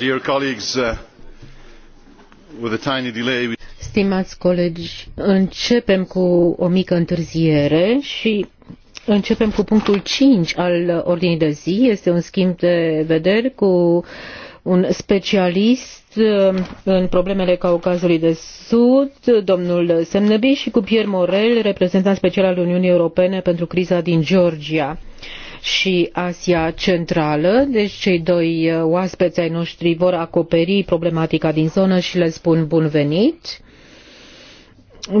Uh, Stimați colegi, începem cu o mică întârziere și începem cu punctul 5 al ordinii de zi. Este un schimb de vederi cu un specialist uh, în problemele Caucazului de Sud, domnul Semnebi, și cu Pierre Morel, reprezentant special al Uniunii Europene pentru criza din Georgia și Asia Centrală. Deci cei doi uh, oaspeți ai noștri vor acoperi problematica din zonă și le spun bun venit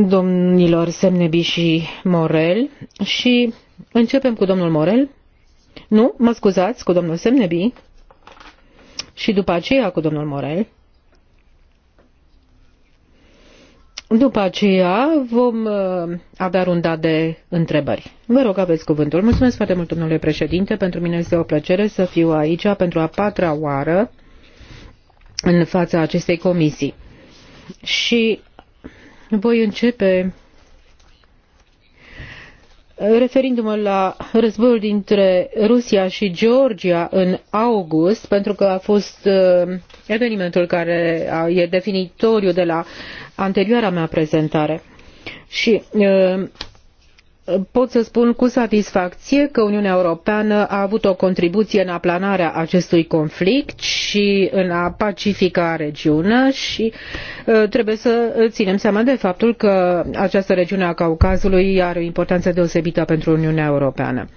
domnilor Semnebi și Morel și începem cu domnul Morel. Nu, mă scuzați, cu domnul Semnebi și după aceea cu domnul Morel. După aceea vom uh, avea runda de întrebări. Vă rog, aveți cuvântul. Mulțumesc foarte mult, domnule președinte. Pentru mine este o plăcere să fiu aici pentru a patra oară în fața acestei comisii. Și voi începe referindu-mă la războiul dintre Rusia și Georgia în august, pentru că a fost uh, evenimentul care e definitoriu de la anterioara mea prezentare. Și pot să spun cu satisfacție că Uniunea Europeană a avut o contribuție în aplanarea acestui conflict și în a pacifica regiunea și trebuie să ținem seama de faptul că această regiune a Caucazului are o importanță deosebită pentru Uniunea Europeană.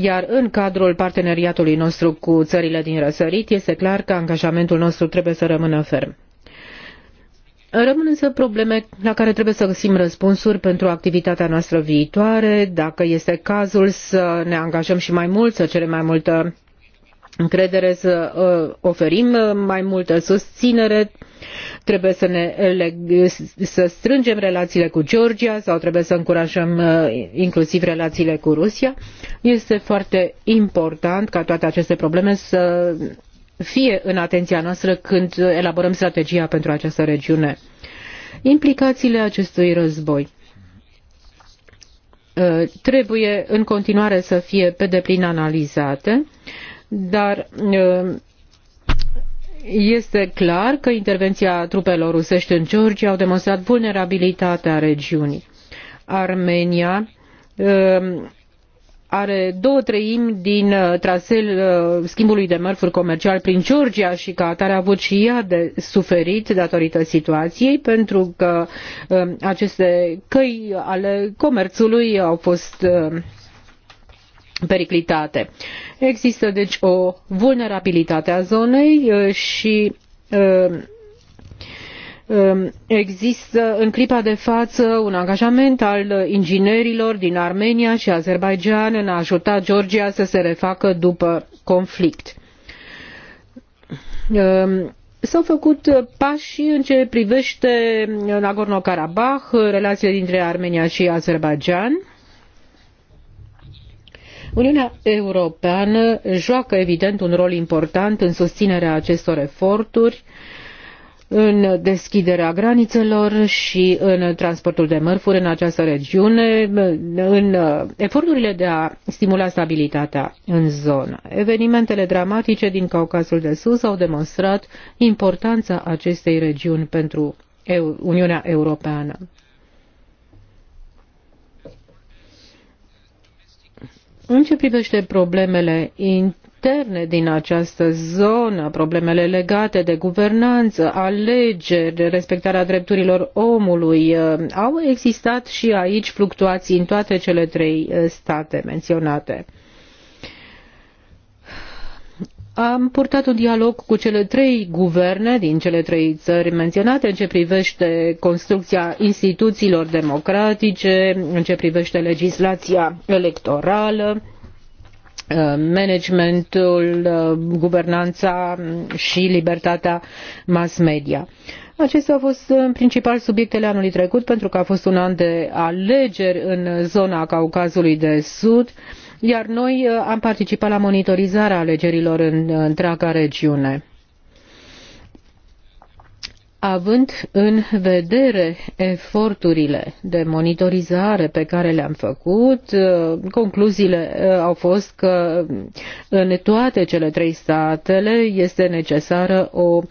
Iar în cadrul parteneriatului nostru cu țările din răsărit, este clar că angajamentul nostru trebuie să rămână ferm. Rămân însă probleme la care trebuie să găsim răspunsuri pentru activitatea noastră viitoare, dacă este cazul să ne angajăm și mai mult, să cerem mai multă încredere, să uh, oferim uh, mai multă susținere trebuie să ne să strângem relațiile cu Georgia sau trebuie să încurajăm uh, inclusiv relațiile cu Rusia. Este foarte important ca toate aceste probleme să fie în atenția noastră când elaborăm strategia pentru această regiune. Implicațiile acestui război uh, trebuie în continuare să fie pe deplin analizate, dar uh, este clar că intervenția trupelor rusești în Georgia au demonstrat vulnerabilitatea regiunii. Armenia um, are două treimi din uh, traseul uh, schimbului de mărfuri comercial prin Georgia și ca atare a avut și ea de suferit datorită situației pentru că um, aceste căi ale comerțului au fost um, periclitate. Există deci o vulnerabilitate a zonei uh, și uh, um, există în clipa de față un angajament al inginerilor din Armenia și Azerbaijan în a ajuta Georgia să se refacă după conflict. Um, s-au făcut pași în ce privește Nagorno-Karabakh, relațiile dintre Armenia și Azerbaijan Uniunea Europeană joacă evident un rol important în susținerea acestor eforturi, în deschiderea granițelor și în transportul de mărfuri în această regiune, în eforturile de a stimula stabilitatea în zonă. Evenimentele dramatice din Caucasul de Sus au demonstrat importanța acestei regiuni pentru Uniunea Europeană. În ce privește problemele interne din această zonă, problemele legate de guvernanță, alegeri, respectarea drepturilor omului, eh, au existat și aici fluctuații în toate cele trei eh, state menționate. Am purtat un dialog cu cele trei guverne din cele trei țări menționate în ce privește construcția instituțiilor democratice, în ce privește legislația electorală, managementul, guvernanța și libertatea mass media. Acestea au fost în principal subiectele anului trecut pentru că a fost un an de alegeri în zona Caucazului de Sud. Uh, iar noi uh, am participat la monitorizarea alegerilor în uh, întreaga regiune. Având în vedere eforturile de monitorizare pe care le-am făcut, uh, concluziile au fost că în toate cele trei statele este necesară o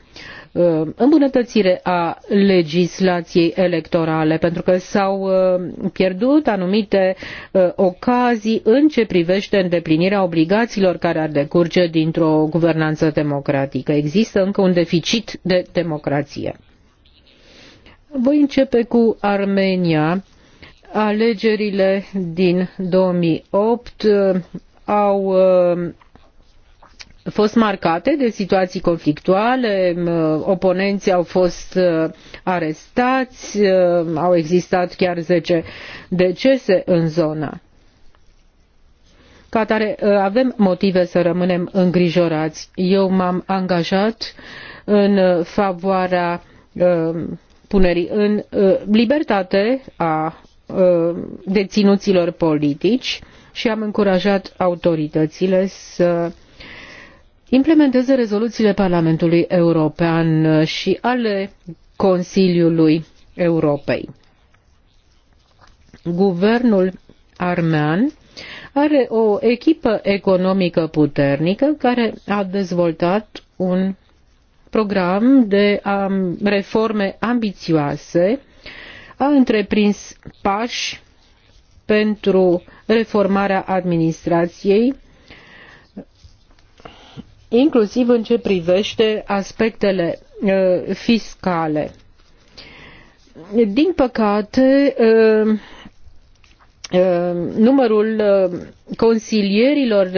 Uh, îmbunătățire a legislației electorale, pentru că s-au uh, pierdut anumite uh, ocazii în ce privește îndeplinirea obligațiilor care ar decurge dintr-o guvernanță democratică. Există încă un deficit de democrație. Voi începe cu Armenia. Alegerile din 2008 au fost marcate de situații conflictuale, oponenții au fost uh, arestați, uh, au existat chiar 10 decese în zonă. Ca tare, uh, avem motive să rămânem îngrijorați. Eu m-am angajat în favoarea punerii în libertate a deținuților politici și am încurajat autoritățile să implementeze rezoluțiile Parlamentului European și ale Consiliului Europei. Guvernul armean are o echipă economică puternică care a dezvoltat un program de reforme ambițioase, a întreprins pași pentru reformarea administrației, inclusiv în ce privește aspectele uh, fiscale. Din păcate, uh, uh, numărul consilierilor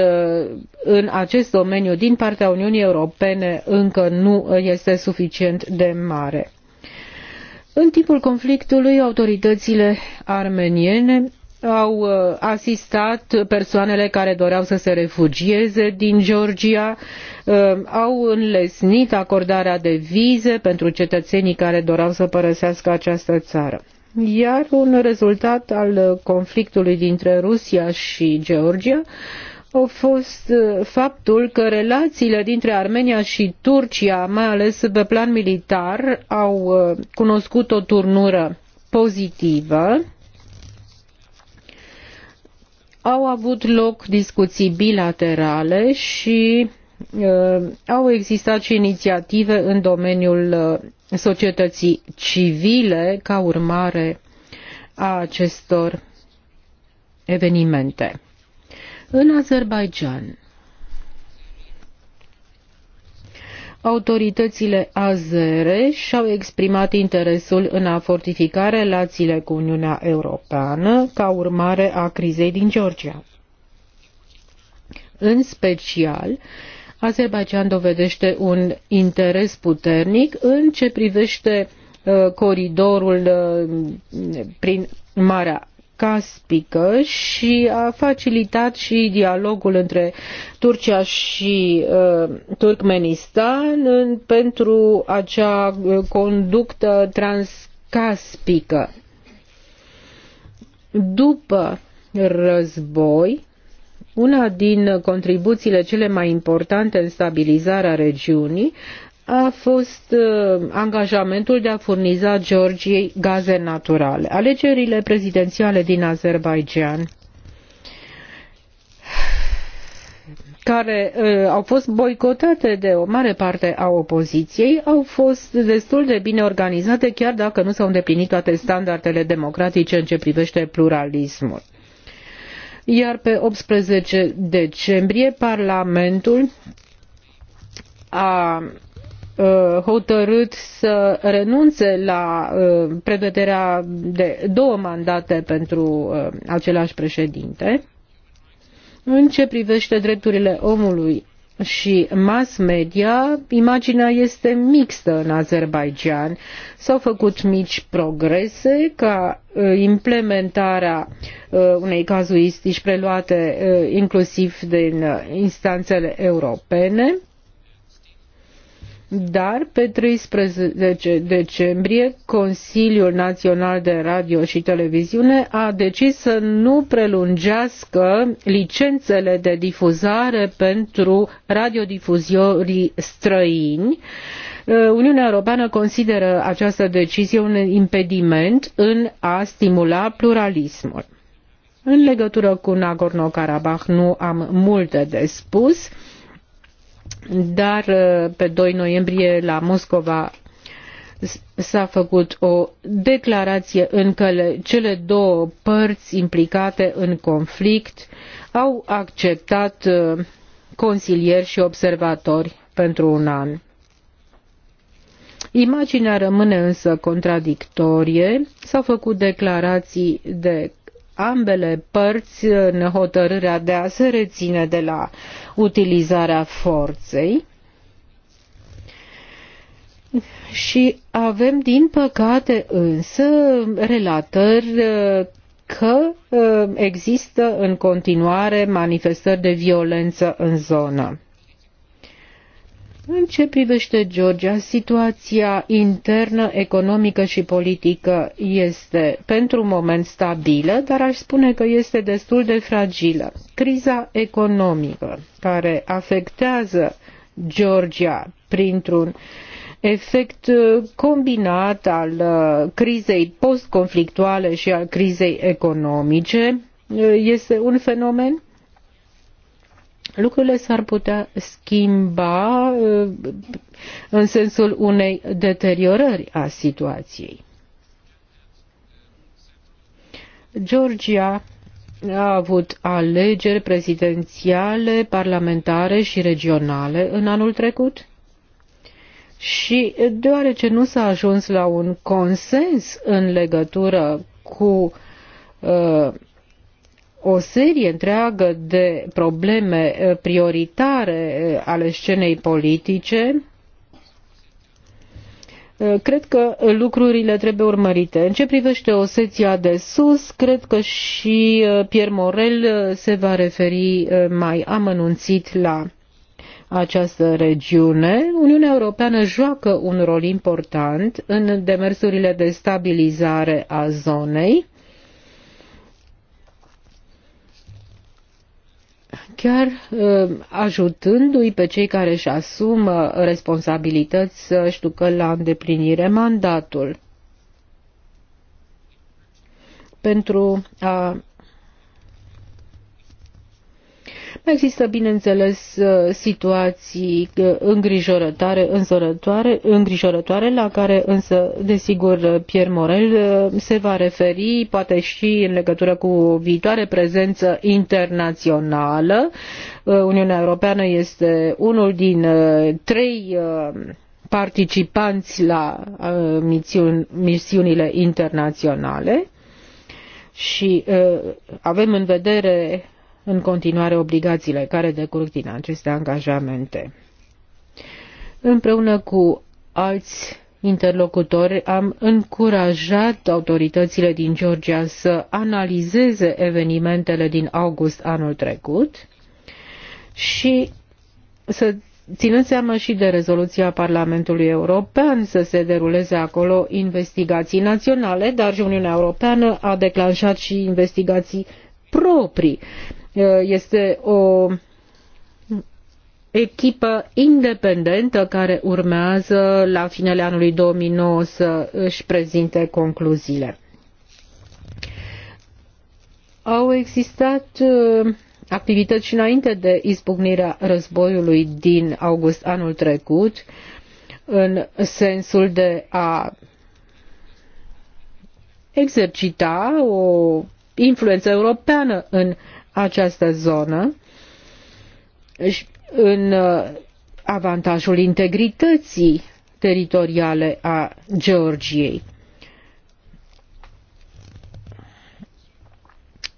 în acest domeniu din partea Uniunii Europene încă nu este suficient de mare. În timpul conflictului, autoritățile armeniene au uh, asistat persoanele care doreau să se refugieze din Georgia, uh, au înlesnit acordarea de vize pentru cetățenii care doreau să părăsească această țară. Iar un rezultat al conflictului dintre Rusia și Georgia a fost uh, faptul că relațiile dintre Armenia și Turcia, mai ales pe plan militar, au cunoscut o turnură pozitivă au avut loc discuții bilaterale și uh, au existat și inițiative în domeniul uh, societății civile ca urmare a acestor evenimente. În Azerbaijan, autoritățile azere și-au exprimat interesul în a fortifica relațiile cu Uniunea Europeană ca urmare a crizei din Georgia. În special, Azerbaijan dovedește un interes puternic în ce privește uh, coridorul uh, prin Marea caspică și a facilitat și dialogul între Turcia și uh, Turkmenistan pentru acea uh, conductă transcaspică. După război, una din contribuțiile cele mai importante în stabilizarea regiunii a fost uh, angajamentul de a furniza Georgiei gaze naturale. Alegerile prezidențiale din Azerbaijan care uh, au fost boicotate de o mare parte a opoziției, au fost destul de bine organizate, chiar dacă nu s-au îndeplinit toate standardele democratice în ce privește pluralismul. Iar pe 18 decembrie, Parlamentul a Uh, hotărât să renunțe la uh, prevederea de două mandate pentru uh, același președinte. În ce privește drepturile omului și mass media, imaginea este mixtă în Azerbaijan. S-au făcut mici progrese ca implementarea unei cazuistici preluate inclusiv din instanțele europene dar pe 13 decembrie Consiliul Național de Radio și Televiziune a decis să nu prelungească licențele de difuzare pentru radiodifuziorii străini. Uh, Uniunea Europeană consideră această decizie un impediment în a stimula pluralismul. În legătură cu Nagorno-Karabakh nu am multe de spus dar uh, pe 2 noiembrie la Moscova s-a făcut o declarație în care cele două părți implicate în conflict au acceptat uh, consilieri și observatori pentru un an. Imaginea rămâne însă contradictorie. S-au făcut declarații de ambele părți în hotărârea de a se reține de la utilizarea forței și avem, din păcate, însă, relatări uh, că uh, există în continuare manifestări de violență în zonă. În ce privește Georgia, situația internă, economică și politică este pentru un moment stabilă, dar aș spune că este destul de fragilă. Criza economică care afectează Georgia printr-un efect combinat al uh, crizei postconflictuale și al crizei economice uh, este un fenomen lucrurile s-ar putea schimba uh, în sensul unei deteriorări a situației. Georgia a avut alegeri prezidențiale, parlamentare și regionale în anul trecut și deoarece nu s-a ajuns la un consens în legătură cu uh, o serie întreagă de probleme eh, prioritare eh, ale scenei politice, eh, cred că lucrurile trebuie urmărite. În ce privește Oseția de Sus, cred că și Pierre Morel se va referi mai amănunțit la această regiune. Uniunea Europeană joacă un rol important în demersurile de stabilizare a zonei chiar um, ajutându-i pe cei care își asumă responsabilități să își ducă la îndeplinire mandatul. Pentru a mai există, bineînțeles, uh, situații uh, îngrijorătoare, înzorătoare, îngrijorătoare, la care însă, desigur, Pierre Morel uh, se va referi, poate și în legătură cu o viitoare prezență internațională. Uniunea Europeană este unul din trei participanți la misiuni, misiunile internaționale și avem în vedere în continuare obligațiile care decurg din aceste angajamente. Împreună cu alți interlocutori am încurajat autoritățile din Georgia să analizeze evenimentele din august anul trecut și să ținând seama și de rezoluția Parlamentului European să se deruleze acolo investigații naționale, dar și Uniunea Europeană a declanșat și investigații proprii Uh, este o echipă independentă care urmează la finele anului 2009 să își prezinte concluziile. Au existat uh, activități și înainte de izbucnirea războiului din august anul trecut, în sensul de a exercita o influență europeană în această zonă în uh, avantajul integrității teritoriale a Georgiei.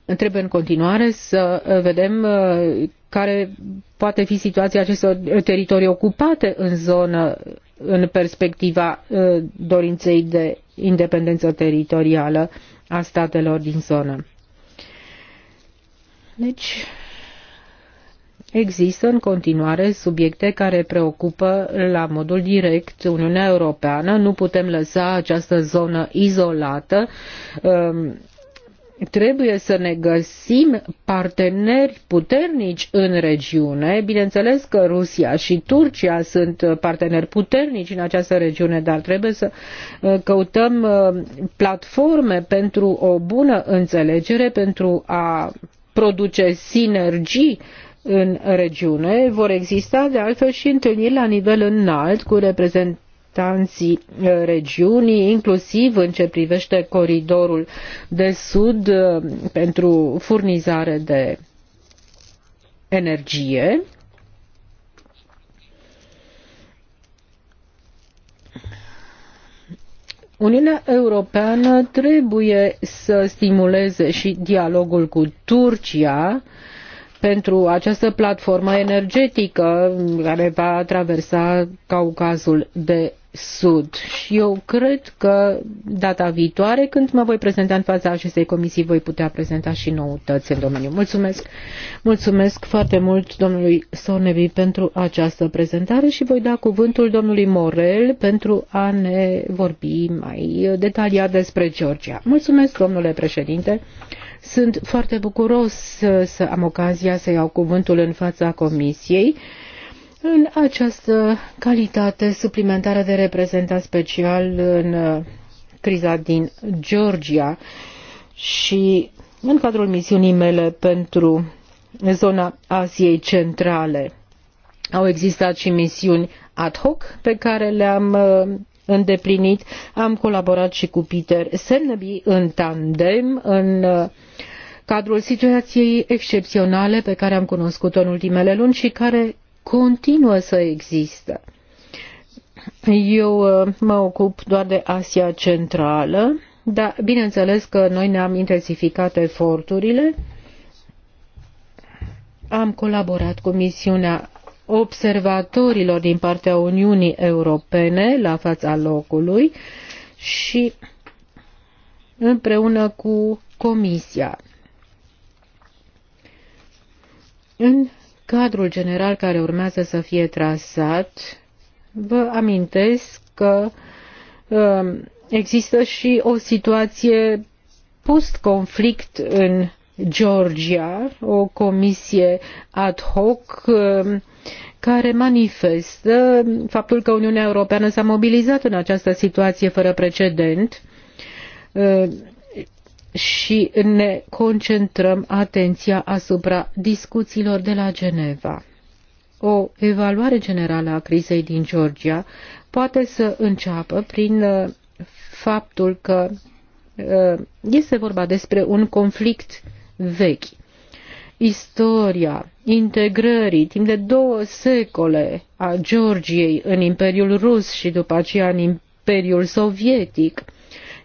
Trebuie în continuare să uh, vedem uh, care poate fi situația acestor teritorii ocupate în zonă în perspectiva dorinței de independență teritorială a statelor din zonă. Deci, există în continuare subiecte care preocupă la modul direct Uniunea Europeană. Nu putem lăsa această zonă izolată. Um, trebuie să ne găsim parteneri puternici în regiune. Bineînțeles că Rusia și Turcia sunt parteneri puternici în această regiune, dar trebuie să uh, căutăm uh, platforme pentru o bună înțelegere, pentru a produce sinergii în regiune. Vor exista de altfel și întâlniri la nivel înalt cu reprezentanți reprezentanții uh, regiunii, inclusiv în ce privește coridorul de sud uh, pentru furnizare de energie Uniunea Europeană trebuie să stimuleze și dialogul cu Turcia pentru această platformă energetică care va traversa Caucazul de Sud. Și eu cred că data viitoare, când mă voi prezenta în fața acestei comisii, voi putea prezenta și noutăți în domeniu. Mulțumesc! Mulțumesc foarte mult domnului Sornevi pentru această prezentare și voi da cuvântul domnului Morel pentru a ne vorbi mai detaliat despre Georgia. Mulțumesc, domnule președinte! Sunt foarte bucuros să am ocazia să iau cuvântul în fața comisiei în această calitate suplimentară de reprezentant special în uh, criza din Georgia și în cadrul misiunii mele pentru zona Asiei Centrale, au existat și misiuni ad hoc pe care le-am uh, îndeplinit. Am colaborat și cu Peter Semneby în tandem în uh, cadrul situației excepționale pe care am cunoscut-o în ultimele luni și care continuă să există. Eu uh, mă ocup doar de Asia Centrală, dar bineînțeles că noi ne-am intensificat eforturile. Am colaborat cu misiunea observatorilor din partea Uniunii Europene la fața locului și împreună cu Comisia. În cadrul general care urmează să fie trasat, vă amintesc că um, există și o situație post-conflict în Georgia, o comisie ad hoc um, care manifestă faptul că Uniunea Europeană s-a mobilizat în această situație fără precedent uh, și ne concentrăm atenția asupra discuțiilor de la Geneva. O evaluare generală a crizei din Georgia poate să înceapă prin uh, faptul că uh, este vorba despre un conflict vechi. Istoria integrării timp de două secole a Georgiei în Imperiul Rus și după aceea în Imperiul Sovietic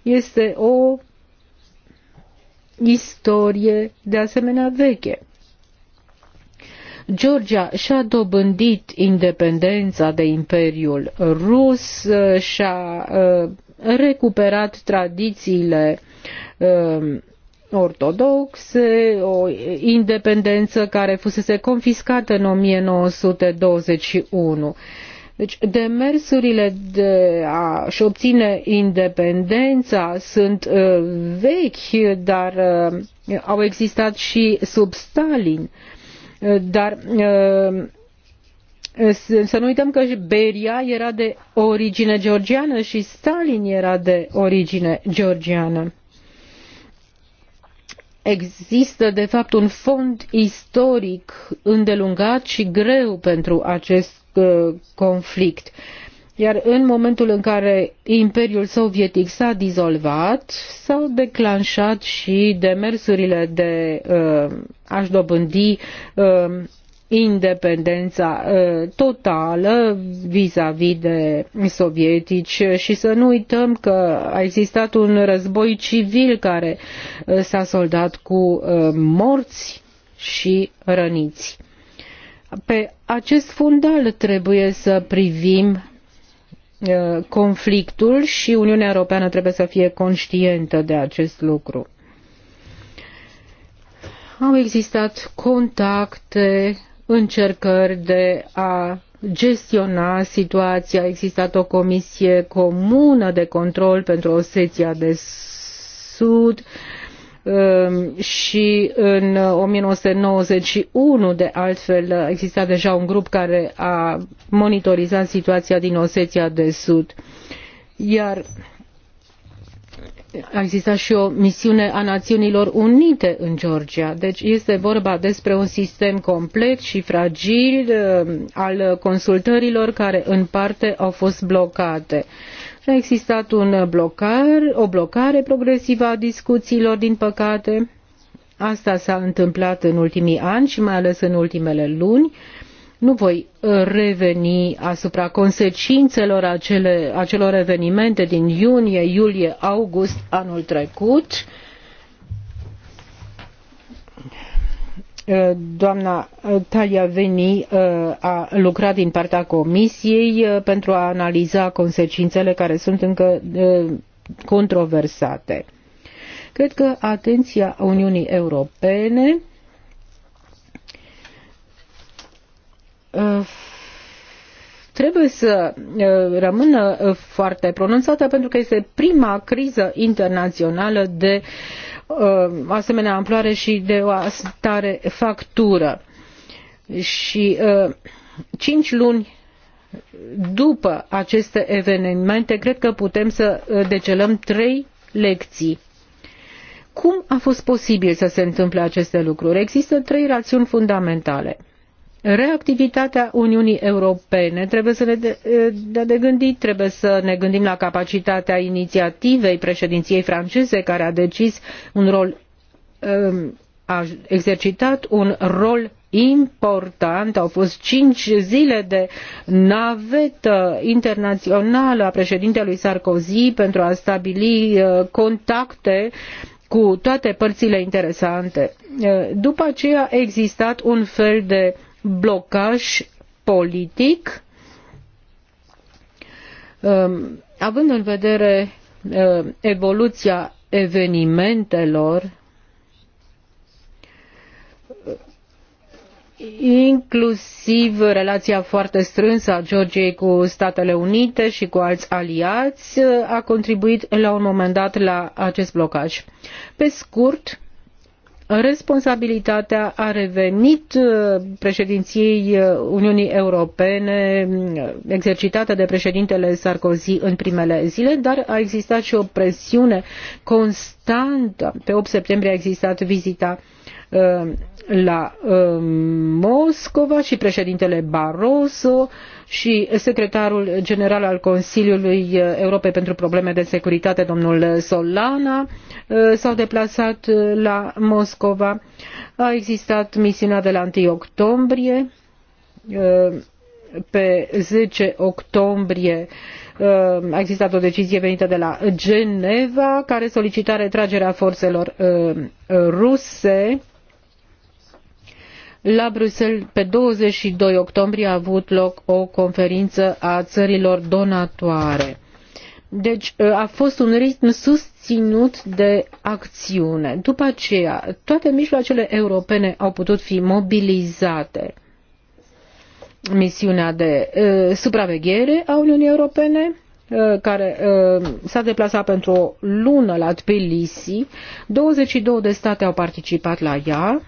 este o istorie de asemenea veche. Georgia și-a dobândit independența de Imperiul Rus, și-a uh, recuperat tradițiile um, ortodoxe, o independență care fusese confiscată în 1921. Deci demersurile de a-și obține independența sunt uh, vechi, dar uh, au existat și sub Stalin. Uh, dar uh, să nu uităm că Beria era de origine georgiană și Stalin era de origine georgiană. Există, de fapt, un fond istoric îndelungat și greu pentru acest Uh, conflict. Iar în momentul în care Imperiul Sovietic s-a dizolvat, s-au declanșat și demersurile de uh, a-și dobândi uh, independența uh, totală vis-a-vis -vis de sovietici și să nu uităm că a existat un război civil care uh, s-a soldat cu uh, morți și răniți. Pe acest fundal trebuie să privim uh, conflictul și Uniunea Europeană trebuie să fie conștientă de acest lucru. Au existat contacte, încercări de a gestiona situația. A existat o comisie comună de control pentru Osetia de Sud. Uh, Um, și în 1991 de altfel exista deja un grup care a monitorizat situația din Osetia de Sud. Iar a existat și o misiune a Națiunilor Unite în Georgia. Deci este vorba despre un sistem complet și fragil um, al consultărilor care în parte au fost blocate. Uh, a existat un blocar, o blocare progresivă a discuțiilor, din păcate. Asta s-a întâmplat în ultimii ani și mai ales în ultimele luni. Nu voi uh, reveni asupra consecințelor acele, acelor evenimente din iunie, iulie, august anul trecut Eh, doamna eh, Talia Veni eh, a lucrat din partea Comisiei pentru a analiza consecințele care sunt încă controversate. Cred că atenția Uniunii Europene trebuie să rămână foarte pronunțată pentru că este prima criză internațională de Uh, asemenea amploare și de o stare factură. Și uh, cinci luni după aceste evenimente, cred că putem să uh, decelăm trei lecții. Cum a fost posibil să se întâmple aceste lucruri? Există trei rațiuni fundamentale reactivitatea Uniunii Europene. Trebuie să ne dea de gândit, trebuie să ne gândim la capacitatea inițiativei președinției franceze care a decis un rol um, a exercitat un rol important. Au fost cinci zile de navetă internațională a președintelui Sarkozy pentru a stabili contacte cu toate părțile interesante. După aceea a existat un fel de blocaj politic, um, având în vedere um, evoluția evenimentelor, inclusiv relația foarte strânsă a Georgiei cu Statele Unite și cu alți aliați uh, a contribuit la un moment dat la acest blocaj. Pe scurt, responsabilitatea a revenit uh, președinției uh, Uniunii Europene, mm, exercitată de președintele Sarkozy în primele zile, dar a existat și o presiune constantă. Pe 8 septembrie a existat vizita uh, la uh, Moscova și președintele Barroso și secretarul general al Consiliului uh, Europei pentru Probleme de Securitate, domnul Solana, uh, s-au deplasat uh, la Moscova. A existat misiunea de la 1 octombrie. Uh, pe 10 octombrie a existat o decizie venită de la Geneva care solicita retragerea forțelor ruse la Bruxelles, pe 22 octombrie, a avut loc o conferință a țărilor donatoare. Deci ă, a fost un ritm susținut de acțiune. După aceea, toate mijloacele europene au putut fi mobilizate. Misiunea de uh, supraveghere a Uniunii Europene, uh, care uh, s-a deplasat pentru o lună la Tbilisi, 22 de state au participat la ea,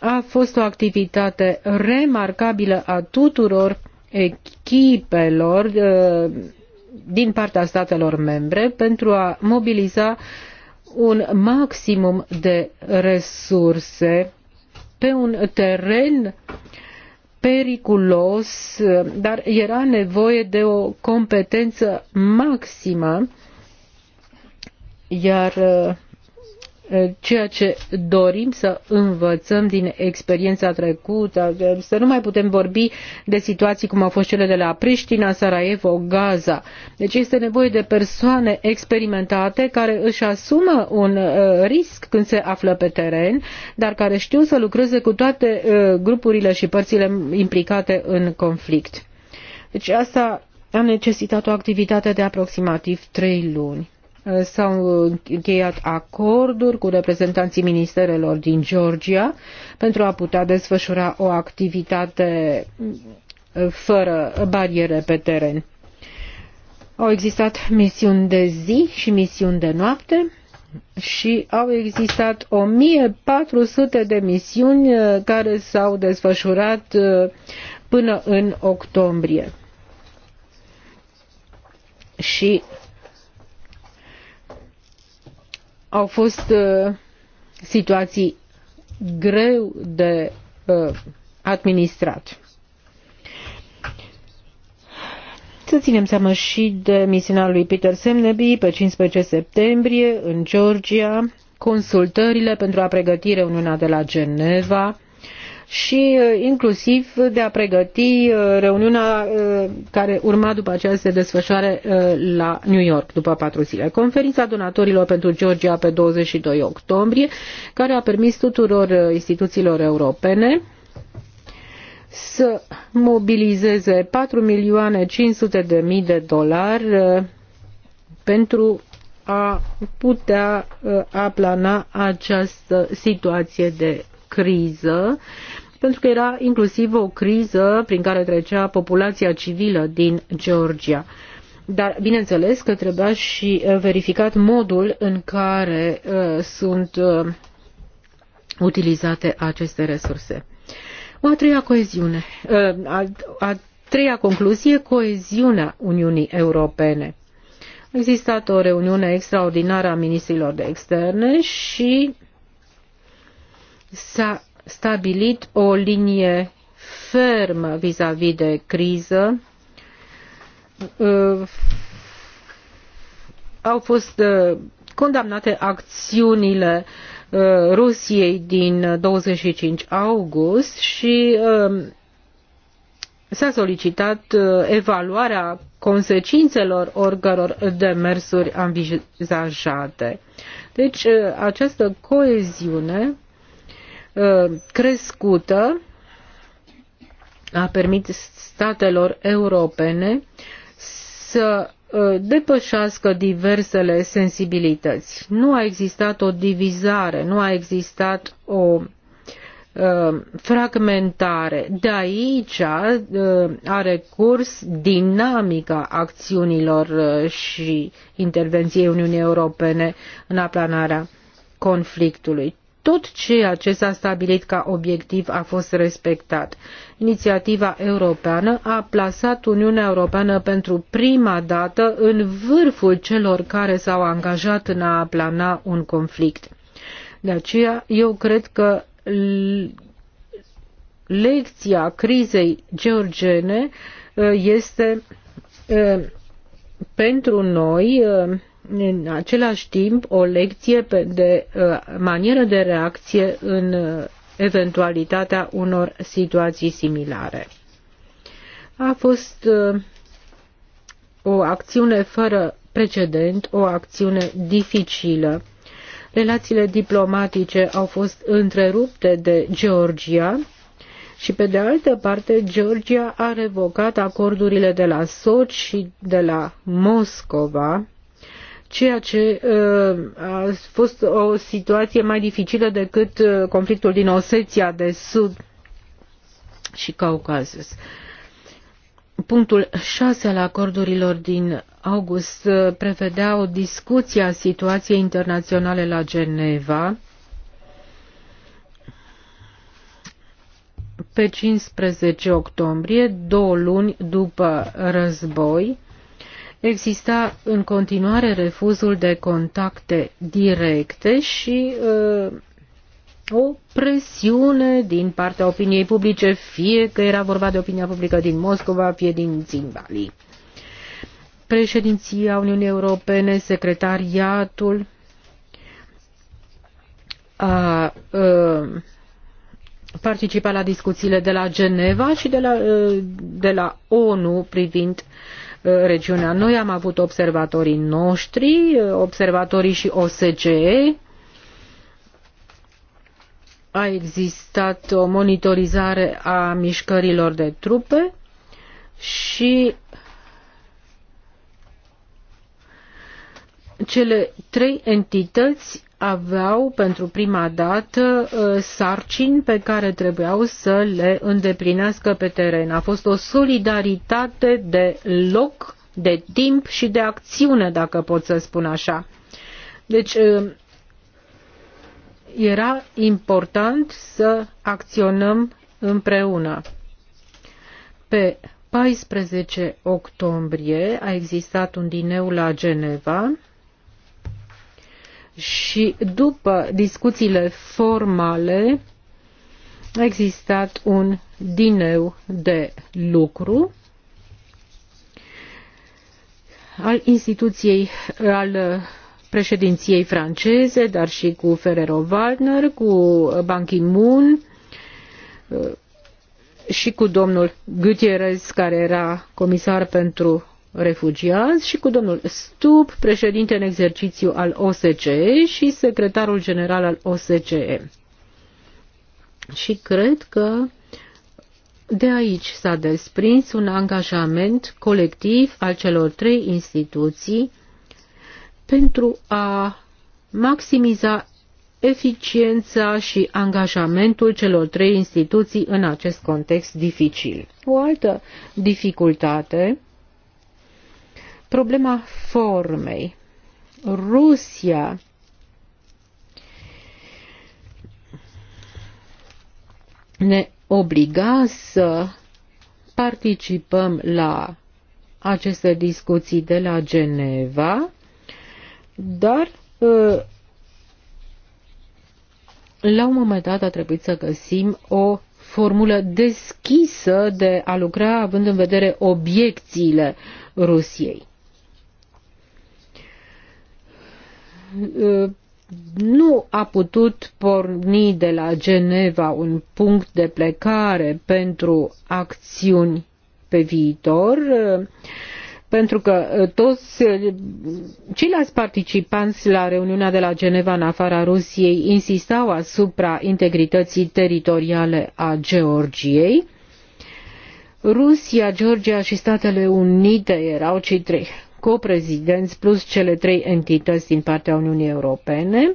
a fost o activitate remarcabilă a tuturor echipelor uh, din partea statelor membre pentru a mobiliza un maximum de resurse pe un teren periculos, uh, dar era nevoie de o competență maximă, iar uh, Eh, ceea ce dorim să învățăm din experiența trecută, eh, să nu mai putem vorbi de situații cum au fost cele de la Priștina, Sarajevo, Gaza. Deci este nevoie de persoane experimentate care își asumă un eh, risc când se află pe teren, dar care știu să lucreze cu toate grupurile și părțile implicate în conflict. Deci asta a necesitat o activitate de aproximativ trei luni s-au încheiat acorduri cu reprezentanții ministerelor din Georgia pentru a putea desfășura o activitate fără bariere pe teren. Au existat misiuni de zi și misiuni de noapte și au existat 1400 de misiuni uh, care s-au desfășurat uh, până în octombrie. Și au fost uh, situații greu de uh, administrat. Să ținem seama și de misiunea lui Peter Semneby pe 15 septembrie în Georgia, consultările pentru a pregăti reuniunea de la Geneva, și uh, inclusiv de a pregăti uh, reuniunea uh, care urma după aceea să se desfășoare la New York după patru zile. Conferința donatorilor pentru Georgia pe 22 octombrie, care a permis tuturor instituțiilor europene să mobilizeze 4 milioane 500 de mii de dolari pentru a putea aplana această situație de criză pentru că era inclusiv o criză prin care trecea populația civilă din Georgia. Dar, bineînțeles, că trebuia și uh, verificat modul în care uh, sunt uh, utilizate aceste resurse. O a treia coeziune, uh, a, a treia concluzie, coeziunea Uniunii Europene. A existat o reuniune extraordinară a ministrilor de externe și s-a stabilit o linie fermă vis-a-vis -vis de criză. Uh, au fost uh, condamnate acțiunile uh, Rusiei din 25 august și s-a solicitat evaluarea consecințelor oricăror demersuri anvizajate. Deci această coeziune Uh, crescută a permis statelor europene să uh, depășească diversele sensibilități. Nu a existat o divizare, nu a existat o uh, fragmentare. De aici are curs dinamica acțiunilor și intervenției Uniunii Europene în aplanarea conflictului tot ceea ce s-a stabilit ca obiectiv a fost respectat. Inițiativa europeană a plasat Uniunea Europeană pentru prima dată în vârful celor care s-au angajat în a plana un conflict. De aceea, eu cred că lecția crizei georgene uh, este uh, pentru noi uh, în același timp o lecție de uh, manieră de reacție în uh, eventualitatea unor situații similare. A fost uh, o acțiune fără precedent, o acțiune dificilă. Relațiile diplomatice au fost întrerupte de Georgia și, pe de altă parte, Georgia a revocat acordurile de la Sochi și de la Moscova ceea ce uh, a fost o situație mai dificilă decât uh, conflictul din Osetia de Sud și Caucasus. Punctul 6 al acordurilor din august uh, prevedea o discuție a situației internaționale la Geneva pe 15 octombrie, două luni după război, exista în continuare refuzul de contacte directe și uh, o presiune din partea opiniei publice, fie că era vorba de opinia publică din Moscova, fie din Zimbali. Președinția Uniunii Europene, secretariatul a uh, participat la discuțiile de la Geneva și de la, uh, de la ONU privind uh, Uh, regiunea. Noi am avut observatorii noștri, uh, observatorii și OSCE. A existat o monitorizare a mișcărilor de trupe și cele trei entități aveau pentru prima dată uh, sarcini pe care trebuiau să le îndeplinească pe teren. A fost o solidaritate de loc, de timp și de acțiune, dacă pot să spun așa. Deci uh, era important să acționăm împreună. Pe 14 octombrie a existat un dineu la Geneva și după discuțiile formale a existat un dineu de lucru al instituției, al președinției franceze, dar și cu Ferrero Waldner, cu Ban Ki-moon uh, și cu domnul Gutierrez, care era comisar pentru refugiați și cu domnul Stup, președinte în exercițiu al OSCE și secretarul general al OSCE. Și cred că de aici s-a desprins un angajament colectiv al celor trei instituții pentru a maximiza eficiența și angajamentul celor trei instituții în acest context dificil. O altă dificultate Problema formei. Rusia ne obliga să participăm la aceste discuții de la Geneva, dar uh, la un moment dat a trebuit să găsim o formulă deschisă de a lucra având în vedere obiecțiile Rusiei. nu a putut porni de la Geneva un punct de plecare pentru acțiuni pe viitor, pentru că uh, toți uh, ceilalți participanți la reuniunea de la Geneva în afara Rusiei insistau asupra integrității teritoriale a Georgiei. Rusia, Georgia și Statele Unite erau cei trei coprezidenți plus cele trei entități din partea Uniunii Europene.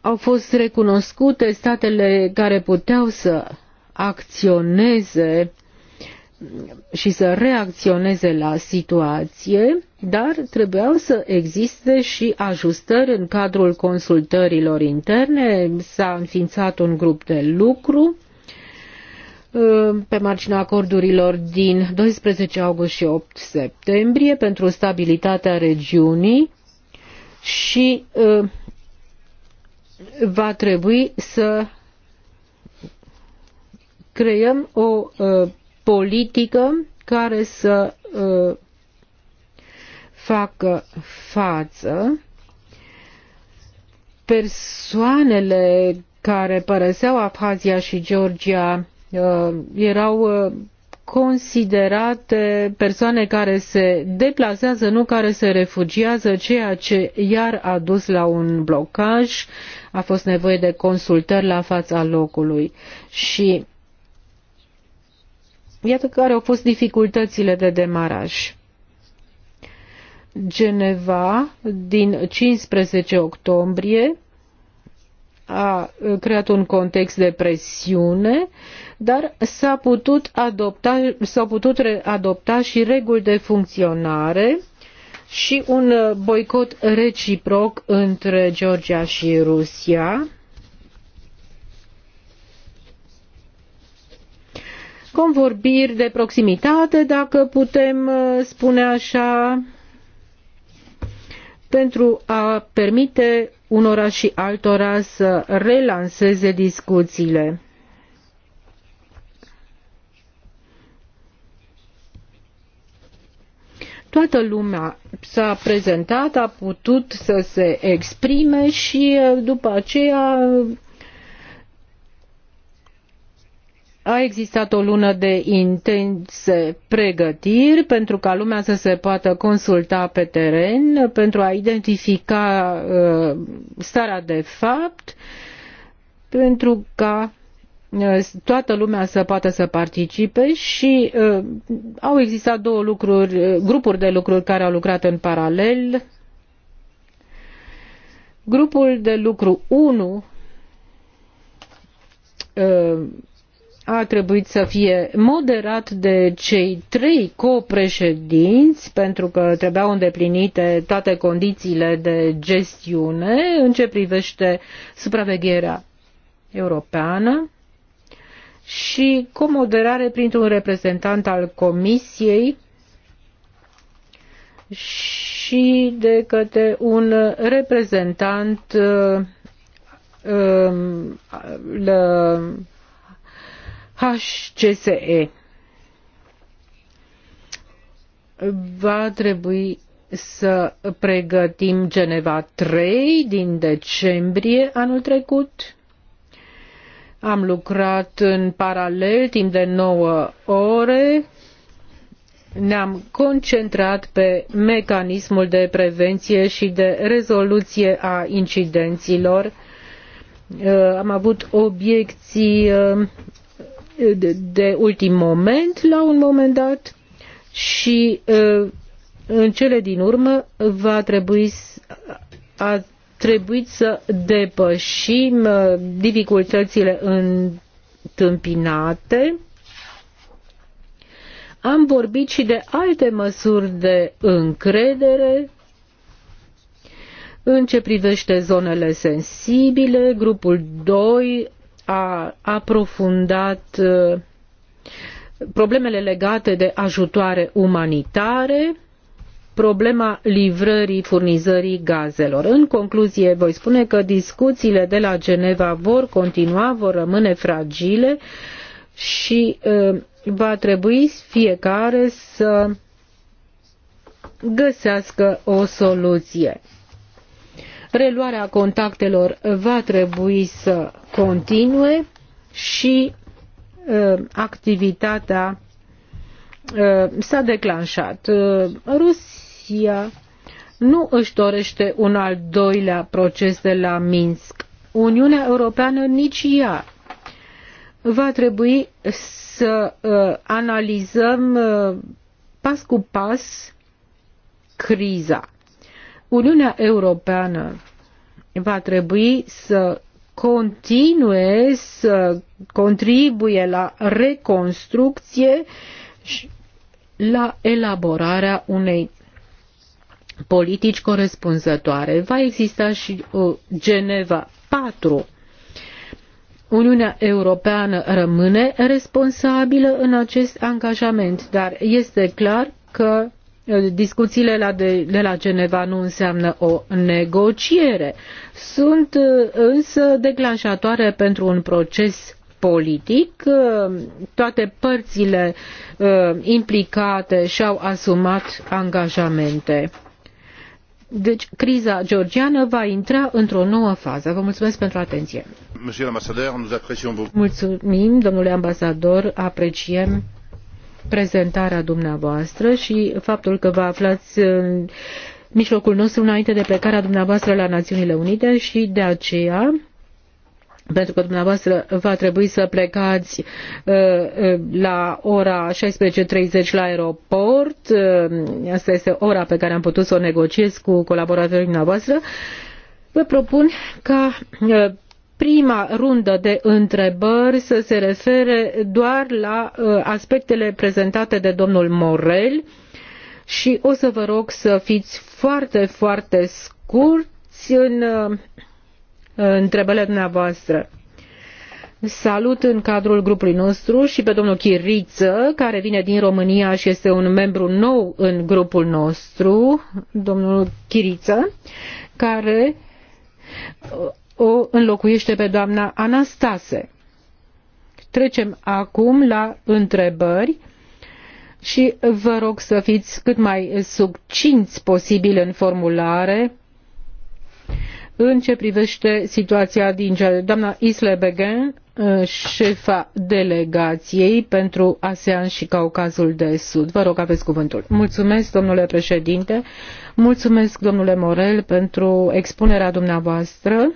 Au fost recunoscute statele care puteau să acționeze și să reacționeze la situație, dar trebuiau să existe și ajustări în cadrul consultărilor interne. S-a înființat un grup de lucru Uh, pe marginea acordurilor din 12 august și 8 septembrie pentru stabilitatea regiunii și uh, va trebui să creăm o uh, politică care să facă față persoanele care părăseau Abhazia și Georgia Uh, erau uh, considerate persoane care se deplasează, nu care se refugiază, ceea ce iar a dus la un blocaj. A fost nevoie de consultări la fața locului și iată care au fost dificultățile de demaraj. Geneva din 15 octombrie a creat un context de presiune, dar s-a putut adopta, s-au putut adopta și reguli de funcționare și un boicot reciproc între Georgia și Rusia. Convorbiri de proximitate, dacă putem spune așa, pentru a permite unora și altora să relanseze discuțiile. toată lumea s-a prezentat, a putut să se exprime și după aceea A existat o lună de intense pregătiri pentru ca lumea să se poată consulta pe teren, pentru a identifica uh, starea de fapt, pentru ca uh, toată lumea să poată să participe și uh, au existat două lucruri, uh, grupuri de lucruri care au lucrat în paralel. Grupul de lucru 1 uh, a trebuit să fie moderat de cei trei copreședinți pentru că trebuiau îndeplinite toate condițiile de gestiune în ce privește supravegherea europeană și cu moderare printr-un reprezentant al Comisiei și de către un reprezentant uh, um, uh, HCSE. Va trebui să pregătim Geneva 3 din decembrie anul trecut. Am lucrat în paralel timp de 9 ore. Ne-am concentrat pe mecanismul de prevenție și de rezoluție a incidenților. Uh, am avut obiecții uh, de, ultim moment la un moment dat și în cele din urmă va trebui a trebuit să depășim dificultățile întâmpinate. Am vorbit și de alte măsuri de încredere în ce privește zonele sensibile, grupul 2 a aprofundat uh, problemele legate de ajutoare umanitare, problema livrării, furnizării gazelor. În concluzie, voi spune că discuțiile de la Geneva vor continua, vor rămâne fragile și uh, va trebui fiecare să găsească o soluție. Reluarea contactelor va trebui să continue și uh, activitatea uh, s-a declanșat. Uh, Rusia nu își dorește un al doilea proces de la Minsk. Uniunea Europeană nici ea va trebui să uh, analizăm uh, pas cu pas criza. Uniunea Europeană va trebui să continue să contribuie la reconstrucție și la elaborarea unei politici corespunzătoare. Va exista și o uh, Geneva 4. Uniunea Europeană rămâne responsabilă în acest angajament, dar este clar că discuțiile la de, de la Geneva nu înseamnă o negociere, sunt uh, însă declanșatoare pentru un proces politic. Uh, toate părțile uh, implicate și-au asumat angajamente. Deci, criza georgiană va intra într-o nouă fază. Vă mulțumesc pentru atenție. Mulțumim, domnule ambasador, apreciem prezentarea dumneavoastră și faptul că vă aflați în mijlocul nostru înainte de plecarea dumneavoastră la Națiunile Unite și de aceea pentru că dumneavoastră va trebui să plecați uh, uh, la ora 16.30 la aeroport. Uh, asta este ora pe care am putut să o negociez cu colaboratorii dumneavoastră. Vă propun ca prima rundă de întrebări să se refere doar la uh, aspectele prezentate de domnul Morel și o să vă rog să fiți foarte, foarte scurți în uh, întrebările dumneavoastră. Salut în cadrul grupului nostru și pe domnul Chiriță, care vine din România și este un membru nou în grupul nostru, domnul Chiriță, care o înlocuiește pe doamna Anastase. Trecem acum la întrebări și vă rog să fiți cât mai succinți posibil în formulare în ce privește situația din cea Doamna Isle Beghen, uh, șefa delegației pentru ASEAN și Caucazul de Sud. Vă rog, aveți cuvântul. Mulțumesc, domnule președinte. Mulțumesc, domnule Morel, pentru expunerea dumneavoastră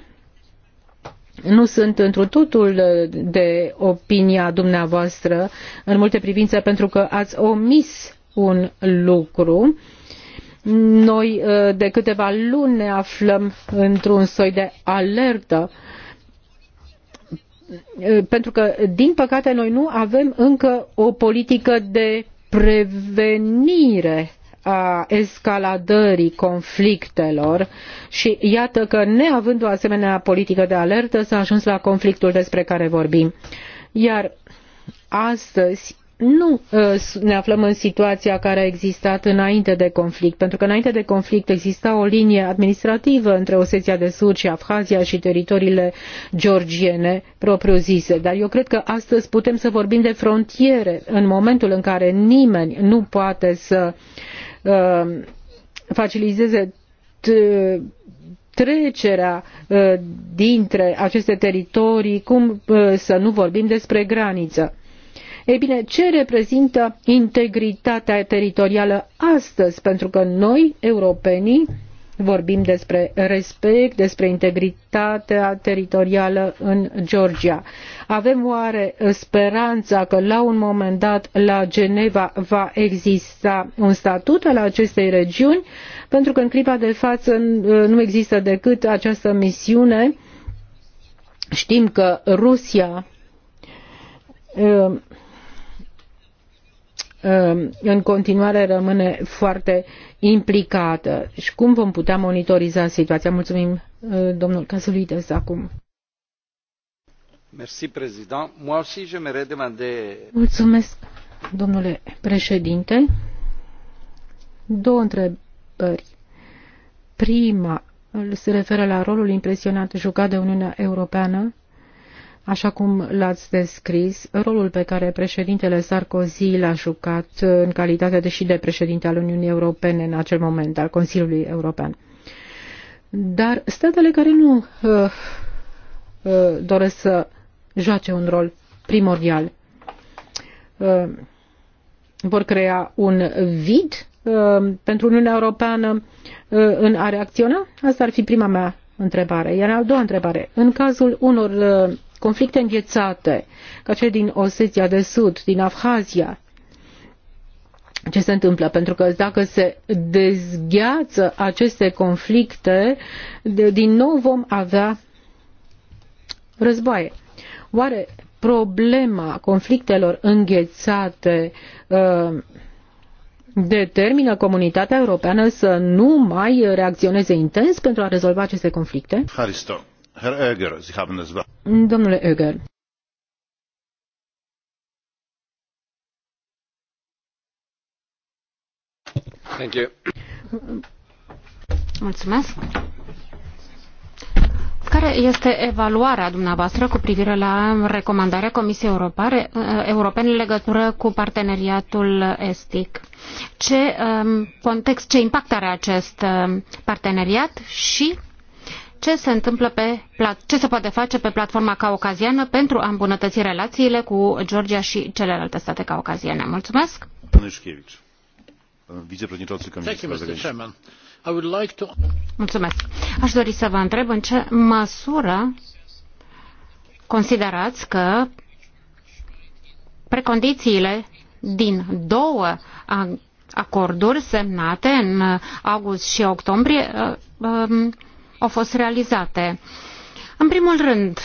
nu sunt întru totul uh, de opinia dumneavoastră în multe privințe pentru că ați omis un lucru. Noi uh, de câteva luni ne aflăm într-un soi de alertă uh, pentru că, din păcate, noi nu avem încă o politică de prevenire a escaladării conflictelor și iată că neavând o asemenea politică de alertă s-a ajuns la conflictul despre care vorbim. Iar astăzi nu ă, ne aflăm în situația care a existat înainte de conflict, pentru că înainte de conflict exista o linie administrativă între Osetia de Sud și Abhazia și teritoriile georgiene propriu-zise. Dar eu cred că astăzi putem să vorbim de frontiere în momentul în care nimeni nu poate să Uh, faciliteze trecerea uh, dintre aceste teritorii, cum uh, să nu vorbim despre graniță. Ei bine, ce reprezintă integritatea teritorială astăzi? Pentru că noi, europenii, Vorbim despre respect, despre integritatea teritorială în Georgia. Avem oare speranța că la un moment dat la Geneva va exista un statut al acestei regiuni? Pentru că în clipa de față nu există decât această misiune. Știm că Rusia uh, Um, în continuare rămâne foarte implicată și cum vom putea monitoriza situația. Mulțumim, uh, domnul Casulides, acum. Mulțumesc, domnule președinte. Două întrebări. Prima se referă la rolul impresionant jucat de Uniunea Europeană Așa cum l-ați descris, rolul pe care președintele Sarkozy l-a jucat în calitate de și de președinte al Uniunii Europene în acel moment, al Consiliului European. Dar statele care nu uh, uh, doresc să joace un rol primordial uh, vor crea un vid uh, pentru Uniunea Europeană uh, în a reacționa? Asta ar fi prima mea întrebare. Iar a doua întrebare, în cazul unor uh, conflicte înghețate, ca cele din Osetia de Sud, din Afhazia. ce se întâmplă, pentru că dacă se dezgheață aceste conflicte, de, din nou vom avea războaie. Oare problema conflictelor înghețate uh, determină comunitatea europeană să nu mai reacționeze intens pentru a rezolva aceste conflicte? Haristo. Herr Öger, Sie haben das Wort. Domnule Öger. Thank you. Mulțumesc. Care este evaluarea dumneavoastră cu privire la recomandarea Comisiei eh, Europene în legătură cu parteneriatul estic? Ce eh, context, ce impact are acest eh, parteneriat și ce se, întâmplă pe, ce se poate face pe platforma caucaziană pentru a îmbunătăți relațiile cu Georgia și celelalte state caucaziene. Mulțumesc! Mulțumesc. Aș dori să vă întreb în ce măsură considerați că precondițiile din două acorduri semnate în august și octombrie uh, um, au fost realizate. În primul rând,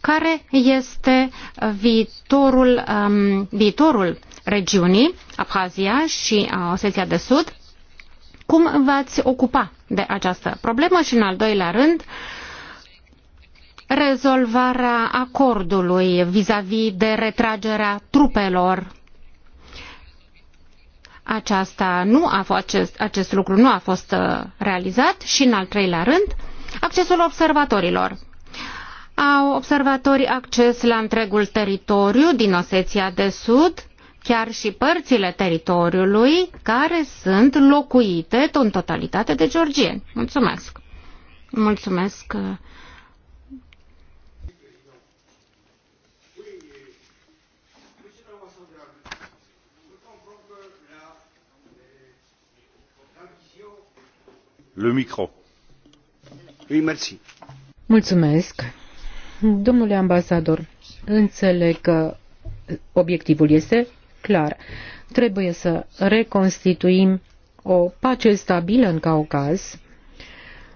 care este viitorul, um, viitorul regiunii, Abhazia și uh, Osetia de Sud? Cum v-ați ocupa de această problemă? Și în al doilea rând, rezolvarea acordului vis-a-vis -vis de retragerea trupelor aceasta nu a fost, acest, acest lucru nu a fost uh, realizat și în al treilea rând Accesul observatorilor. Au observatorii acces la întregul teritoriu din Oseția de Sud, chiar și părțile teritoriului care sunt locuite în totalitate de georgieni. Mulțumesc! Mulțumesc! Le micro. Mulțumesc. Domnule ambasador, înțeleg că obiectivul este clar. Trebuie să reconstituim o pace stabilă în Caucaz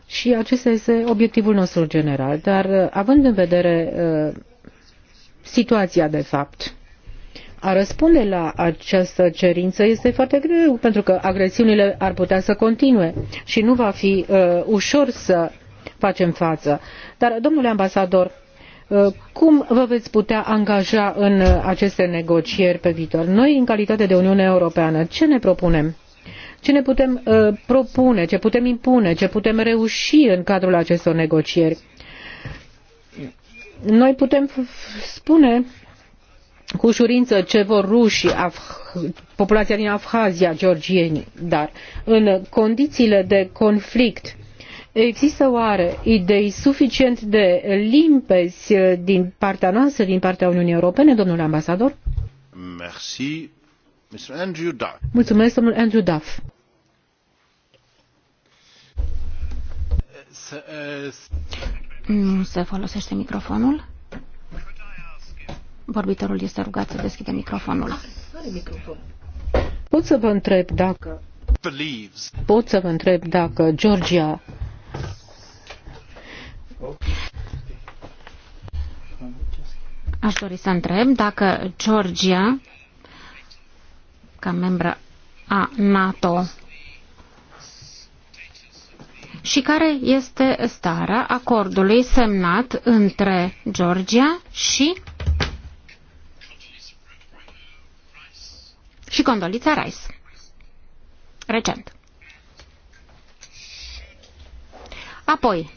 și acesta este obiectivul nostru general. Dar având în vedere uh, situația de fapt, a răspunde la această cerință este foarte greu, pentru că agresiunile ar putea să continue și nu va fi uh, ușor să facem față. Dar, domnule ambasador, uh, cum vă veți putea angaja în uh, aceste negocieri pe viitor? Noi, în calitate de Uniune Europeană, ce ne propunem? Ce ne putem uh, propune, ce putem impune, ce putem reuși în cadrul acestor negocieri? Noi putem spune cu ușurință ce vor ruși Af- populația din Afhazia, Georgieni, dar în condițiile de conflict Există oare idei suficient de limpezi eh, din partea noastră, din partea Uniunii Europene, domnule ambasador? Merci. Mr. Andrew Duff. Mulțumesc, domnul Andrew Duff. Nu se folosește microfonul? Vorbitorul este rugat să deschide microfonul. Ah, pot să vă întreb dacă pot să vă întreb dacă Georgia Aș dori să întreb dacă Georgia, ca membră a NATO, și care este starea acordului semnat între Georgia și și Condolița Rice. Recent. Apoi,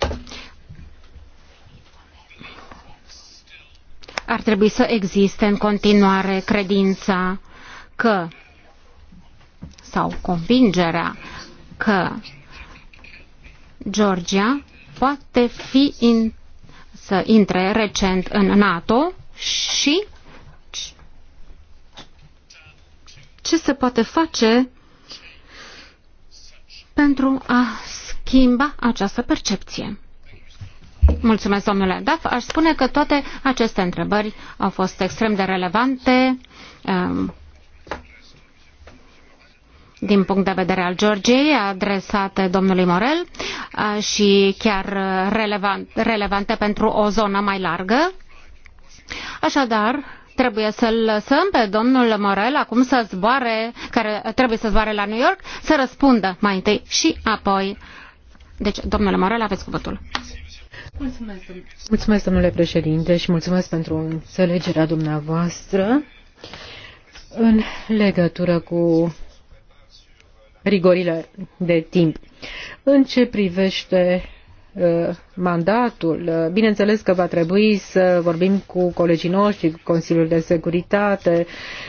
ar trebui să existe în continuare credința că sau convingerea că Georgia poate fi in, să intre recent în NATO și ce se poate face pentru a schimba această percepție. Mulțumesc, domnule Daf. Aș spune că toate aceste întrebări au fost extrem de relevante um, din punct de vedere al Georgiei, adresate domnului Morel și chiar relevant, relevante pentru o zonă mai largă. Așadar, trebuie să-l lăsăm pe domnul Morel acum să zboare, care trebuie să zboare la New York, să răspundă mai întâi și apoi. Deci, domnule Morel, aveți cuvântul. Mulțumesc, mulțumesc domnule președinte, și mulțumesc pentru înțelegerea dumneavoastră în legătură cu rigorile de timp. În ce privește Uh, mandatul. Uh, bineînțeles că va trebui să vorbim cu colegii noștri, Consiliul de Securitate,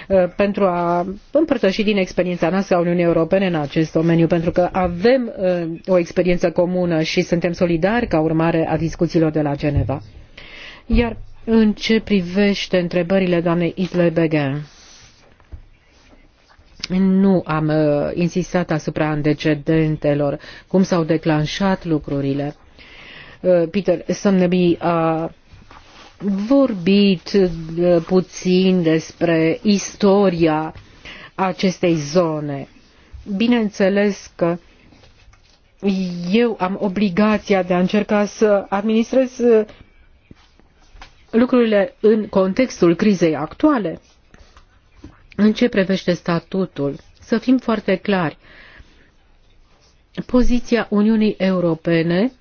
uh, pentru a împărtăși din experiența noastră a Uniunii Europene în acest domeniu, pentru că avem o experiență comună și suntem solidari ca urmare a discuțiilor de la Geneva. Iar în ce privește întrebările doamnei Isle Beghen, nu am insistat asupra antecedentelor, cum s-au declanșat lucrurile Uh, Peter Somneby a vorbit uh, puțin despre istoria acestei zone. Bineînțeles că eu am obligația de a încerca să administrez uh, lucrurile în contextul crizei actuale. În ce privește statutul, să fim foarte clari, poziția Uniunii Europene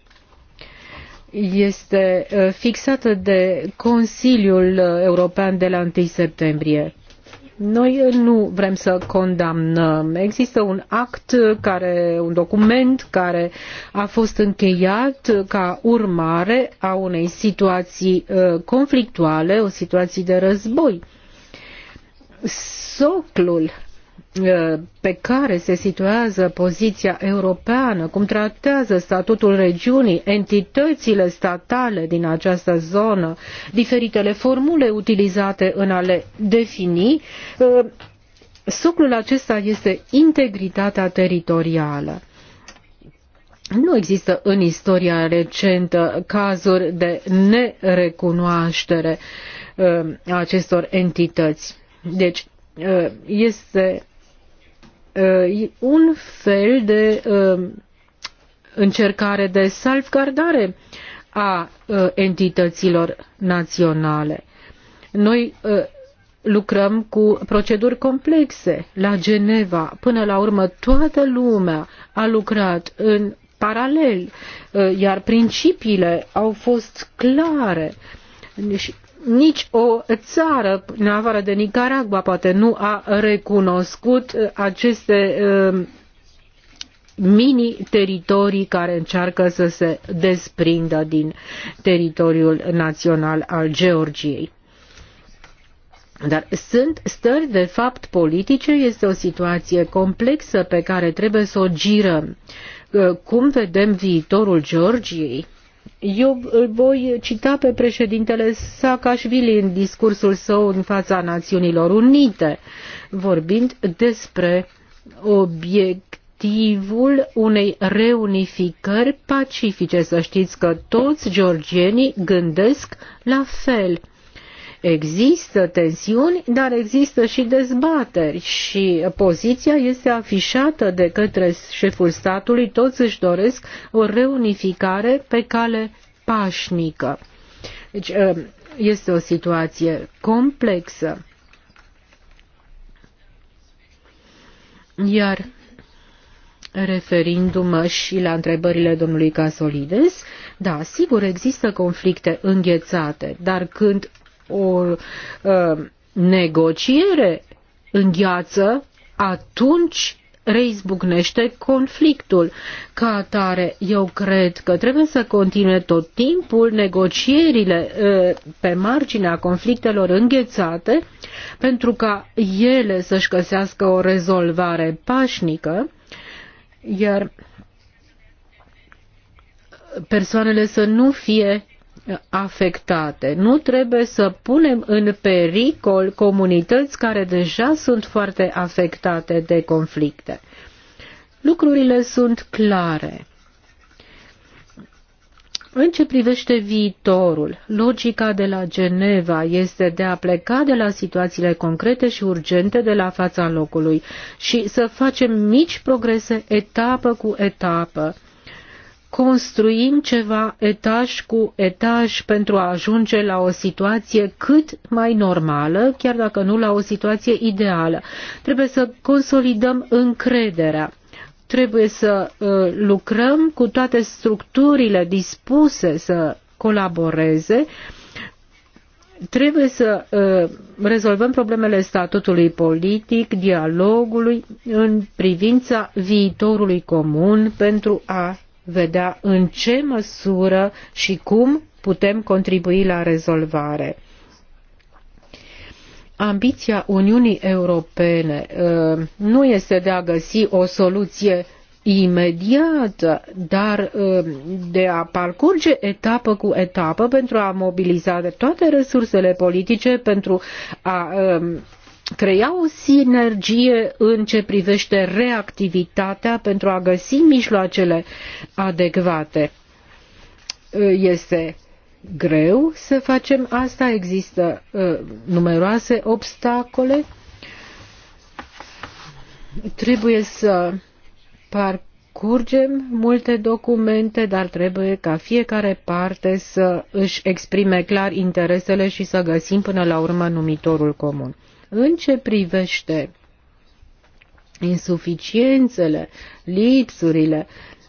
este uh, fixată de Consiliul uh, European de la 1 septembrie. Noi nu vrem să condamnăm. Există un act care, un document care a fost încheiat ca urmare a unei situații uh, conflictuale, o situație de război. Soclul Uh, pe care se situează poziția europeană, cum tratează statutul regiunii, entitățile statale din această zonă, diferitele formule utilizate în a le defini, uh, soclul acesta este integritatea teritorială. Nu există în istoria recentă cazuri de nerecunoaștere uh, acestor entități. Deci, este Uh, un fel de uh, încercare de salvgardare a uh, entităților naționale. Noi lucrăm cu proceduri complexe la Geneva. Până la urmă, toată lumea a lucrat în paralel, iar principiile au fost clare. Deci, nici o țară, în afară de Nicaragua, poate nu a recunoscut uh, aceste uh, mini-teritorii care încearcă să se desprindă din teritoriul național al Georgiei. Dar sunt stări de fapt politice, este o situație complexă pe care trebuie să o girăm. Uh, cum vedem viitorul Georgiei? Eu îl voi cita pe președintele Saakashvili în discursul său în fața Națiunilor Unite, vorbind despre obiect unei reunificări pacifice. Să știți că toți georgienii gândesc la fel. Există tensiuni, dar există și dezbateri și poziția este afișată de către șeful statului. Toți își doresc o reunificare pe cale pașnică. Deci ă, este o situație complexă. Iar referindu-mă și la întrebările domnului Casolides, da, sigur există conflicte înghețate, dar când o ă, negociere gheață, atunci reizbucnește conflictul. Ca atare, eu cred că trebuie să continue tot timpul negocierile ă, pe marginea conflictelor înghețate pentru ca ele să-și găsească o rezolvare pașnică, iar persoanele să nu fie afectate. Nu trebuie să punem în pericol comunități care deja sunt foarte afectate de conflicte. Lucrurile sunt clare. În ce privește viitorul, logica de la Geneva este de a pleca de la situațiile concrete și urgente de la fața locului și să facem mici progrese etapă cu etapă construim ceva etaj cu etaj pentru a ajunge la o situație cât mai normală, chiar dacă nu la o situație ideală. Trebuie să consolidăm încrederea. Trebuie să uh, lucrăm cu toate structurile dispuse să colaboreze trebuie să uh, rezolvăm problemele statutului politic, dialogului în privința viitorului comun pentru a vedea în ce măsură și cum putem contribui la rezolvare. Ambiția Uniunii Europene uh, nu este de a găsi o soluție imediată, dar uh, de a parcurge etapă cu etapă pentru a mobiliza toate resursele politice, pentru a um, crea o sinergie în ce privește reactivitatea pentru a găsi mijloacele adecvate. Este greu să facem asta, există uh, numeroase obstacole. Trebuie să parcurgem parcurgem multe documente, dar trebuie ca fiecare parte să își exprime clar interesele și să găsim până la urmă numitorul comun. În ce privește insuficiențele, lipsurile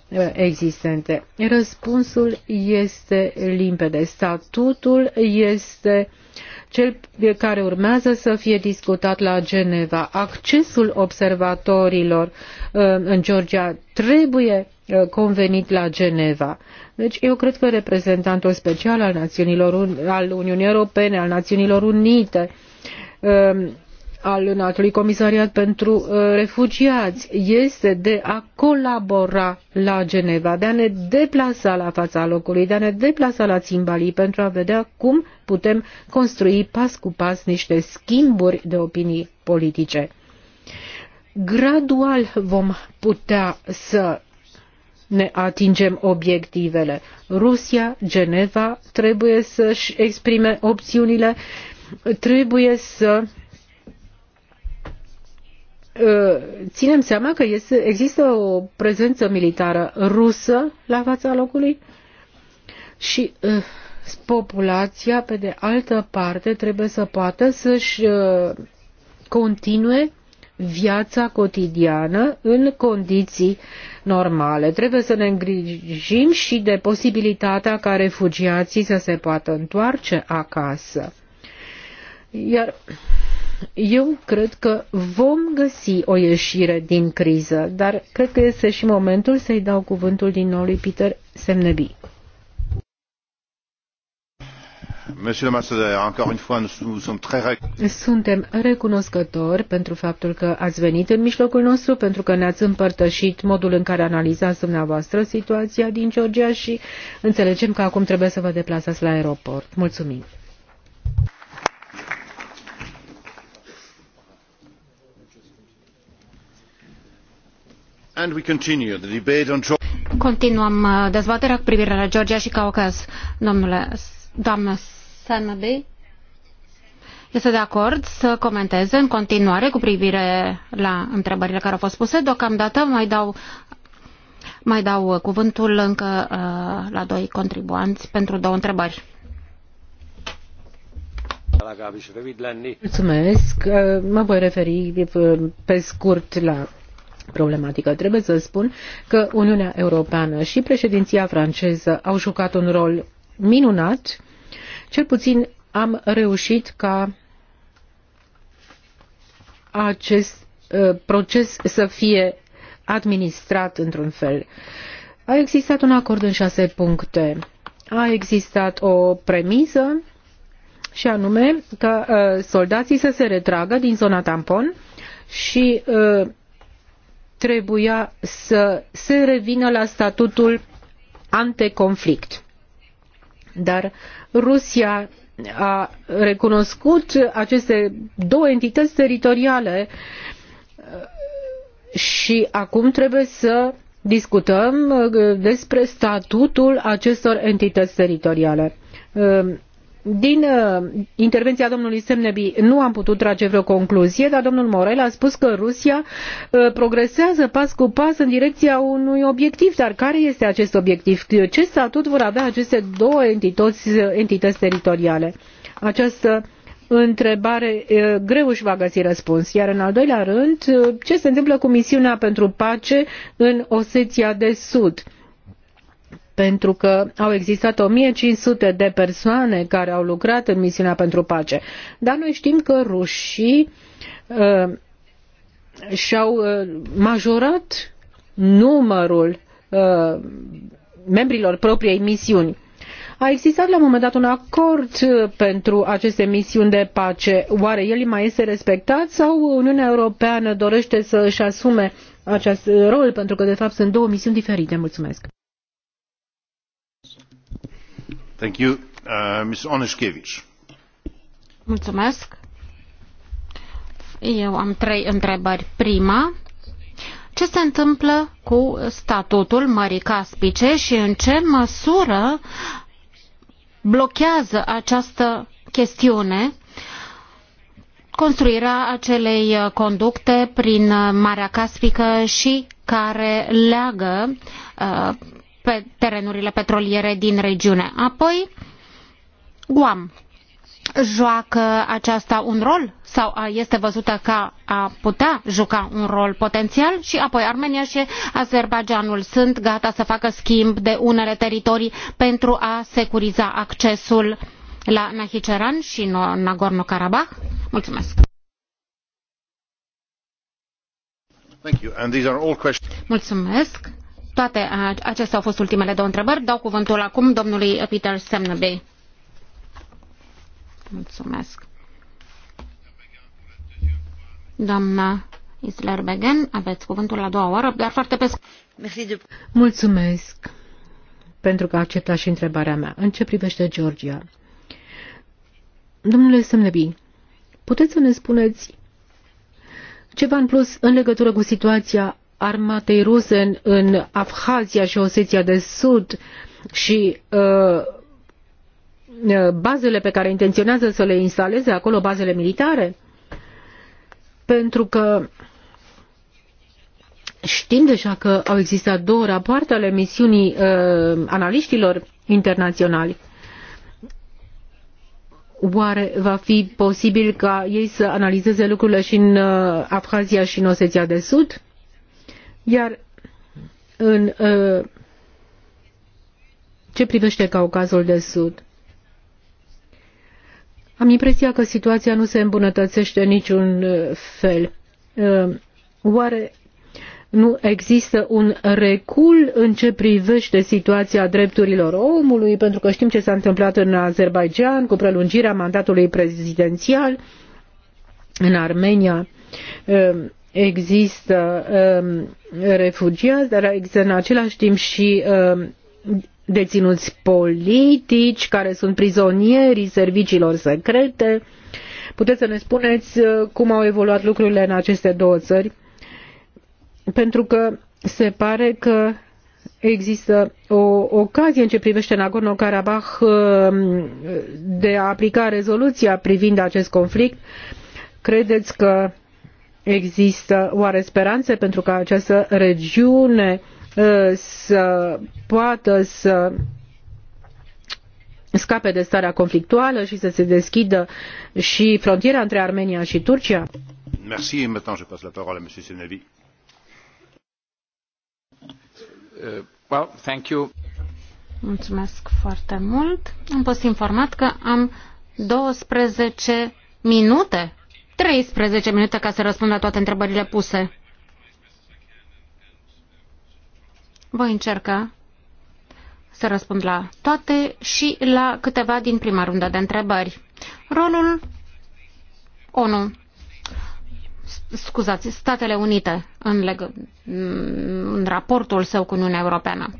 uh, existente, răspunsul este limpede. Statutul este cel care urmează să fie discutat la Geneva. Accesul observatorilor uh, în Georgia trebuie uh, convenit la Geneva. Deci eu cred că reprezentantul special al, Națiunilor, al Uniunii Europene, al Națiunilor Unite, Um, al înaltului comisariat pentru uh, refugiați este de a colabora la Geneva, de a ne deplasa la fața locului, de a ne deplasa la Țimbalii pentru a vedea cum putem construi pas cu pas niște schimburi de opinii politice. Gradual vom putea să ne atingem obiectivele. Rusia, Geneva trebuie să-și exprime opțiunile trebuie să ă, ținem seama că este, există o prezență militară rusă la fața locului și ă, populația, pe de altă parte, trebuie să poată să-și ă, continue viața cotidiană în condiții normale. Trebuie să ne îngrijim și de posibilitatea ca refugiații să se poată întoarce acasă. Iar eu cred că vom găsi o ieșire din criză, dar cred că este și momentul să-i dau cuvântul din nou lui Peter Semnebi. Suntem recunoscători pentru faptul că ați venit în mijlocul nostru, pentru că ne-ați împărtășit modul în care analizați dumneavoastră situația din Georgia și înțelegem că acum trebuie să vă deplasați la aeroport. Mulțumim! Continuăm uh, dezbaterea cu privire la Georgia și Caucas. Domnule, doamnă Sanabi, este de acord să comenteze în continuare cu privire la întrebările care au fost puse. Deocamdată mai dau, mai dau uh, cuvântul încă uh, la doi contribuanți pentru două întrebări. Mulțumesc. Uh, mă voi referi pe scurt la problematică. Trebuie să spun că Uniunea Europeană și președinția franceză au jucat un rol minunat. Cel puțin am reușit ca acest uh, proces să fie administrat într-un fel. A existat un acord în șase puncte. A existat o premisă și anume că uh, soldații să se retragă din zona tampon și uh, trebuia să se revină la statutul anteconflict. Dar Rusia a recunoscut aceste două entități teritoriale uh, și acum trebuie să discutăm uh, despre statutul acestor entități teritoriale. Uh, din uh, intervenția domnului Semnebi nu am putut trage vreo concluzie, dar domnul Morel a spus că Rusia uh, progresează pas cu pas în direcția unui obiectiv. Dar care este acest obiectiv? Ce statut vor avea aceste două entități, uh, entități teritoriale? Această întrebare greu își va găsi răspuns. Iar în al doilea rând, ce se întâmplă cu misiunea pentru pace în Oseția de Sud? pentru că au existat 1500 de persoane care au lucrat în misiunea pentru pace. Dar noi știm că rușii uh, și-au uh, majorat numărul uh, membrilor propriei misiuni. A existat la un moment dat un acord uh, pentru aceste misiuni de pace. Oare el mai este respectat sau Uniunea Europeană dorește să își asume acest rol? Pentru că, de fapt, sunt două misiuni diferite. Mulțumesc. Uh, Mulțumesc. Eu am trei întrebări. Prima, ce se întâmplă cu statutul Mării Caspice și în ce măsură blochează această chestiune construirea acelei conducte prin Marea Caspică și care leagă uh, pe terenurile petroliere din regiune. Apoi, Guam joacă aceasta un rol sau este văzută ca a putea juca un rol potențial și apoi Armenia și Azerbaijanul sunt gata să facă schimb de unele teritorii pentru a securiza accesul la Nahiceran și Nagorno-Karabakh. Mulțumesc! Mulțumesc! Toate acestea au fost ultimele două întrebări. Dau cuvântul acum domnului Peter Semneby. Mulțumesc. Doamna Isler Begen, aveți cuvântul la doua oară, dar foarte pe Mulțumesc pentru că a acceptat și întrebarea mea. În ce privește Georgia? Domnule Semnebi, puteți să ne spuneți ceva în plus în legătură cu situația armatei ruse în, în Abhazia și Osetia de Sud și uh, uh, bazele pe care intenționează să le instaleze acolo, bazele militare? Pentru că știm deja că au existat două rapoarte ale misiunii uh, analiștilor internaționali. Oare va fi posibil ca ei să analizeze lucrurile și în uh, Abhazia și în Osetia de Sud? Iar în uh, ce privește Caucazul de Sud, am impresia că situația nu se îmbunătățește în niciun uh, fel. Uh, oare nu există un recul în ce privește situația drepturilor omului, pentru că știm ce s-a întâmplat în Azerbaijan cu prelungirea mandatului prezidențial în Armenia există um, refugiați, dar există în același timp și um, deținuți politici care sunt prizonierii serviciilor secrete. Puteți să ne spuneți uh, cum au evoluat lucrurile în aceste două țări? Pentru că se pare că există o ocazie în ce privește Nagorno-Karabakh um, de a aplica rezoluția privind acest conflict. Credeți că Există oare speranțe pentru ca această regiune uh, să poată să scape de starea conflictuală și să se deschidă și frontiera între Armenia și Turcia? Merci. Maintenant, je passe la parole à M. Senevi. Uh, well, thank you. Mulțumesc foarte mult. Am fost informat că am 12 minute 13 minute ca să răspund la toate întrebările puse. Voi încerca să răspund la toate și la câteva din prima rundă de întrebări. Rolul ONU, scuzați, Statele Unite în, leg- în raportul său cu Uniunea Europeană.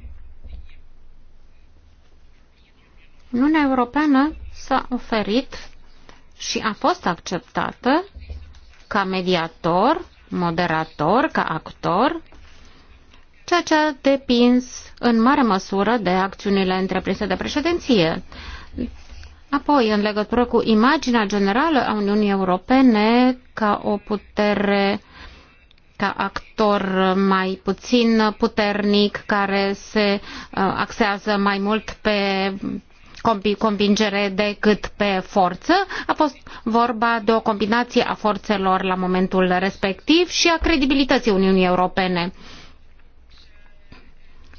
Uniunea Europeană s-a oferit și a fost acceptată ca mediator, moderator, ca actor, ceea ce a depins în mare măsură de acțiunile întreprinse de președinție. Apoi, în legătură cu imaginea generală a Uniunii Europene ca o putere ca actor mai puțin puternic, care se uh, axează mai mult pe convingere decât pe forță. A fost vorba de o combinație a forțelor la momentul respectiv și a credibilității Uniunii Europene.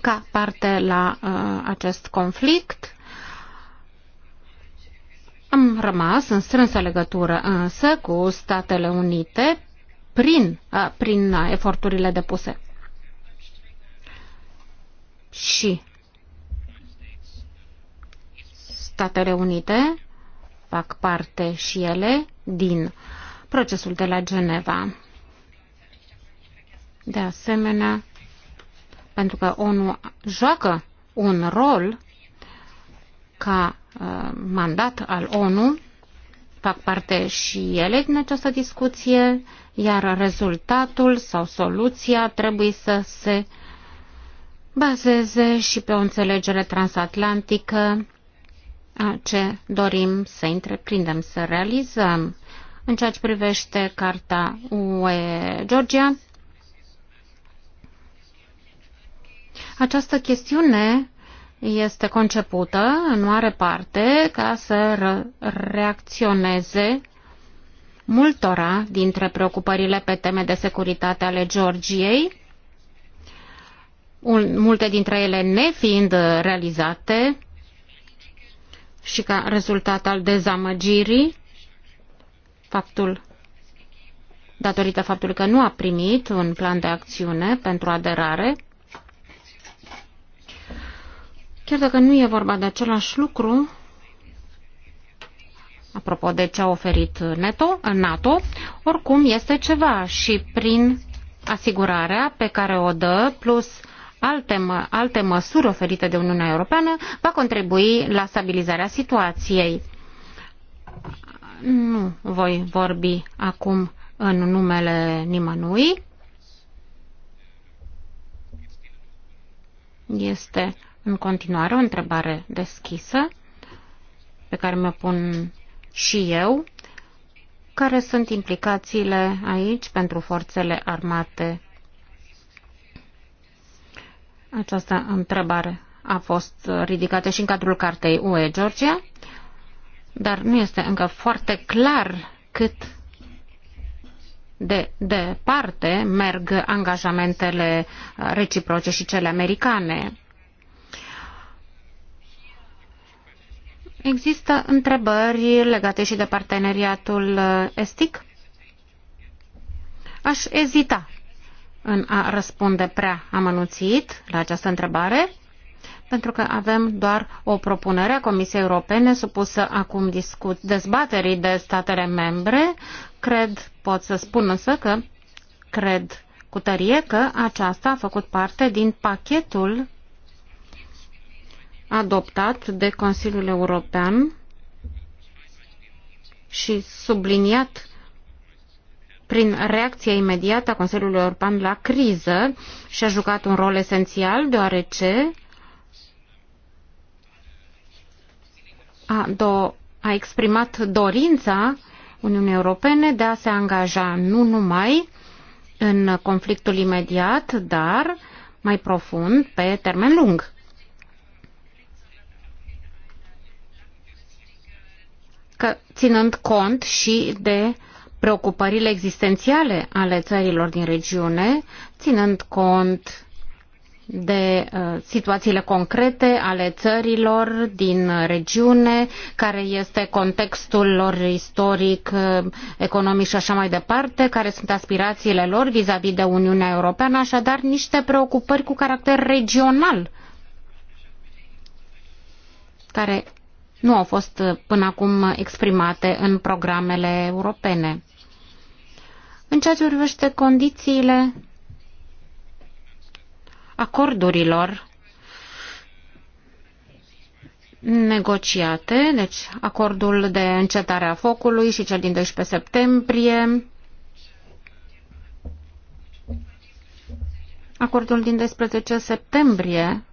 Ca parte la uh, acest conflict, am rămas în strânsă legătură însă cu Statele Unite prin, uh, prin eforturile depuse. Și Statele Unite fac parte și ele din procesul de la Geneva. De asemenea, pentru că ONU joacă un rol ca uh, mandat al ONU, fac parte și ele din această discuție, iar rezultatul sau soluția trebuie să se bazeze și pe o înțelegere transatlantică ce dorim să întreprindem, să realizăm în ceea ce privește Carta UE Georgia. Această chestiune este concepută în mare parte ca să reacționeze multora dintre preocupările pe teme de securitate ale Georgiei, multe dintre ele nefiind realizate, și ca rezultat al dezamăgirii, faptul, datorită faptului că nu a primit un plan de acțiune pentru aderare, chiar dacă nu e vorba de același lucru, apropo de ce a oferit NATO, NATO, oricum este ceva și prin asigurarea pe care o dă, plus alte, mă, alte măsuri oferite de Uniunea Europeană va contribui la stabilizarea situației. Nu voi vorbi acum în numele nimănui. Este în continuare o întrebare deschisă pe care mi-o pun și eu. Care sunt implicațiile aici pentru forțele armate această întrebare a fost ridicată și în cadrul cartei UE Georgia, dar nu este încă foarte clar cât de departe merg angajamentele reciproce și cele americane. Există întrebări legate și de parteneriatul estic? Aș ezita în a răspunde prea amănunțit la această întrebare, pentru că avem doar o propunere a Comisiei Europene supusă acum discut dezbaterii de statele membre. Cred, pot să spun însă că cred cu tărie că aceasta a făcut parte din pachetul adoptat de Consiliul European și subliniat prin reacția imediată a Consiliului European la criză și a jucat un rol esențial, deoarece a, do, a exprimat dorința Uniunii Europene de a se angaja nu numai în conflictul imediat, dar mai profund pe termen lung. Că, ținând cont și de preocupările existențiale ale țărilor din regiune, ținând cont de uh, situațiile concrete ale țărilor din regiune, care este contextul lor istoric, uh, economic și așa mai departe, care sunt aspirațiile lor vis-a-vis -vis de Uniunea Europeană, așadar niște preocupări cu caracter regional care nu au fost uh, până acum exprimate în programele europene. În ceea ce privește condițiile acordurilor negociate, deci acordul de încetare a focului și cel din 12 septembrie, acordul din 12 septembrie,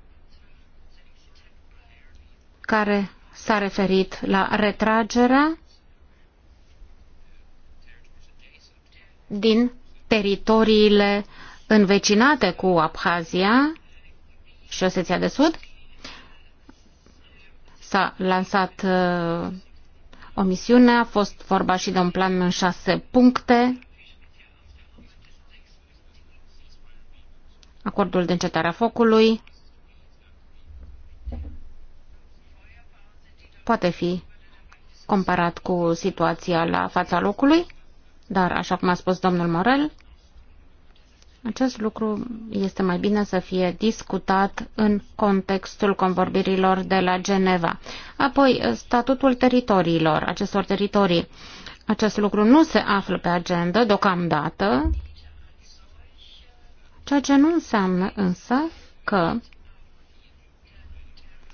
care s-a referit la retragerea din teritoriile învecinate cu Abhazia și Oseția de Sud. S-a lansat uh, o misiune, a fost vorba și de un plan în șase puncte. Acordul de încetare a focului, poate fi comparat cu situația la fața locului, dar, așa cum a spus domnul Morel, acest lucru este mai bine să fie discutat în contextul convorbirilor de la Geneva. Apoi, statutul teritoriilor, acestor teritorii. Acest lucru nu se află pe agenda deocamdată, ceea ce nu înseamnă însă că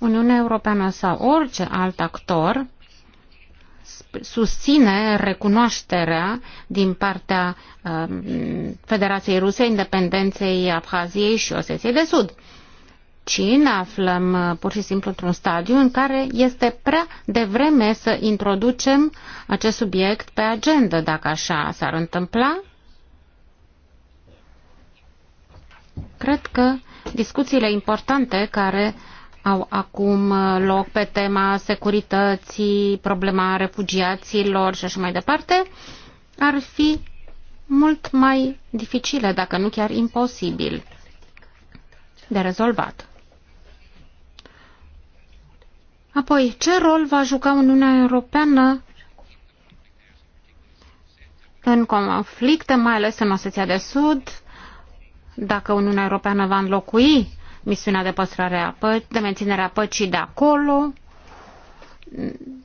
Uniunea Europeană sau orice alt actor susține recunoașterea din partea um, Federației Ruse independenței Abhaziei și Osetiei de Sud ci ne aflăm uh, pur și simplu într-un stadiu în care este prea devreme să introducem acest subiect pe agenda, dacă așa s-ar întâmpla. Cred că discuțiile importante care au acum uh, loc pe tema securității, problema refugiaților și așa mai departe, ar fi mult mai dificile, dacă nu chiar imposibil, de rezolvat. Apoi, ce rol va juca Uniunea Europeană în conflicte, mai ales în Oseția de Sud, dacă Uniunea Europeană va înlocui misiunea de păstrare a pă- de menținere a păcii de acolo.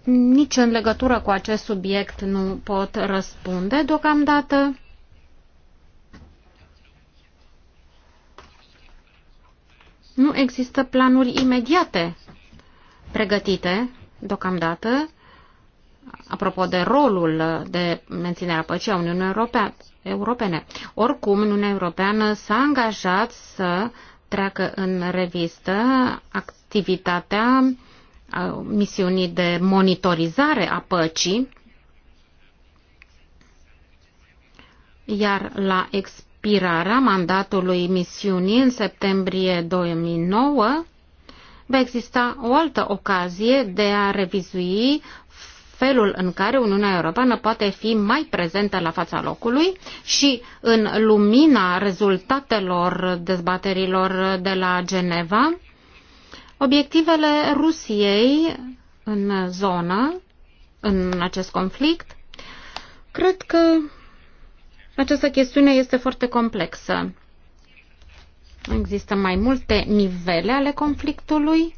Nici în legătură cu acest subiect nu pot răspunde deocamdată. Nu există planuri imediate pregătite deocamdată apropo de rolul de menținere a păcii a Uniunii Europene. Oricum, Uniunea Europeană s-a angajat să treacă în revistă activitatea misiunii de monitorizare a păcii, iar la expirarea mandatului misiunii în septembrie 2009 va exista o altă ocazie de a revizui felul în care Uniunea Europeană poate fi mai prezentă la fața locului și în lumina rezultatelor dezbaterilor de la Geneva, obiectivele Rusiei în zonă, în acest conflict, cred că această chestiune este foarte complexă. Există mai multe nivele ale conflictului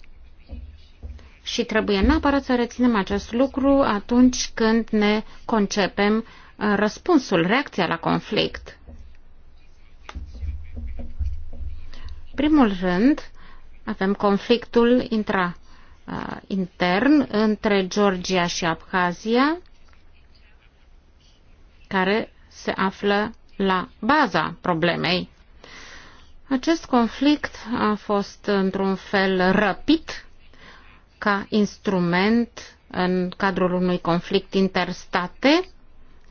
și trebuie neapărat să reținem acest lucru atunci când ne concepem uh, răspunsul, reacția la conflict. primul rând, avem conflictul intra uh, intern între Georgia și Abhazia, care se află la baza problemei. Acest conflict a fost într-un fel răpit ca instrument în cadrul unui conflict interstate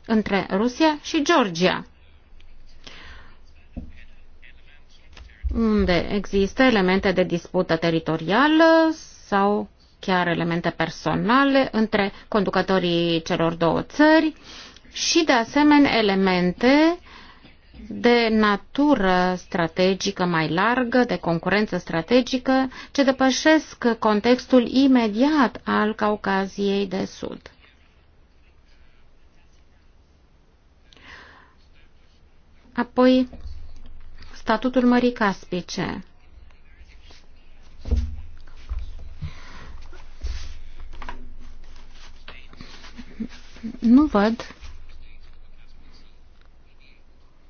între Rusia și Georgia, unde există elemente de dispută teritorială sau chiar elemente personale între conducătorii celor două țări și, de asemenea, elemente uh, de natură strategică mai largă, de concurență strategică, ce depășesc contextul imediat al Caucaziei de Sud. Apoi, statutul Mării Caspice. Nu văd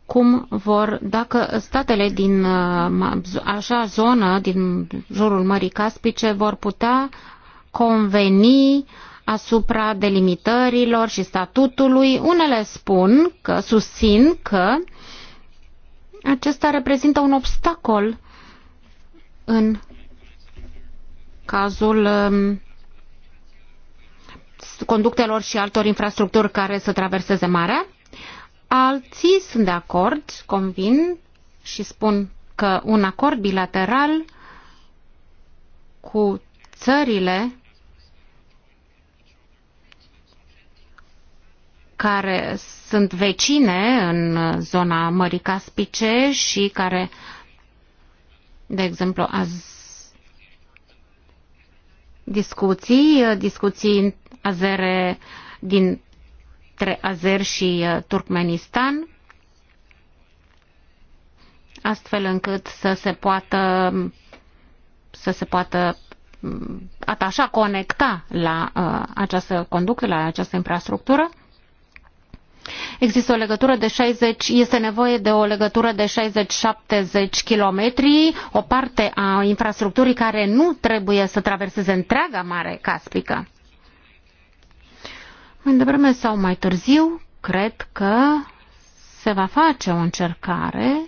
cum vor, dacă statele din uh, așa zonă, din jurul Mării Caspice, vor putea conveni asupra delimitărilor și statutului. Unele spun că susțin că acesta reprezintă un obstacol în cazul um, conductelor și altor infrastructuri care să traverseze marea. Alții sunt de acord, convin și spun că un acord bilateral cu țările care sunt vecine în zona Mării Caspice și care, de exemplu, azi discuții, discuții azere din între Azer și uh, Turkmenistan, astfel încât să se poată um, să se poată um, atașa, conecta la uh, această conductă, la această infrastructură. Există o legătură de 60, este nevoie de o legătură de 60-70 km, o parte a infrastructurii care nu trebuie să traverseze întreaga mare caspică. Mai devreme sau mai târziu, cred că se va face o încercare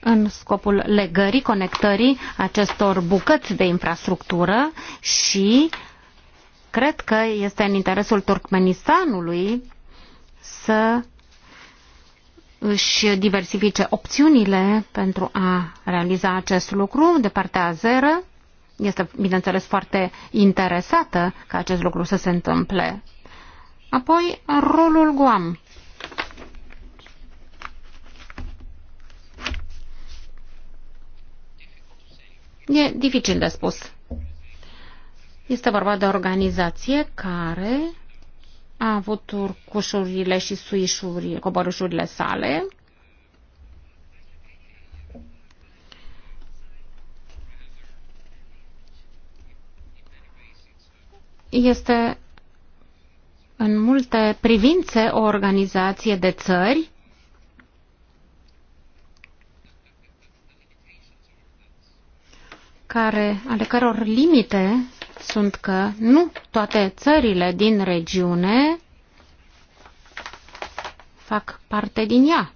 în scopul legării, conectării acestor bucăți de infrastructură și cred că este în interesul Turkmenistanului să își diversifice opțiunile pentru a realiza acest lucru de partea azeră este, bineînțeles, foarte interesată ca acest lucru să se întâmple. Apoi, rolul Guam. E dificil de spus. Este vorba de o organizație care a avut urcușurile și suișurile, coborușurile sale, este în multe privințe o organizație de țări care, ale căror limite sunt că nu toate țările din regiune fac parte din ea.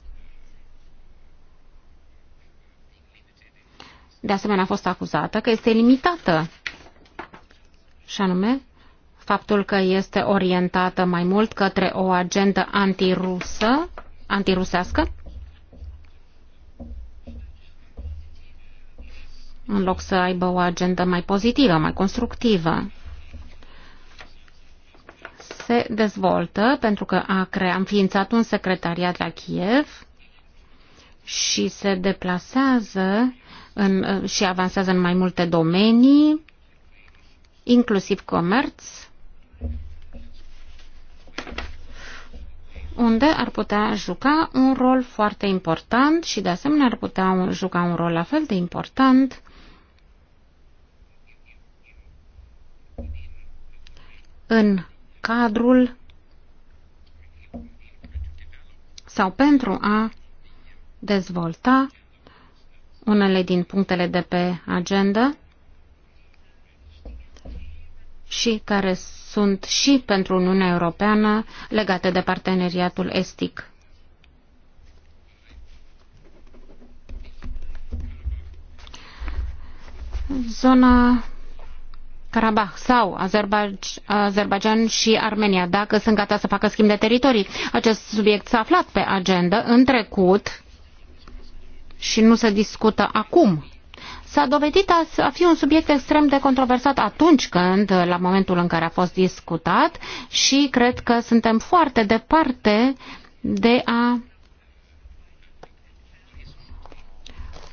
De asemenea, a fost acuzată că este limitată, și anume faptul că este orientată mai mult către o agendă antirusă, antirusească, în loc să aibă o agendă mai pozitivă, mai constructivă. Se dezvoltă pentru că a, crea, înființat un secretariat la Kiev și se deplasează în, și avansează în mai multe domenii, inclusiv comerț, unde ar putea juca un rol foarte important și de asemenea ar putea juca un rol la fel de important în cadrul sau pentru a dezvolta unele din punctele de pe agenda și care sunt și pentru Uniunea Europeană legate de parteneriatul estic. Zona Karabakh sau Azerbaijan și Armenia, dacă sunt gata să facă schimb de teritorii. Acest subiect s-a aflat pe agenda în trecut și nu se discută acum s-a dovedit a, a fi un subiect extrem de controversat atunci când, la momentul în care a fost discutat și cred că suntem foarte departe de a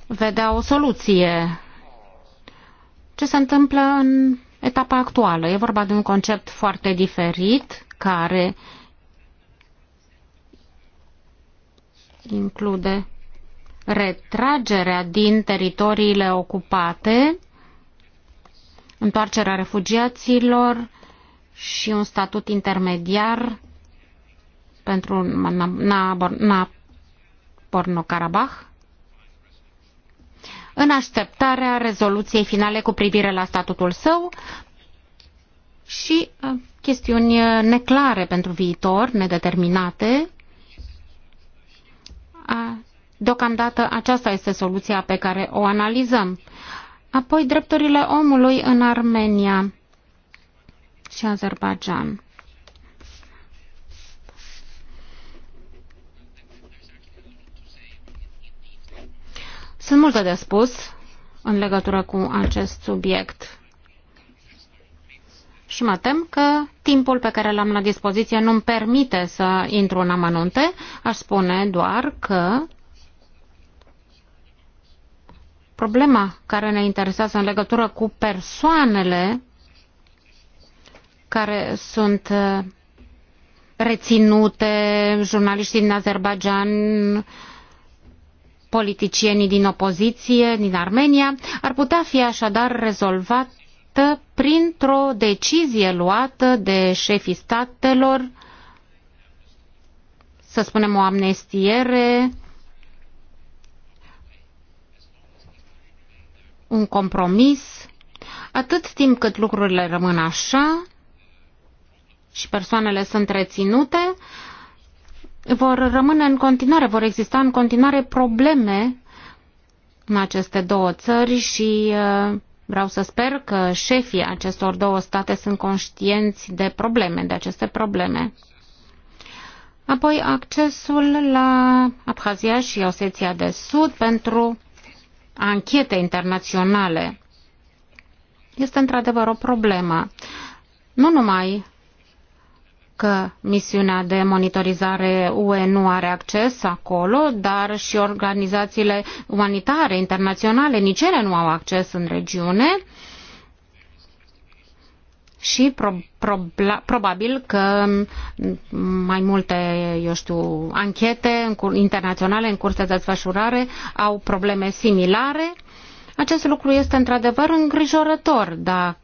vedea o soluție. Ce se întâmplă în etapa actuală? E vorba de un concept foarte diferit care include retragerea din teritoriile ocupate, întoarcerea refugiaților și un statut intermediar pentru naborno karabakh în așteptarea rezoluției finale cu privire la statutul său și uh, chestiuni uh, neclare pentru viitor, nedeterminate, Deocamdată aceasta este soluția pe care o analizăm. Apoi drepturile omului în Armenia și Azerbaijan. Sunt multe de spus în legătură cu acest subiect. Și mă tem că timpul pe care l-am la dispoziție nu-mi permite să intru în amănunte. Aș spune doar că Problema care ne interesează în legătură cu persoanele care sunt uh, reținute, jurnaliștii din Azerbaijan, politicienii din opoziție, din Armenia, ar putea fi așadar rezolvată printr-o decizie luată de șefii statelor, să spunem o amnestiere un compromis, atât timp cât lucrurile rămân așa și persoanele sunt reținute, vor rămâne în continuare, vor exista în continuare probleme în aceste două țări și uh, vreau să sper că șefii acestor două state sunt conștienți de probleme, de aceste probleme. Apoi accesul la Abhazia și Oseția de Sud pentru anchete internaționale este într-adevăr o problemă. Nu numai că misiunea de monitorizare UE nu are acces acolo, dar și organizațiile umanitare internaționale, nici ele nu au acces în regiune. Uh, și pro, pro, probabil că mai multe, eu știu, anchete internaționale în curs de desfășurare au probleme similare. Acest lucru este într-adevăr îngrijorător, dar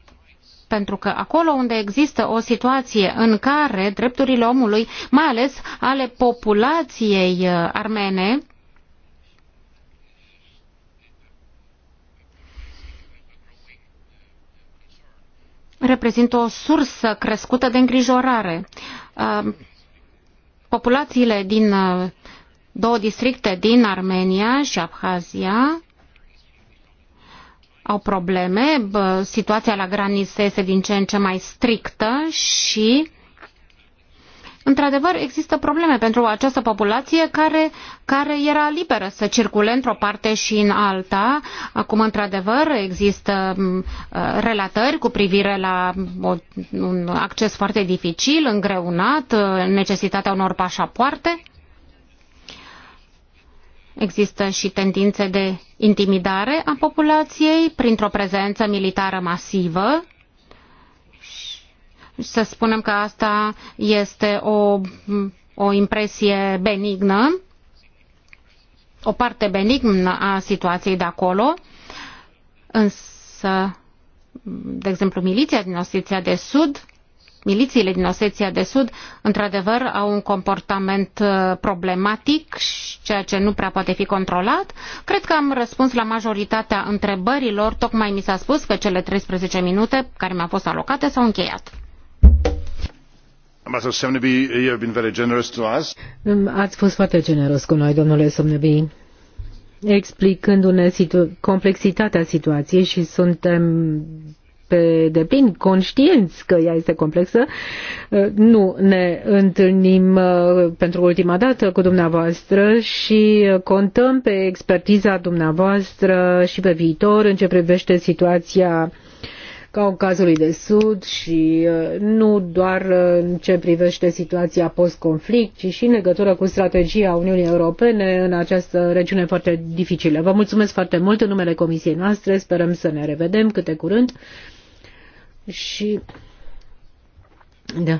pentru că acolo unde există o situație în care drepturile omului, mai ales ale populației uh, armene, reprezintă o sursă crescută de îngrijorare. Uh, populațiile din uh, două districte din Armenia și Abhazia au probleme, situația la graniță este din ce în ce mai strictă și Într-adevăr, există probleme pentru această populație care, care era liberă să circule într-o parte și în alta. Acum, într-adevăr, există mm, uh, relatări cu privire la un acces foarte dificil, îngreunat, uh, necesitatea unor pașapoarte. Există și tendințe de intimidare a populației printr-o prezență militară masivă să spunem că asta este o, o impresie benignă, o parte benignă a situației de acolo, însă, de exemplu, miliția din Osetia de Sud, milițiile din Osetia de Sud, într-adevăr, au un comportament uh, problematic, ceea ce nu prea poate fi controlat. Cred că am răspuns la majoritatea întrebărilor, tocmai mi s-a spus că cele 13 minute care mi-au fost alocate s-au încheiat. Ați fost foarte generos cu noi, domnule Somnebi, explicându-ne situ- complexitatea situației și suntem pe deplin conștienți că ea este complexă. Uh, nu ne întâlnim uh, pentru ultima dată cu dumneavoastră și uh, contăm pe expertiza dumneavoastră și pe viitor în ce privește situația ca în lui de Sud și uh, nu doar uh, în ce privește situația post-conflict, ci și în legătură cu strategia Uniunii Europene în această regiune foarte dificilă. Vă mulțumesc foarte mult în numele comisiei noastre, sperăm să ne revedem câte curând și da,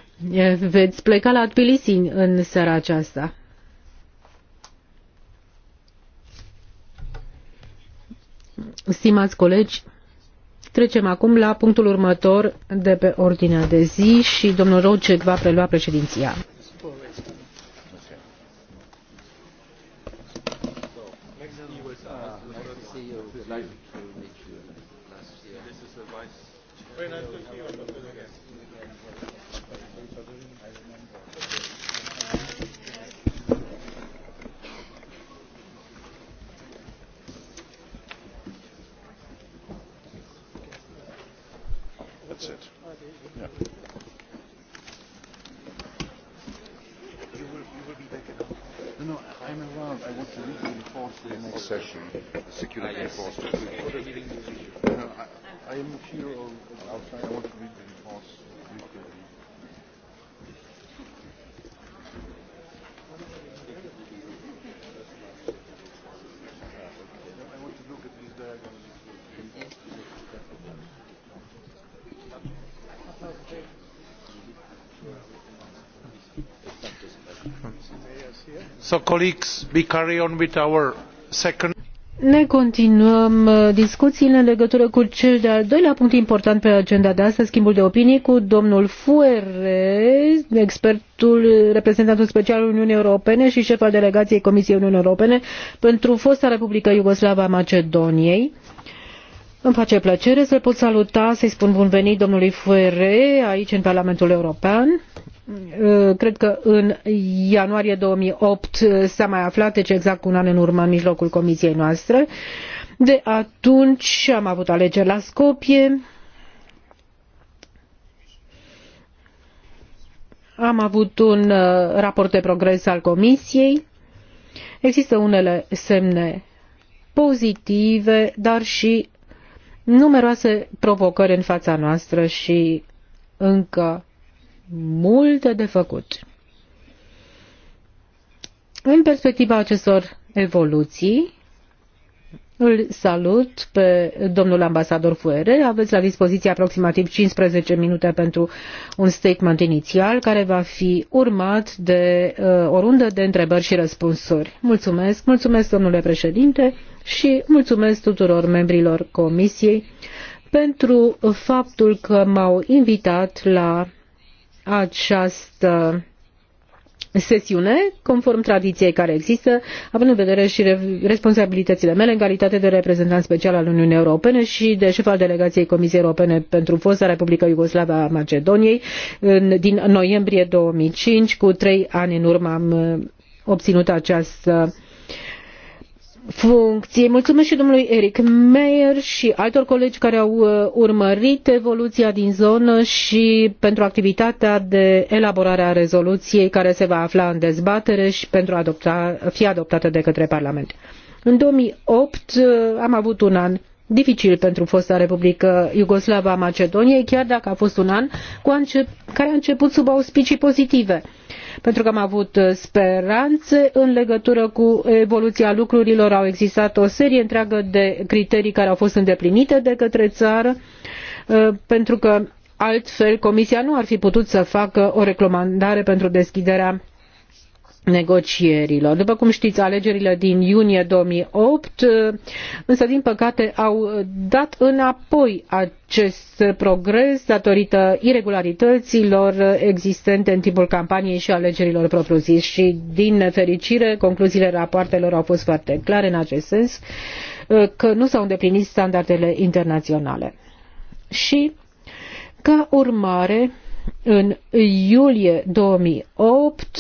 veți pleca la Tbilisi în seara aceasta. Stimați colegi, Trecem acum la punctul următor de pe ordinea de zi și domnul Rocek va prelua președinția. session, Security ah, yes. Force. I, am here outside. I want to read the reports. So colleagues, we carry on with our second... Ne continuăm uh, discuțiile în legătură cu cel de-al doilea punct important pe agenda de astăzi, schimbul de opinii cu domnul Fuere, expertul, reprezentantul special al Uniunii Europene și șef al delegației Comisiei Uniunii Europene pentru fosta Republică Iugoslava Macedoniei. Îmi face plăcere să-l pot saluta, să-i spun bun venit domnului Fuere aici în Parlamentul European. Mm, cred că în ianuarie 2008 eh, s-a mai aflat, deci exact un an în urmă, în mijlocul comisiei noastre. De atunci am avut alegeri la Scopie, am avut un eh, raport de progres al Comisiei. Există unele semne pozitive, dar și numeroase provocări în fața noastră și încă multe de făcut. În perspectiva acestor evoluții, îl salut pe domnul ambasador Fuere. Aveți la dispoziție aproximativ 15 minute pentru un statement inițial care va fi urmat de uh, o rundă de întrebări și răspunsuri. Mulțumesc, mulțumesc domnule președinte și mulțumesc tuturor membrilor comisiei pentru faptul că m-au invitat la această sesiune, conform tradiției care există, având în vedere și responsabilitățile mele în calitate de reprezentant special al Uniunii Europene și de șef al delegației Comisiei Europene pentru fosta Republica Iugoslavă a Macedoniei din noiembrie 2005, cu trei ani în urmă am eh, obținut această funcție. Mulțumesc și domnului Eric Meyer și altor colegi care au uh, urmărit evoluția din zonă și pentru activitatea de elaborare a rezoluției care se va afla în dezbatere și pentru a adopta, fi adoptată de către Parlament. În 2008 uh, am avut un an dificil pentru fosta Republică Iugoslava Macedoniei, chiar dacă a fost un an cu a care a început sub auspicii pozitive. Uh, pentru că am avut uh, speranțe în legătură cu evoluția lucrurilor. Au existat o serie întreagă de criterii care au fost îndeplinite de către țară, uh, pentru că altfel Comisia nu ar fi putut să facă o recomandare pentru deschiderea negocierilor. După cum știți, alegerile din iunie 2008, uh, însă din păcate au dat înapoi acest progres datorită irregularităților existente în timpul campaniei și alegerilor propriu-zis și din nefericire concluziile rapoartelor au fost foarte clare în acest sens uh, că nu s-au îndeplinit standardele internaționale. Și ca urmare, în iulie 2008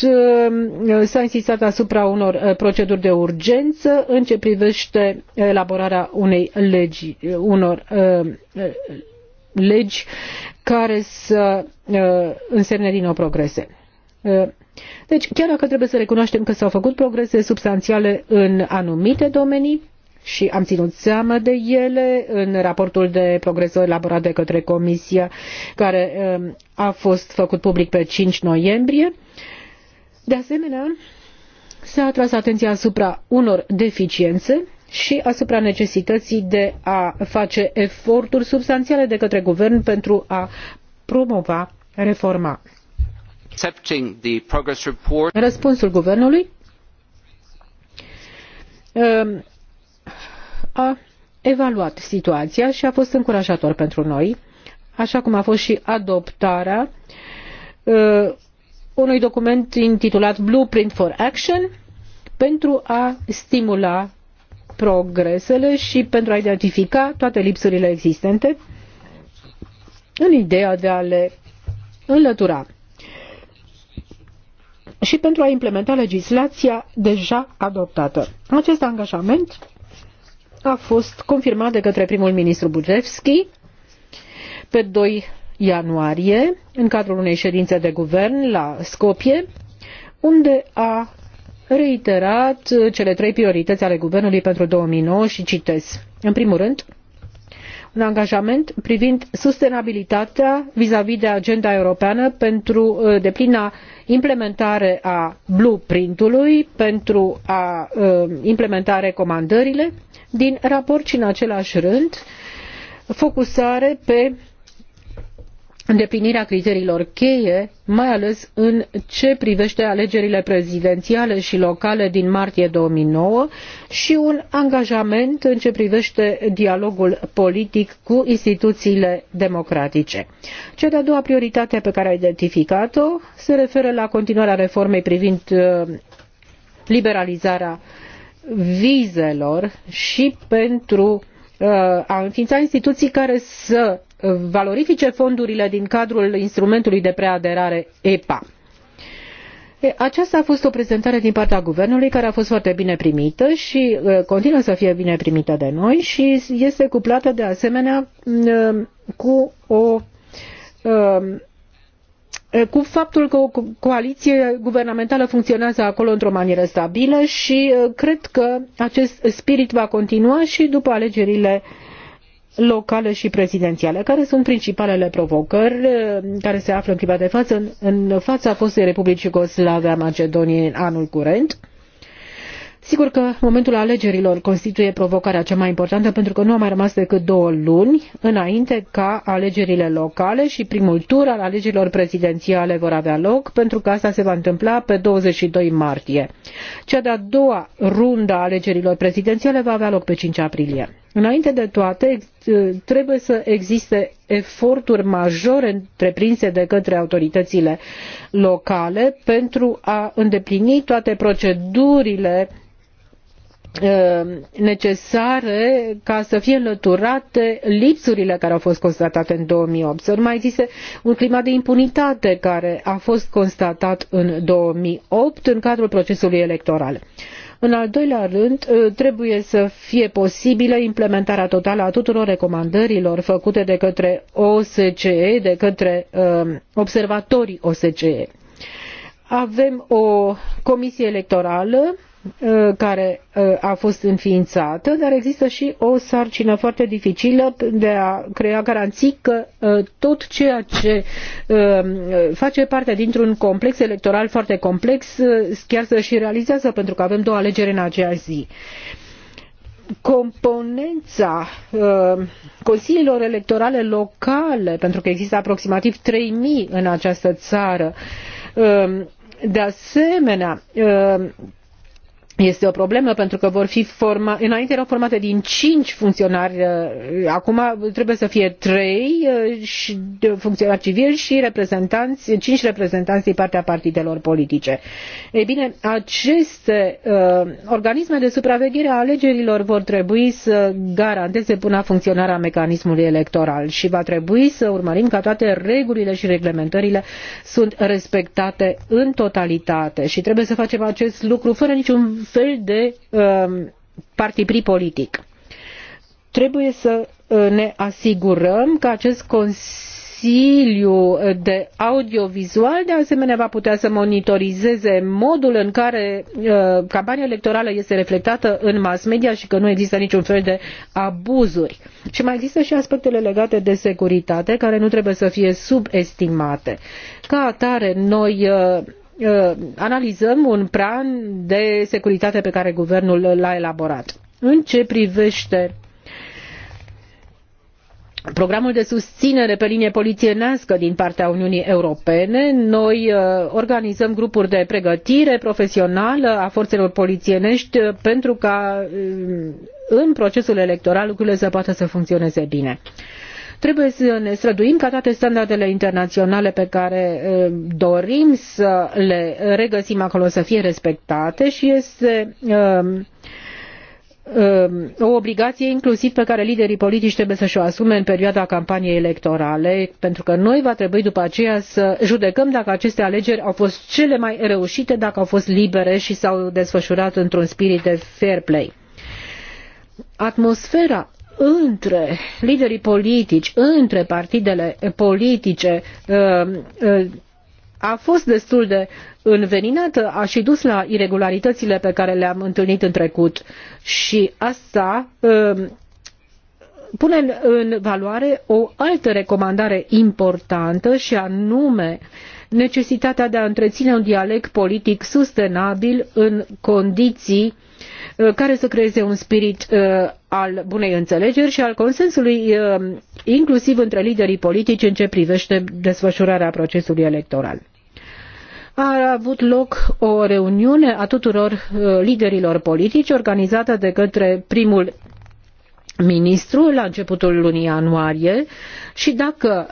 eh, s-a insistat asupra unor eh, proceduri de urgență în ce privește elaborarea unei legi, eh, unor legi care să însemne din nou progrese. Deci, chiar dacă trebuie să recunoaștem că s-au făcut progrese substanțiale în anumite domenii, și am ținut seama de ele în raportul de progres elaborat de către Comisia, care um, a fost făcut public pe 5 noiembrie. De asemenea, s-a atras atenția asupra unor deficiențe și asupra necesității de a face eforturi substanțiale de către guvern pentru a promova reforma. Răspunsul guvernului um, a evaluat situația și a fost încurajator pentru noi, așa cum a fost și adoptarea uh, unui document intitulat Blueprint for Action pentru a stimula progresele și pentru a identifica toate lipsurile existente în ideea de a le înlătura și pentru a implementa legislația deja adoptată. Acest angajament a fost confirmat de către primul ministru Bugevski pe 2 ianuarie, în cadrul unei ședințe de guvern la Skopje, unde a reiterat cele trei priorități ale guvernului pentru 2009 și citez. În primul rând, un angajament privind sustenabilitatea -vis de agenda europeană pentru uh, deplina implementare a blueprint-ului, pentru a uh, implementa recomandările din raport și în același rând focusare pe îndeplinirea criteriilor cheie, mai ales în ce privește alegerile prezidențiale și locale din martie 2009 și un angajament în ce privește dialogul politic cu instituțiile democratice. Cea de-a doua prioritate pe care a identificat-o se referă la continuarea reformei privind uh, liberalizarea vizelor și pentru uh, a înființa instituții care să valorifice fondurile din cadrul instrumentului de preaderare EPA. Aceasta a fost o prezentare din partea guvernului care a fost foarte bine primită și uh, continuă să fie bine primită de noi și este cuplată de asemenea uh, cu o cu faptul că o coaliție guvernamentală funcționează acolo într-o manieră stabilă și cred că acest spirit va continua și după alegerile locale și prezidențiale. Care sunt principalele provocări care se află în clipa de față în, în fața fostei Republici Iugoslave a Macedoniei în anul curent? Sigur că momentul alegerilor constituie provocarea cea mai importantă pentru că nu a mai rămas decât două luni înainte ca alegerile locale și primul tur al alegerilor prezidențiale vor avea loc pentru că asta se va întâmpla pe 22 martie. Cea de-a doua rundă a alegerilor prezidențiale va avea loc pe 5 aprilie. Înainte de toate, Uh, trebuie să existe eforturi majore întreprinse de către autoritățile locale pentru a îndeplini toate procedurile uh, necesare ca să fie înlăturate lipsurile care au fost constatate în 2008. Să nu mai existe un climat de impunitate care a fost constatat în 2008 în cadrul procesului electoral. În al doilea rând, uh, trebuie să fie posibilă implementarea totală a tuturor recomandărilor făcute de către OSCE, de către uh, observatorii OSCE. Avem o comisie electorală Uh, care uh, a fost înființată, dar există și o sarcină foarte dificilă de a crea garanții că uh, tot ceea ce face parte dintr-un complex electoral foarte complex chiar să și realizează, pentru că avem două alegeri în aceea zi componența consiliilor electorale locale, pentru că există aproximativ 3.000 în această țară, de asemenea, este o problemă pentru că vor fi forma, înainte erau formate din cinci funcționari, uh, acum trebuie să fie trei uh, funcționari civili și reprezentanți, cinci reprezentanți din partea partidelor politice. Ei bine, aceste uh, organisme de supraveghere a alegerilor vor trebui să garanteze puna funcționarea mecanismului electoral și va trebui să urmărim ca toate regulile și reglementările sunt respectate în totalitate și trebuie să facem acest lucru fără niciun fel de um, partipri politic. Trebuie să uh, ne asigurăm că acest Consiliu de audiovizual de asemenea va putea să monitorizeze modul în care uh, campania electorală este reflectată în mass media și că nu există niciun fel de abuzuri. Și mai există și aspectele legate de securitate care nu trebuie să fie subestimate. Ca atare, noi uh, Uh, analizăm un plan de securitate pe care guvernul l-a elaborat. În ce privește programul de susținere pe linie polițienească din partea Uniunii Europene. Noi uh, organizăm grupuri de pregătire profesională a forțelor polițienești uh, pentru ca în procesul electoral lucrurile să poată să funcționeze bine. Trebuie să ne străduim ca toate standardele internaționale pe care dorim să le regăsim acolo să fie respectate și este o obligație inclusiv pe care liderii politici trebuie să și-o asume în perioada campaniei electorale, pentru că noi va trebui după aceea să judecăm dacă aceste alegeri au fost cele mai reușite, dacă au fost libere și s-au desfășurat într-un spirit de fair play. Atmosfera între liderii politici, între partidele politice uh, uh, a fost destul de înveninată, a și dus la irregularitățile pe care le-am întâlnit în trecut și asta uh, pune în valoare o altă recomandare importantă și anume necesitatea de a întreține un dialog politic sustenabil în condiții Uh, care să creeze un spirit uh, al bunei înțelegeri și al consensului, uh, inclusiv între liderii politici în ce privește desfășurarea procesului electoral a avut loc o reuniune a tuturor liderilor politici organizată de către primul ministru la începutul lunii ianuarie și dacă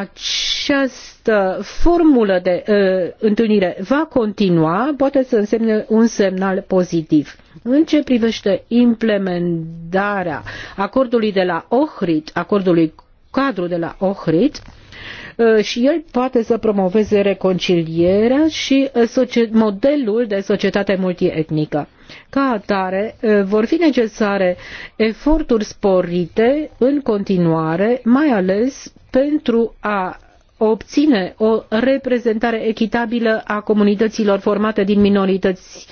această formulă de uh, întâlnire va continua, poate să însemne un semnal pozitiv. În ce privește implementarea acordului de la Ohrid, acordului cadru de la Ohrid, uh, și el poate să promoveze reconcilierea și uh, modelul de societate multietnică. Ca atare, uh, vor fi necesare eforturi sporite în continuare, mai ales pentru a obține o reprezentare echitabilă a comunităților formate din minorități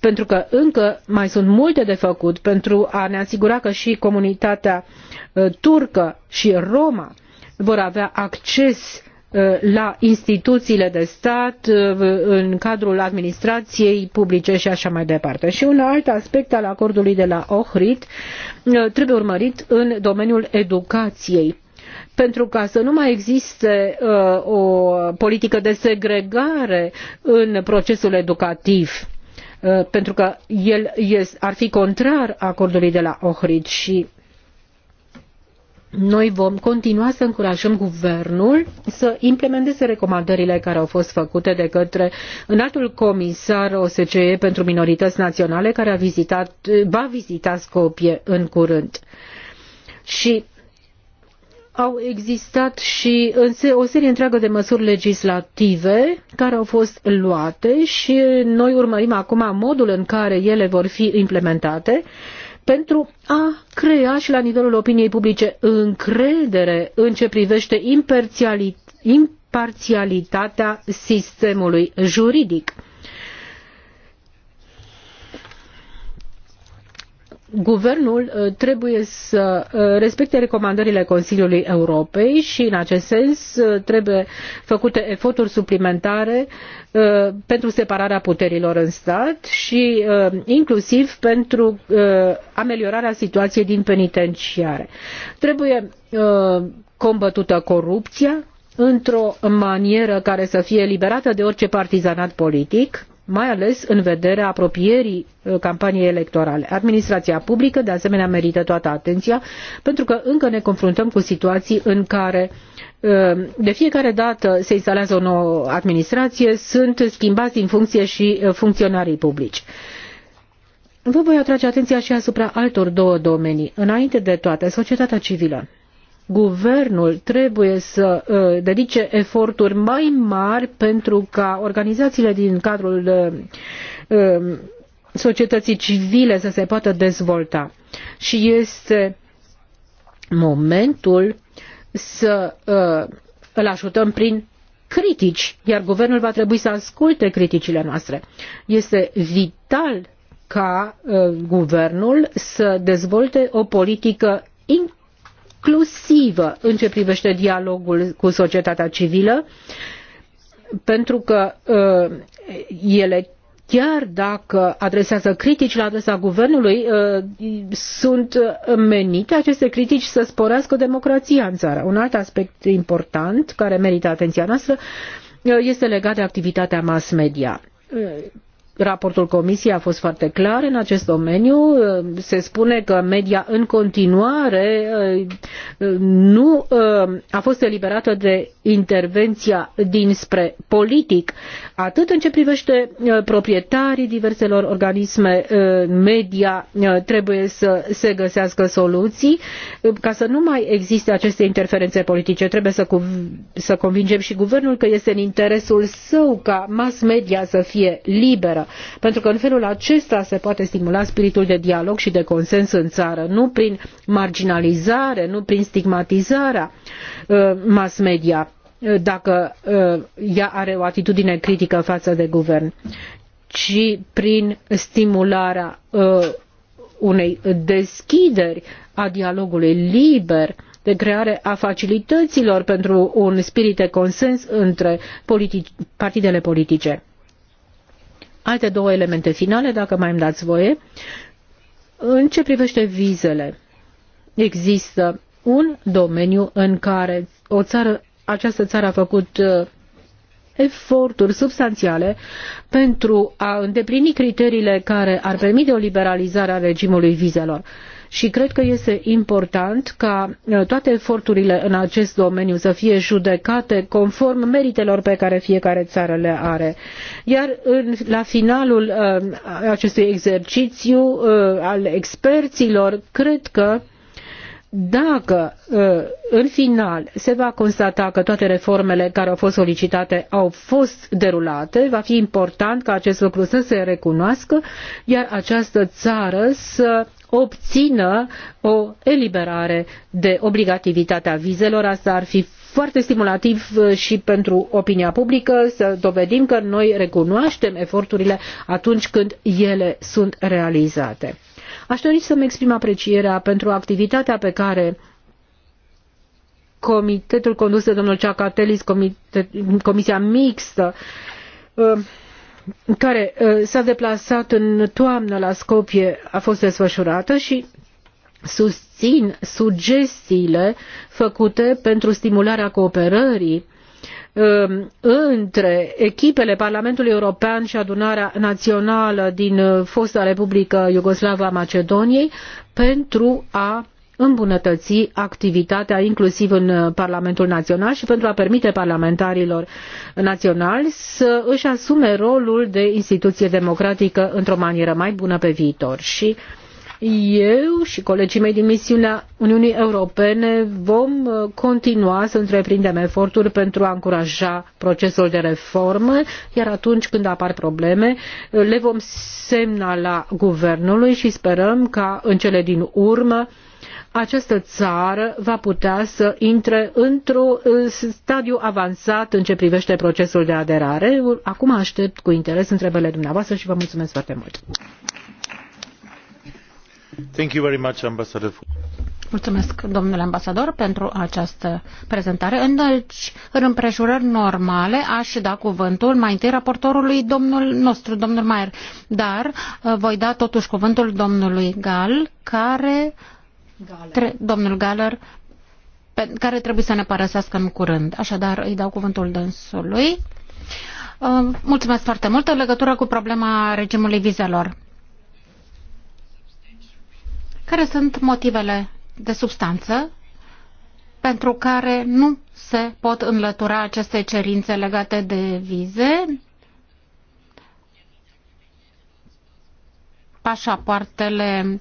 pentru că încă mai sunt multe de făcut pentru a ne asigura că și comunitatea uh, turcă și roma vor avea acces uh, la instituțiile de stat uh, în cadrul administrației publice și așa mai departe. Și un alt aspect al acordului de la Ohrid trebuie urmărit în domeniul educației pentru ca să nu mai existe uh, o politică de segregare în procesul educativ uh, pentru că el ar fi contrar acordului de la Ohrid și noi vom continua să încurajăm guvernul să implementeze recomandările care au fost făcute de către înaltul comisar OSCE pentru minorități naționale care a vizitat, va vizita Scopie în curând. Și au existat și o serie întreagă de măsuri legislative care au fost luate și noi urmărim acum modul în care ele vor fi implementate pentru a crea și la nivelul opiniei publice încredere în ce privește imparțialitatea sistemului juridic. Guvernul uh, trebuie să uh, respecte recomandările Consiliului Europei și în acest sens uh, trebuie făcute eforturi suplimentare pentru separarea puterilor în stat și inclusiv pentru ameliorarea situației din penitenciare. Trebuie combătută corupția într-o manieră care să fie eliberată de orice partizanat politic mai ales în vederea apropierii uh, campaniei electorale. Administrația publică, de asemenea, merită toată atenția, pentru că încă ne confruntăm cu situații în care uh, de fiecare dată se instalează o nouă administrație, sunt schimbați în funcție și uh, funcționarii publici. Vă voi atrage atenția și asupra altor două domenii. Înainte de toate, societatea civilă guvernul trebuie să uh, dedice eforturi mai mari pentru ca organizațiile din cadrul uh, um, societății civile să se poată dezvolta. Și este momentul să uh, îl ajutăm prin critici, iar guvernul va trebui să asculte criticile noastre. Este vital ca uh, guvernul să dezvolte o politică in, inclusivă în ce privește dialogul cu societatea civilă, pentru că uh, ele chiar dacă adresează critici la adresa guvernului, uh, sunt menite aceste critici să sporească democrația în țară. Un alt aspect important care merită atenția noastră uh, este legat de activitatea mass media raportul comisiei a fost foarte clar în acest domeniu. Se spune că media în continuare uh, nu uh, a fost eliberată de intervenția dinspre politic, atât în ce privește uh, proprietarii diverselor organisme media trebuie să se găsească soluții ca să nu mai existe aceste interferențe politice. Trebuie să, să convingem și guvernul că este în interesul său ca mass media să fie liberă pentru că în felul acesta se poate stimula spiritul de dialog și de consens în țară, nu prin marginalizare, nu prin stigmatizarea uh, mass media uh, dacă uh, ea are o atitudine critică față de guvern, ci prin stimularea unei deschideri a dialogului liber, de creare a facilităților pentru un spirit de consens între politici, partidele politice alte două elemente finale, dacă mai îmi dați voie. În ce privește vizele, există un domeniu în care o țară, această țară a făcut uh, eforturi substanțiale pentru a îndeplini criteriile care ar permite o liberalizare a regimului vizelor și cred că este important ca uh, toate eforturile în acest domeniu să fie judecate conform meritelor pe care fiecare țară le are. Iar în, la finalul uh, acestui exercițiu uh, al experților, cred că dacă ă, în final se va constata că toate reformele care au fost solicitate au fost derulate, va fi important ca acest lucru să se recunoască, iar această țară să obțină o eliberare de obligativitatea vizelor. Asta ar fi foarte stimulativ ă, și pentru opinia publică să dovedim că noi recunoaștem eforturile atunci când ele sunt realizate. Aș dori să-mi exprim aprecierea pentru activitatea pe care comitetul condus de domnul Ceacatelis, comitet, Comisia Mixtă, uh, care uh, s-a deplasat în toamnă la Scopie, a fost desfășurată și susțin sugestiile făcute pentru stimularea cooperării Um, între echipele Parlamentului European și adunarea națională din uh, fosta Republică a Macedoniei pentru a îmbunătăți activitatea inclusiv în uh, Parlamentul Național și pentru a permite parlamentarilor naționali să își asume rolul de instituție democratică într-o manieră mai bună pe viitor. Și uh, eu și colegii mei din misiunea Uniunii Europene vom uh, continua să întreprindem eforturi pentru a încuraja procesul de reformă, iar atunci când apar probleme, uh, le vom semnala guvernului și sperăm ca în cele din urmă această țară va putea să intre într-un uh, stadiu avansat în ce privește procesul de aderare. Acum aștept cu interes întrebările dumneavoastră și vă mulțumesc foarte mult. Mulțumesc, domnule ambasador, pentru această prezentare. În, deci, în împrejurări normale aș da cuvântul mai întâi raportorului domnul nostru, domnul Maier, dar uh, voi da totuși cuvântul domnului Gal, care, tre, domnul Galer, pe, care trebuie să ne părăsească în curând. Așadar, îi dau cuvântul dânsului. Uh, mulțumesc foarte mult în legătură cu problema regimului vizelor care sunt motivele de substanță pentru care nu se pot înlătura aceste cerințe legate de vize, pașapoartele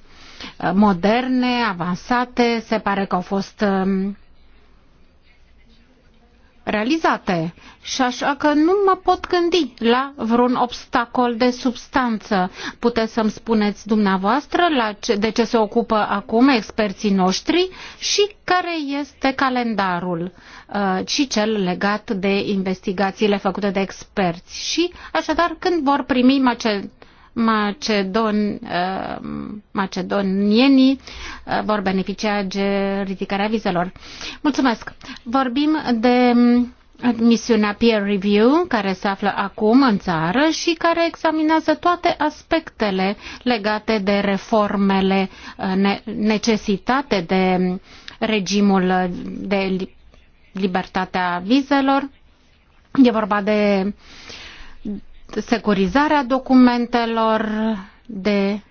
moderne, avansate, se pare că au fost um, realizate și așa că nu mă pot gândi la vreun obstacol de substanță. Puteți să-mi spuneți dumneavoastră la ce, de ce se ocupă acum experții noștri și care este calendarul uh, și cel legat de investigațiile făcute de experți și așadar când vor primi acest Macedon, uh, macedonienii uh, vor beneficia de ridicarea vizelor. Mulțumesc! Vorbim de um, misiunea peer review care se află acum în țară și care examinează toate aspectele legate de reformele uh, necesitate de regimul de libertatea vizelor. E vorba de uh, securizarea documentelor, de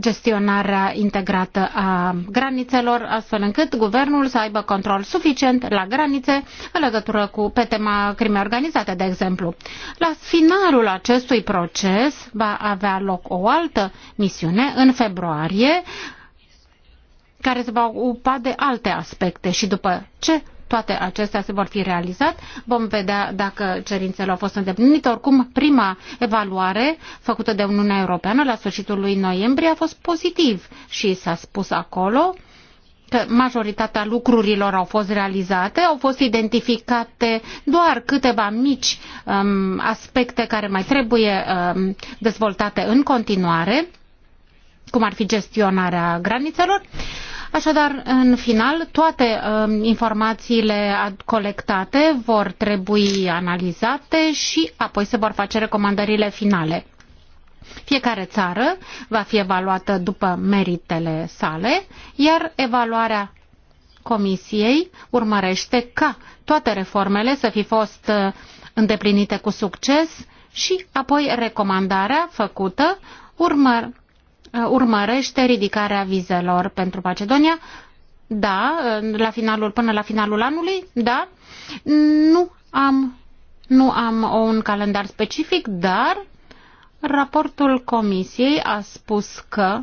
gestionarea integrată a granițelor, astfel încât guvernul să aibă control suficient la granițe în legătură cu pe tema crimei organizate, de exemplu. La finalul acestui proces va avea loc o altă misiune în februarie care se va ocupa de alte aspecte și după ce toate acestea se vor fi realizat. Vom vedea dacă cerințele au fost îndeplinite. Oricum, prima evaluare făcută de Uniunea Europeană la sfârșitul lui noiembrie a fost pozitiv și s-a spus acolo că majoritatea lucrurilor au fost realizate, au fost identificate doar câteva mici um, aspecte care mai trebuie um, dezvoltate în continuare, cum ar fi gestionarea granițelor. Uh, Așadar, în final, toate um, informațiile colectate vor trebui analizate și apoi se vor face recomandările finale. Fiecare țară va fi evaluată după meritele sale, iar evaluarea Comisiei urmărește ca toate reformele să fi fost uh, îndeplinite cu succes și apoi recomandarea făcută urmărește. Uh, urmărește ridicarea vizelor pentru Macedonia? Da, uh, la finalul, până la finalul anului? Da. Nu am, nu am un calendar specific, dar raportul comisiei a spus că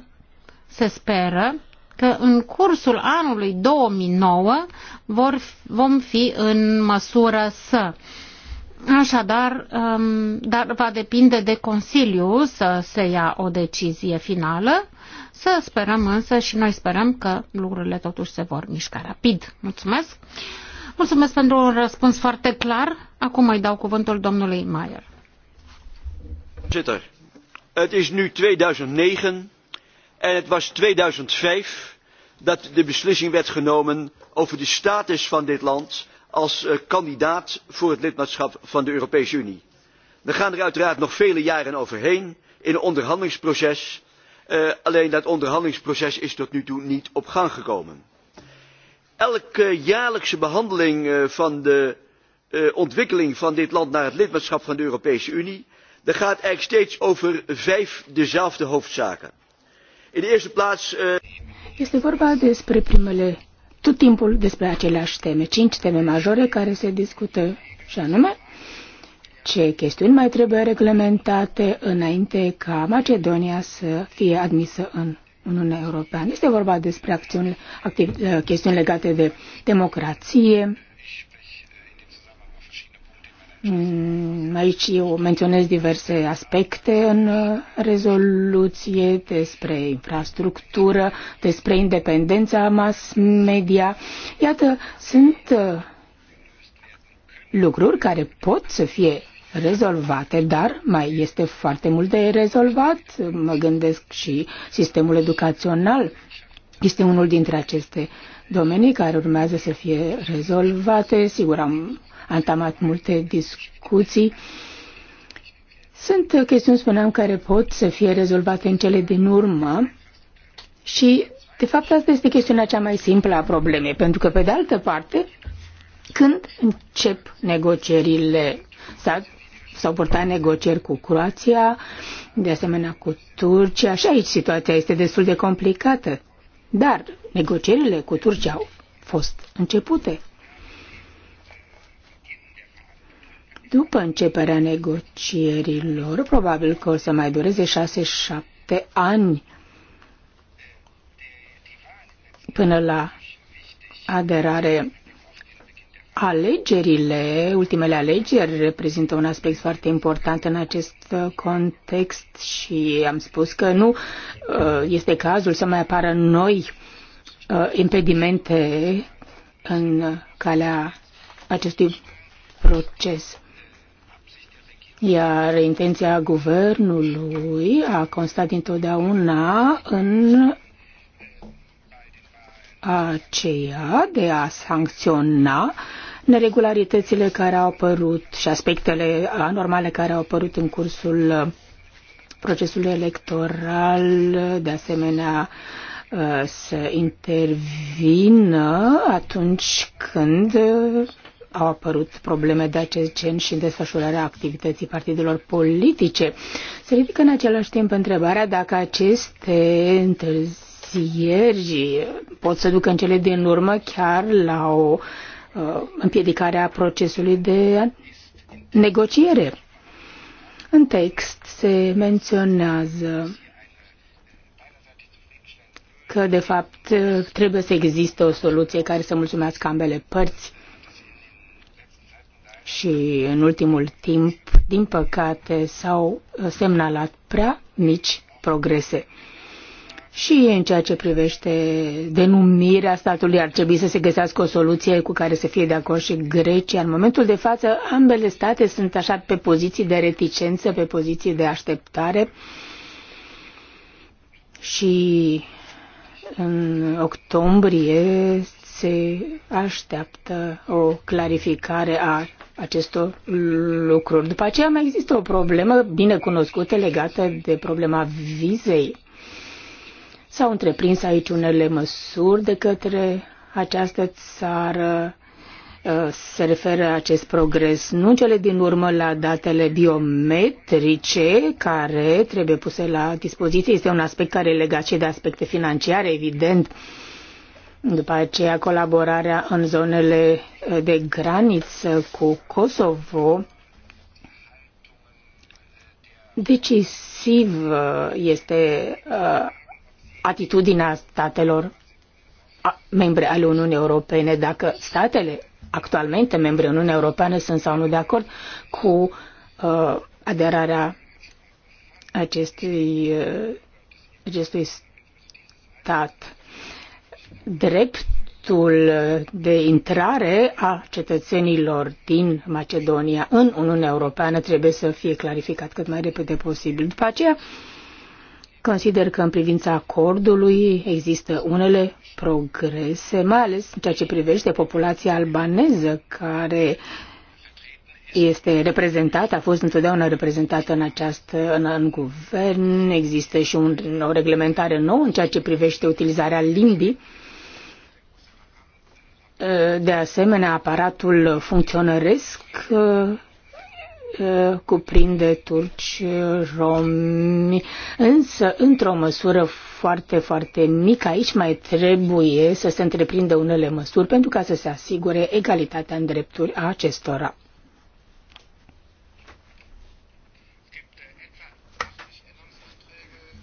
se speră că în cursul anului 2009 vor, vom fi în măsură să Așadar, um, dar va depinde de Consiliu să se ia o decizie finală. Să sperăm însă și noi sperăm că lucrurile totuși se vor mișca rapid. Mulțumesc! Mulțumesc pentru un răspuns foarte clar. Acum îi dau cuvântul domnului Mayer. Voorzitter, het is nu 2009 en het was 2005 dat de beslissing werd genomen over de status van dit land als eh, kandidaat voor het lidmaatschap van de Europese Unie. We gaan er uiteraard nog vele jaren overheen in een onderhandelingsproces. Uh, alleen dat onderhandelingsproces is tot nu toe niet op gang gekomen. Elke jaarlijkse behandeling eh, van de ontwikkeling van dit land naar het lidmaatschap van de Europese Unie, gaat eigenlijk steeds over vijf dezelfde hoofdzaken. In de eerste plaats. Este vorba despre primele tot timpul despre aceleași teme, cinci teme majore care se discută și anume ce chestiuni mai trebuie reglementate înainte ca Macedonia să fie admisă în Uniunea Europeană. Este vorba despre acțiuni, activ, chestiuni legate de democrație, Mm, aici eu menționez diverse aspecte în uh, rezoluție despre infrastructură, despre independența mass media. Iată, sunt uh, lucruri care pot să fie rezolvate, dar mai este foarte mult de rezolvat. Mă gândesc și sistemul educațional este unul dintre aceste domenii care urmează să fie rezolvate. Sigur, am antamat multe discuții. Sunt chestiuni, spuneam, care pot să fie rezolvate în cele din urmă și, de fapt, asta este chestiunea cea mai simplă a problemei, pentru că, pe de altă parte, când încep negocierile, s au purtat negocieri cu Croația, de asemenea cu Turcia și aici situația este destul de complicată, dar negocierile cu Turcia au fost începute. După începerea negocierilor, probabil că o să mai dureze 6-7 ani până la aderare Alegerile, ultimele alegeri reprezintă un aspect foarte important în acest uh, context și am spus că nu uh, este cazul să mai apară noi uh, impedimente în calea acestui proces. Iar intenția guvernului a constat întotdeauna în aceea de a sancționa uh, neregularitățile care au apărut și aspectele anormale care au apărut în cursul procesului electoral, de asemenea uh, să intervină atunci când uh, au apărut probleme de acest gen și în desfășurarea activității partidelor politice. Se ridică în același timp întrebarea dacă aceste întârzieri pot să ducă în cele din urmă chiar la o Uh, împiedicarea procesului de negociere. În text se menționează că, de fapt, trebuie să existe o soluție care să mulțumească ambele părți și, în ultimul timp, din păcate, s-au semnalat prea mici progrese și în ceea ce privește denumirea statului ar trebui să se găsească o soluție cu care să fie de acord și Grecia. În momentul de față, ambele state sunt așa pe poziții de reticență, pe poziții de așteptare și în octombrie se așteaptă o clarificare a acestor lucruri. După aceea mai există o problemă bine cunoscută legată de problema vizei S-au întreprins aici unele măsuri de către această țară uh, se referă acest progres nu cele din urmă la datele biometrice care trebuie puse la dispoziție. Este un aspect care e legat și de aspecte financiare, evident. După aceea, colaborarea în zonele de graniță cu Kosovo. Decisiv uh, este uh, atitudinea statelor membre ale Uniunii Europene, dacă statele actualmente membre în Uniunea Europeană sunt sau nu de acord cu uh, aderarea acestui, uh, acestui stat. Dreptul de intrare a cetățenilor din Macedonia în Uniunea Europeană trebuie să fie clarificat cât mai repede posibil. După aceea, uh, Consider că în privința acordului există unele progrese, mai ales în ceea ce privește populația albaneză, care este reprezentată, a fost întotdeauna reprezentată în această, în, în guvern, există și un, o reglementare nouă în ceea ce privește utilizarea limbii. De asemenea, aparatul funcționăresc Eh, cuprinde turci, romi, însă într-o măsură foarte, foarte mică. Aici mai trebuie să se întreprindă unele măsuri pentru ca să se asigure egalitatea în drepturi a acestora.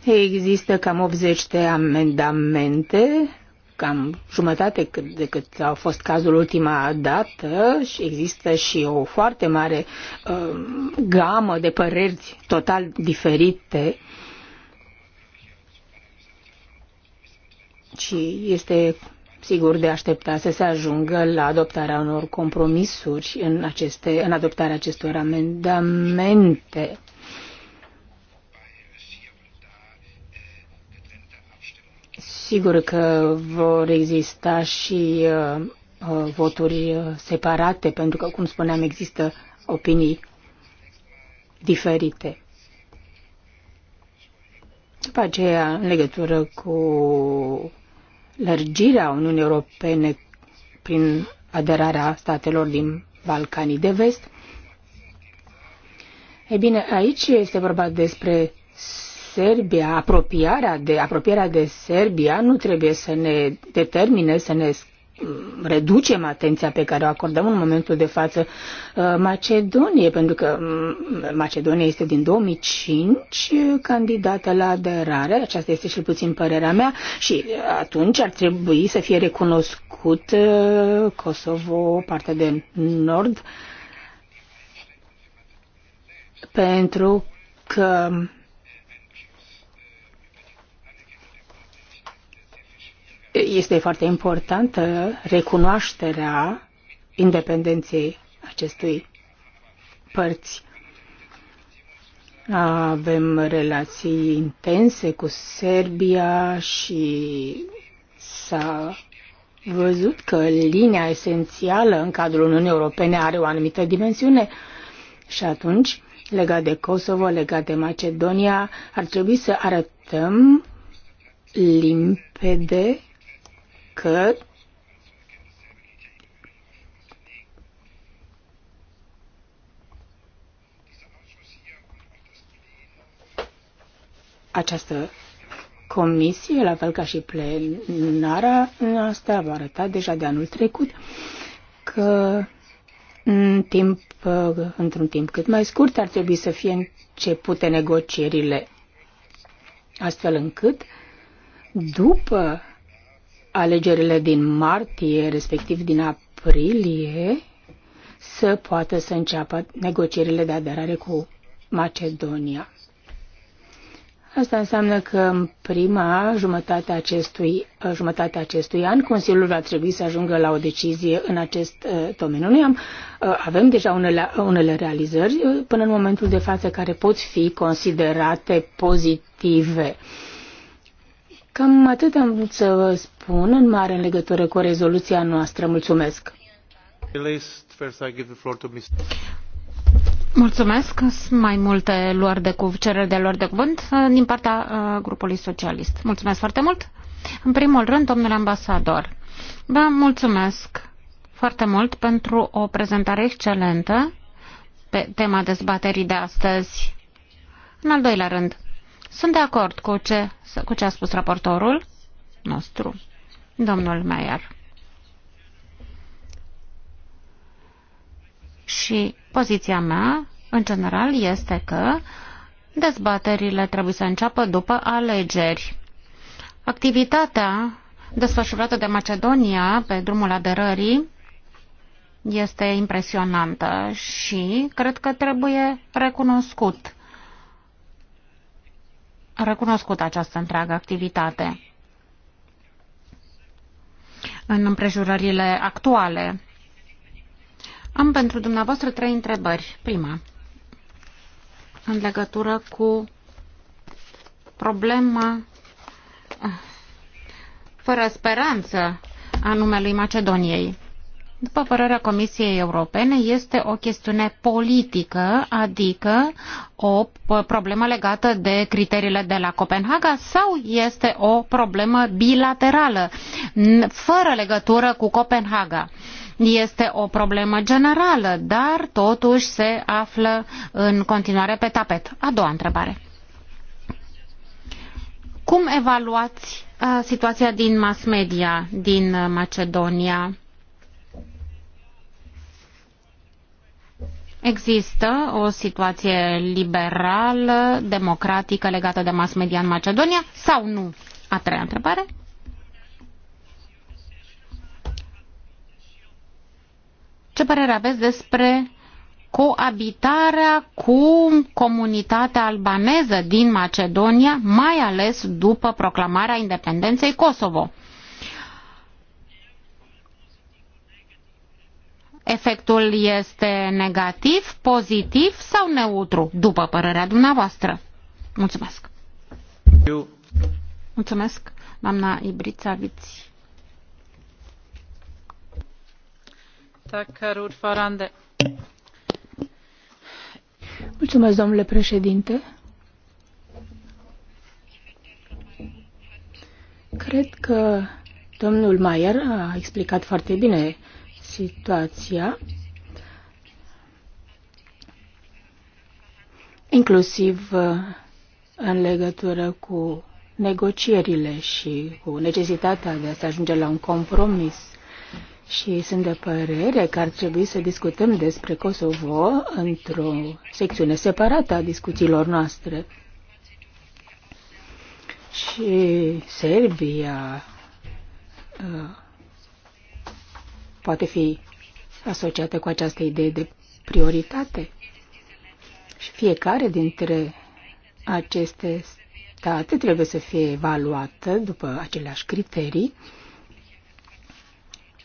Există cam 80 de amendamente cam jumătate cât de cât a fost cazul ultima dată și există și o foarte mare uh, gamă de păreri total diferite și este sigur de aștepta să se ajungă la adoptarea unor compromisuri în, aceste, în adoptarea acestor amendamente. Sigur că vor exista și uh, uh voturi uh, separate, pentru că, cum spuneam, există opinii diferite. După aceea, în legătură cu lărgirea Uniunii Europene prin aderarea statelor din Balcanii de Vest, e bine, aici este vorba despre Serbia, apropiarea de, apropierea de Serbia nu trebuie să ne determine să ne reducem atenția pe care o acordăm în momentul de față uh, Macedoniei, pentru că mm, Macedonia este din 2005 uh, candidată la aderare, aceasta este cel puțin părerea mea, și atunci ar trebui să fie recunoscut uh, Kosovo, partea de nord, pentru că Este foarte importantă recunoașterea independenței acestui părți. Avem relații intense cu Serbia și s-a văzut că linia esențială în cadrul Uniunii Europene are o anumită dimensiune și atunci, legat de Kosovo, legat de Macedonia, ar trebui să arătăm limpede că această comisie, la fel ca și plenara asta, v-a arătat deja de anul trecut că în timp, într-un timp cât mai scurt ar trebui să fie începute negocierile astfel încât după alegerile din martie, respectiv din aprilie, să poată să înceapă negocierile de aderare cu Macedonia. Asta înseamnă că în prima jumătate a acestui, jumătate a acestui an Consiliul va trebui să ajungă la o decizie în acest uh, domeniu. Noi am, uh, avem deja unele, unele realizări uh, până în momentul de față care pot fi considerate pozitive. Uh, Cam atât am vrut să vă spun în mare în legătură cu rezoluția noastră. Mulțumesc! Mulțumesc. Mai multe luări de cuv, cereri de luări de cuvânt uh, din partea uh, grupului socialist. Mulțumesc foarte mult. În primul rând, domnule ambasador, vă mulțumesc foarte mult pentru o prezentare excelentă pe tema dezbaterii de astăzi. În al doilea rând, sunt de acord cu ce, cu ce a spus raportorul nostru, domnul Meier. Și poziția mea, în general, este că dezbaterile trebuie să înceapă după alegeri. Activitatea desfășurată de Macedonia pe drumul aderării este impresionantă și cred că trebuie recunoscut recunoscut această întreagă activitate în împrejurările actuale. Am pentru dumneavoastră trei întrebări. Prima, în legătură cu problema fără speranță a numelui Macedoniei după părerea Comisiei Europene, este o chestiune politică, adică o problemă legată de criteriile de la Copenhaga sau este o problemă bilaterală, fără legătură cu Copenhaga? Este o problemă generală, dar totuși se află în continuare pe tapet. A doua întrebare. Cum evaluați situația din mass media din Macedonia? Există o situație liberală, democratică legată de mass media în Macedonia sau nu? A treia întrebare. Ce părere aveți despre coabitarea cu comunitatea albaneză din Macedonia, mai ales după proclamarea independenței Kosovo? efectul este negativ, pozitiv sau neutru, după părerea dumneavoastră? Mulțumesc. Eu. Mulțumesc, doamna Ibrița Viți. Mulțumesc, domnule președinte. Cred că domnul Mayer a explicat foarte bine situația, inclusiv uh, în legătură cu negocierile și cu necesitatea de a se ajunge la un compromis. Și sunt de părere că ar trebui să discutăm despre Kosovo într-o secțiune separată a discuțiilor noastre. Și Serbia, uh, poate fi asociată cu această idee de prioritate. Și fiecare dintre aceste state trebuie să fie evaluată după aceleași criterii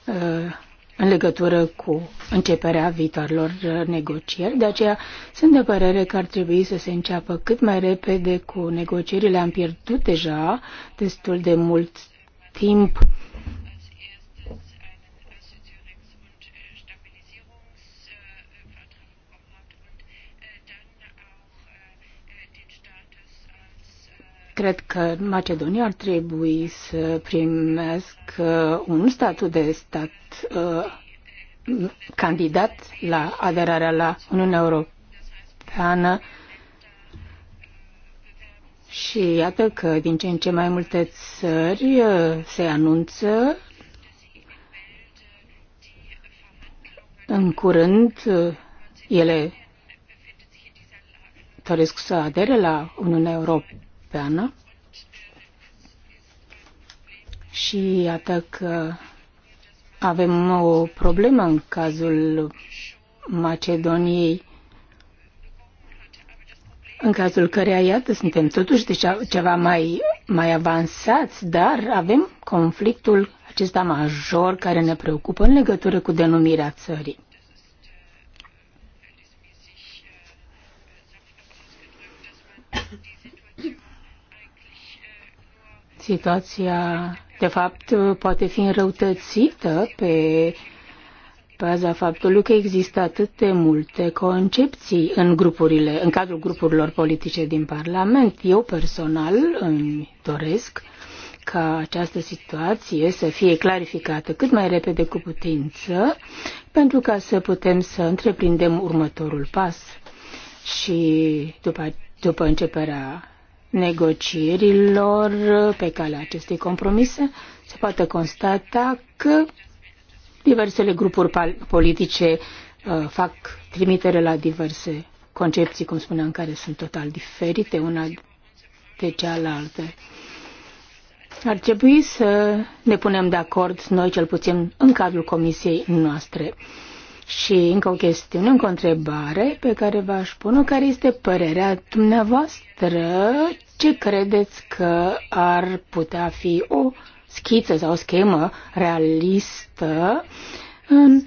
uh, în legătură cu începerea viitoarelor negocieri. De aceea sunt de părere că ar trebui să se înceapă cât mai repede cu negocierile. Am pierdut deja destul de mult timp uh, Cred că Macedonia ar trebui să primească un statut de stat uh, candidat la aderarea la Uniunea Europeană și iată că din ce în ce mai multe țări uh, se anunță în curând uh, ele doresc să adere la Uniunea Europeană Europeană și iată că avem o problemă în cazul Macedoniei, în cazul căreia, iată, suntem totuși de ceva mai, mai avansați, dar avem conflictul acesta major care ne preocupă în legătură cu denumirea țării. Situația, de fapt, poate fi înrăutățită pe baza faptului că există atât de multe concepții în grupurile, în cadrul grupurilor politice din Parlament. Eu personal îmi doresc ca această situație să fie clarificată cât mai repede cu putință, pentru ca să putem să întreprindem următorul pas. Și după, după începerea negocierilor pe calea acestei compromise, se poate constata că diversele grupuri politice uh, fac trimitere la diverse concepții, cum spuneam, care sunt total diferite una de cealaltă. Ar trebui să ne punem de acord noi, cel puțin în cadrul comisiei noastre. Și încă o chestiune, încă o întrebare pe care v-aș pune, care este părerea dumneavoastră? Ce credeți că ar putea fi o schiță sau o schemă realistă în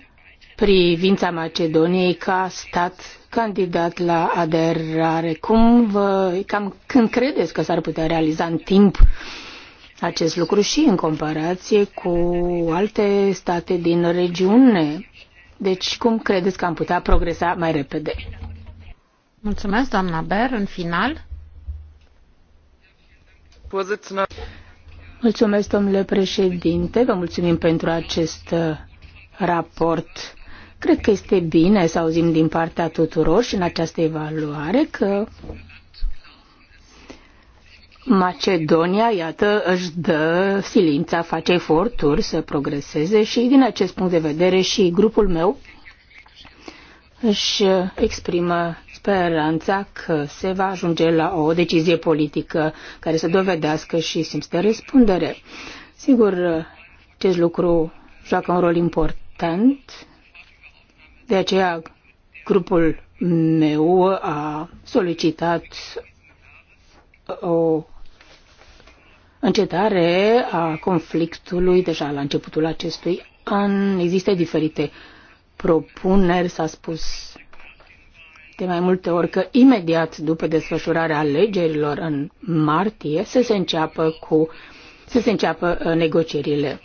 privința Macedoniei ca stat candidat la aderare? Cum vă, cam când credeți că s-ar putea realiza în timp acest lucru și în comparație cu alte state din regiune? Deci, cum credeți că am putea progresa mai repede? Mulțumesc, doamna Ber. În final. Mulțumesc, domnule președinte. Vă mulțumim pentru acest uh, raport. Cred că este bine să auzim din partea tuturor și în această evaluare că Macedonia, iată, își dă silința, face eforturi să progreseze și din acest punct de vedere și grupul meu își exprimă speranța că se va ajunge la o decizie politică care să dovedească și simț de răspundere. Sigur, acest lucru joacă un rol important, de aceea grupul meu a solicitat o încetare a conflictului deja la începutul acestui an. Există diferite propuneri, s-a spus de mai multe ori că imediat după desfășurarea alegerilor în martie să se înceapă cu să se înceapă uh, negocierile.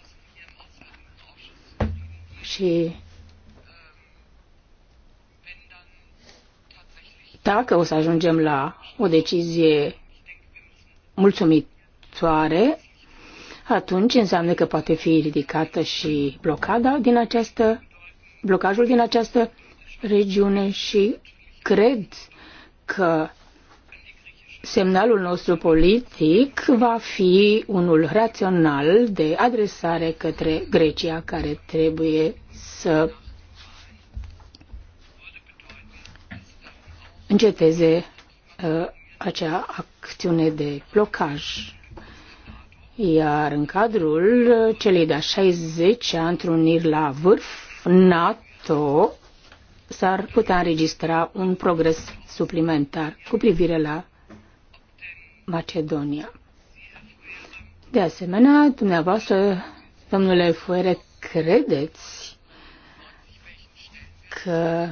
Și dacă o să ajungem la o decizie mulțumită, viitoare, atunci înseamnă că poate fi ridicată și blocada din această, blocajul din această regiune și cred că semnalul nostru politic va fi unul rațional de adresare către Grecia, care trebuie să înceteze uh, acea acțiune de blocaj. Iar în cadrul celei de-a 60-a întruniri la vârf, NATO s-ar putea înregistra un progres suplimentar cu privire la Macedonia. De asemenea, dumneavoastră, domnule Fuere, credeți că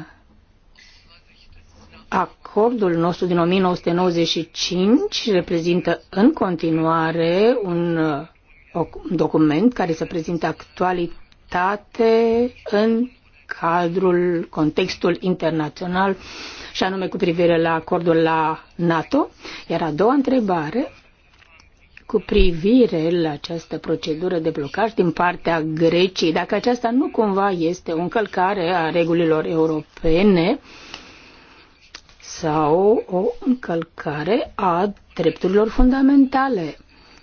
acordul nostru din 1995 reprezintă în continuare uh, un document care să prezinte actualitate în cadrul, contextul internațional și anume cu privire la acordul la NATO. Iar a doua întrebare cu privire la această procedură de blocaj din partea Greciei, dacă aceasta nu cumva este o încălcare a regulilor europene, sau o încălcare a drepturilor fundamentale.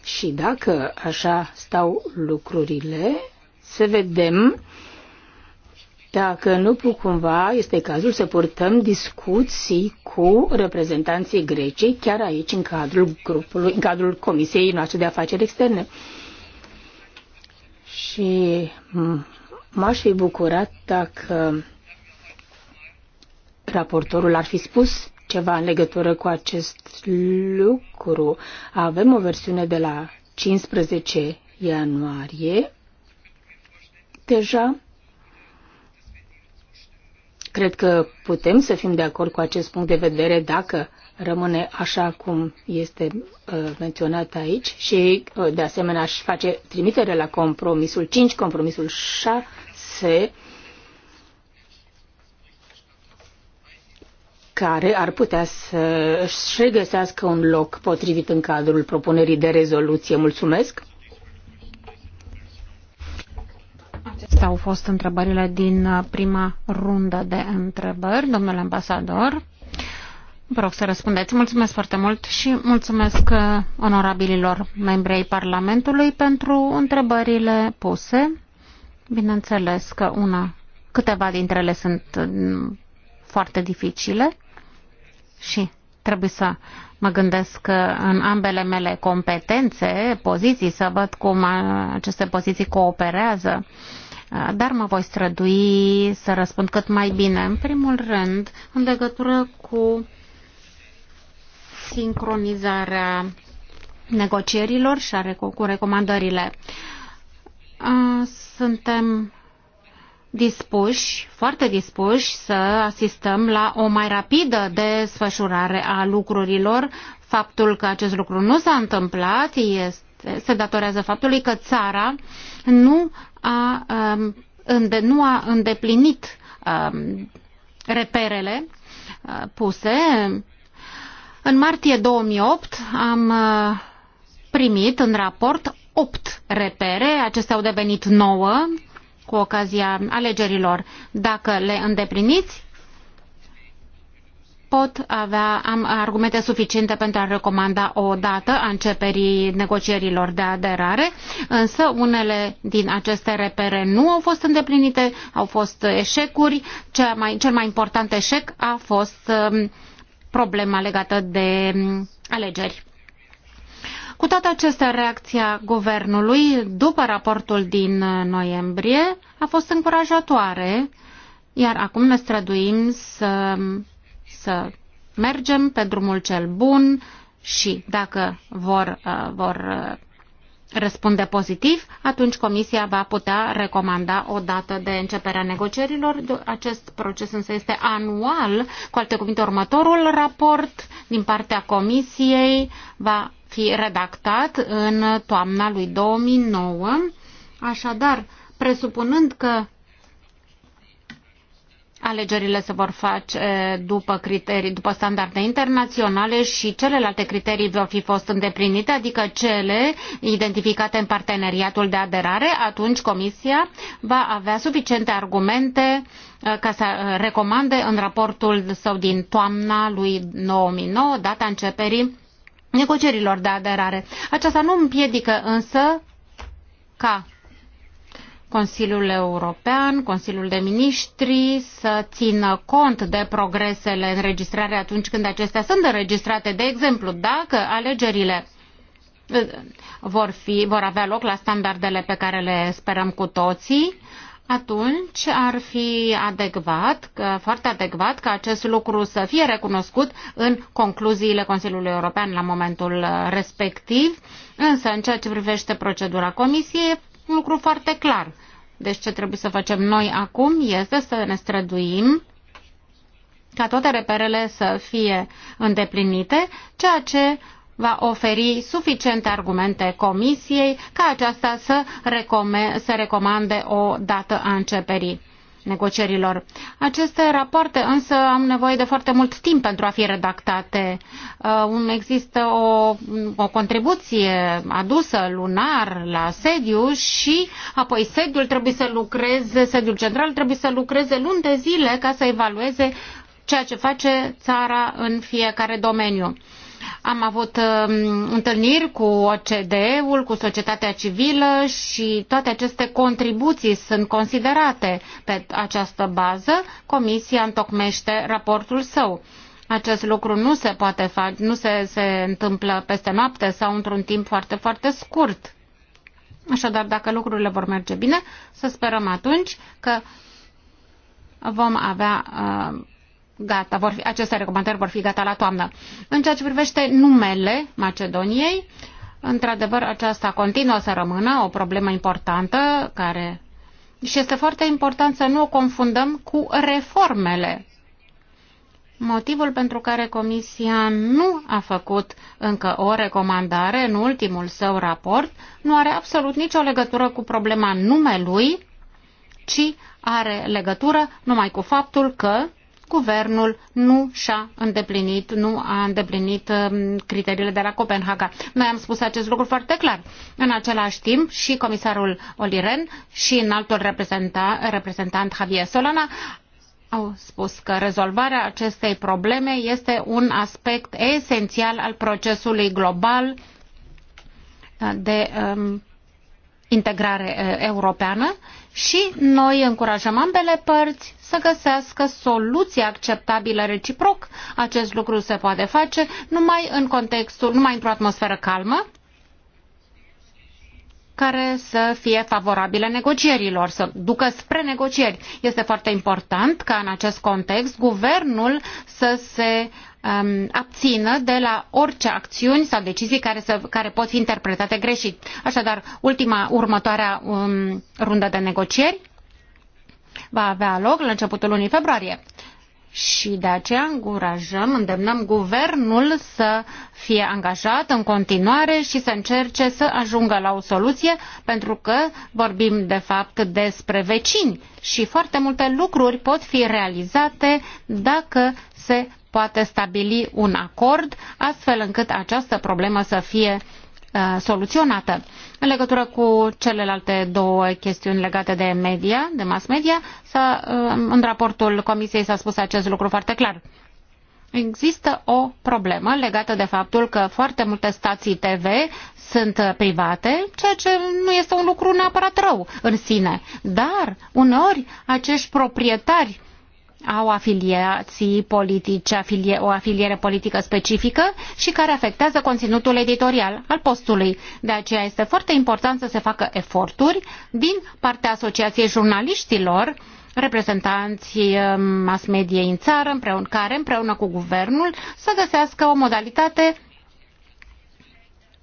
Și dacă așa stau lucrurile, să vedem dacă nu cumva este cazul să purtăm discuții cu reprezentanții grecii chiar aici, în cadrul, grupului, în cadrul Comisiei noastre de afaceri externe. Și m-aș fi bucurat dacă raportorul ar fi spus ceva în legătură cu acest lucru. Avem o versiune de la 15 ianuarie. Deja cred că putem să fim de acord cu acest punct de vedere dacă rămâne așa cum este uh, menționat aici și uh, de asemenea aș face trimitere la compromisul 5, compromisul 6 care ar putea să își regăsească un loc potrivit în cadrul propunerii de rezoluție. Mulțumesc! Acestea au fost întrebările din uh, prima rundă de întrebări. Domnule ambasador, vă rog să răspundeți. Mulțumesc foarte mult și mulțumesc uh, onorabililor membrei Parlamentului pentru întrebările puse. Bineînțeles că una, câteva dintre ele sunt uh, foarte dificile și trebuie să mă gândesc în ambele mele competențe, poziții, să văd cum aceste poziții cooperează, dar mă voi strădui să răspund cât mai bine. În primul rând, în legătură cu sincronizarea negocierilor și cu recomandările. Suntem dispuși, foarte dispuși să asistăm la o mai rapidă desfășurare a lucrurilor. Faptul că acest lucru nu s-a întâmplat este, se datorează faptului că țara nu a, um, înde, nu a îndeplinit um, reperele uh, puse. În martie 2008 am uh, primit în raport 8 repere, acestea au devenit 9 cu ocazia alegerilor. Dacă le îndepliniți, pot avea am argumente suficiente pentru a recomanda o dată a începerii negocierilor de aderare, însă unele din aceste repere nu au fost îndeplinite, au fost eșecuri. Cea mai, cel mai important eșec a fost um, problema legată de um, alegeri. Cu toate acestea, reacția guvernului după raportul din noiembrie a fost încurajatoare, iar acum ne străduim să, să mergem pe drumul cel bun și dacă vor, uh, vor uh, răspunde pozitiv, atunci Comisia va putea recomanda o dată de începere a negocierilor. Acest proces însă este anual, cu alte cuvinte, următorul raport din partea Comisiei va fi redactat în toamna lui 2009. Așadar, presupunând că alegerile se vor face după, criterii, după standarde internaționale și celelalte criterii vor fi fost îndeplinite, adică cele identificate în parteneriatul de aderare, atunci Comisia va avea suficiente argumente uh, ca să uh, recomande în raportul său din toamna lui 2009 data începerii negocierilor de aderare. Aceasta nu împiedică însă ca Consiliul European, Consiliul de Ministri să țină cont de progresele înregistrare atunci când acestea sunt înregistrate. De exemplu, dacă alegerile uh, vor, fi, vor avea loc la standardele pe care le sperăm cu toții, atunci ar fi adecvat, foarte adecvat, ca acest lucru să fie recunoscut în concluziile Consiliului European la momentul respectiv, însă în ceea ce privește procedura Comisiei, e un lucru foarte clar. Deci ce trebuie să facem noi acum este să ne străduim ca toate reperele să fie îndeplinite, ceea ce va oferi suficiente argumente comisiei ca aceasta să, recome- să recomande o dată a începerii negocierilor. Aceste rapoarte însă am nevoie de foarte mult timp pentru a fi redactate. Uh, există o, o contribuție adusă lunar la sediu și apoi sediul trebuie să lucreze, sediul central trebuie să lucreze luni de zile ca să evalueze ceea ce face țara în fiecare domeniu. Am avut um, întâlniri cu OCDE-ul, cu societatea civilă și toate aceste contribuții sunt considerate pe această bază. Comisia întocmește raportul său. Acest lucru nu se poate face, nu se, se întâmplă peste noapte sau într-un timp foarte, foarte scurt. Așadar, dacă lucrurile vor merge bine, să sperăm atunci că vom avea uh, gata, vor fi, aceste recomandări vor fi gata la toamnă. În ceea ce privește numele Macedoniei, într-adevăr aceasta continuă să rămână o problemă importantă care și este foarte important să nu o confundăm cu reformele. Motivul pentru care Comisia nu a făcut încă o recomandare în ultimul său raport nu are absolut nicio legătură cu problema numelui, ci are legătură numai cu faptul că guvernul nu și-a îndeplinit, nu a îndeplinit um, criteriile de la Copenhaga. Noi am spus acest lucru foarte clar. În același timp și comisarul Oliren și înaltul reprezentant, reprezentant Javier Solana au spus că rezolvarea acestei probleme este un aspect esențial al procesului global uh, de um, integrare uh, europeană și noi încurajăm ambele părți să găsească soluții acceptabile reciproc. Acest lucru se poate face numai în contextul, numai într-o atmosferă calmă, care să fie favorabile negocierilor, să ducă spre negocieri. Este foarte important ca în acest context guvernul să se Um, abțină de la orice acțiuni sau decizii care, să, care pot fi interpretate greșit. Așadar, ultima, următoarea um, rundă de negocieri va avea loc la începutul lunii februarie. Și de aceea încurajăm, îndemnăm guvernul să fie angajat în continuare și să încerce să ajungă la o soluție, pentru că vorbim de fapt despre vecini și foarte multe lucruri pot fi realizate dacă se poate stabili un acord astfel încât această problemă să fie uh, soluționată. În legătură cu celelalte două chestiuni legate de media, de mass media, uh, în raportul Comisiei s-a spus acest lucru foarte clar. Există o problemă legată de faptul că foarte multe stații TV sunt private, ceea ce nu este un lucru neapărat rău în sine. Dar, uneori, acești proprietari uh, au afiliații politice, afilie, o afiliere politică specifică și care afectează conținutul editorial al postului. De aceea este foarte important să se facă eforturi din partea Asociației Jurnaliștilor reprezentanții um, mass mediei în țară, împreună, care împreună cu guvernul să găsească o modalitate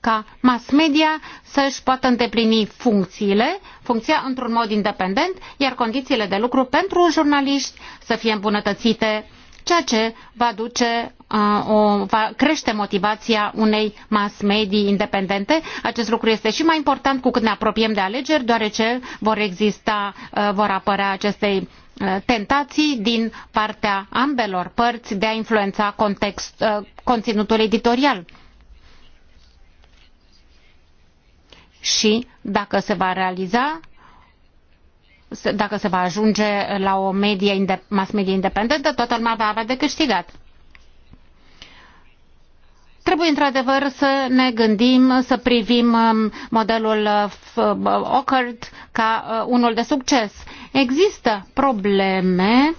ca mass media să-și poată îndeplini funcțiile, funcția într-un mod independent, iar condițiile de lucru pentru jurnaliști să fie îmbunătățite, ceea ce va, duce, uh, o, va crește motivația unei mass medii independente. Acest lucru este și mai important cu cât ne apropiem de alegeri, deoarece vor exista, uh, vor apărea aceste uh, tentații din partea ambelor părți de a influența context, uh, conținutul editorial. și dacă se va realiza, dacă se va ajunge la o medie, mass media independentă, toată lumea va avea de câștigat. Trebuie într-adevăr să ne gândim, să privim um, modelul uh, uh, Ockert ca uh, unul de succes. Există probleme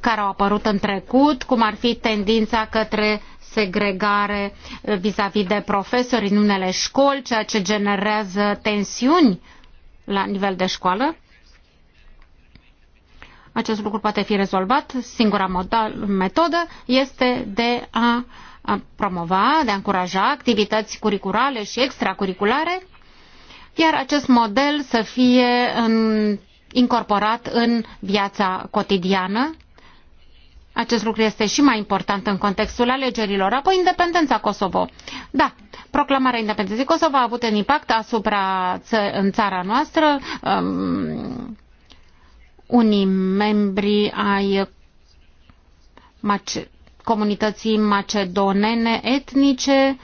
care au apărut în trecut, cum ar fi tendința către segregare eh, vis-a-vis -vis de profesori în unele școli, ceea ce generează tensiuni la nivel de școală. Acest lucru poate fi rezolvat. Singura modal, metodă este de a, a promova, de a încuraja activități curriculare și extracurriculare, iar acest model să fie în, incorporat în viața cotidiană acest lucru este și mai important în contextul alegerilor. Apoi, independența Kosovo. Da, proclamarea independenței Kosovo a avut un impact asupra ță- în țara noastră. Um, unii membri ai mace- comunității macedonene etnice,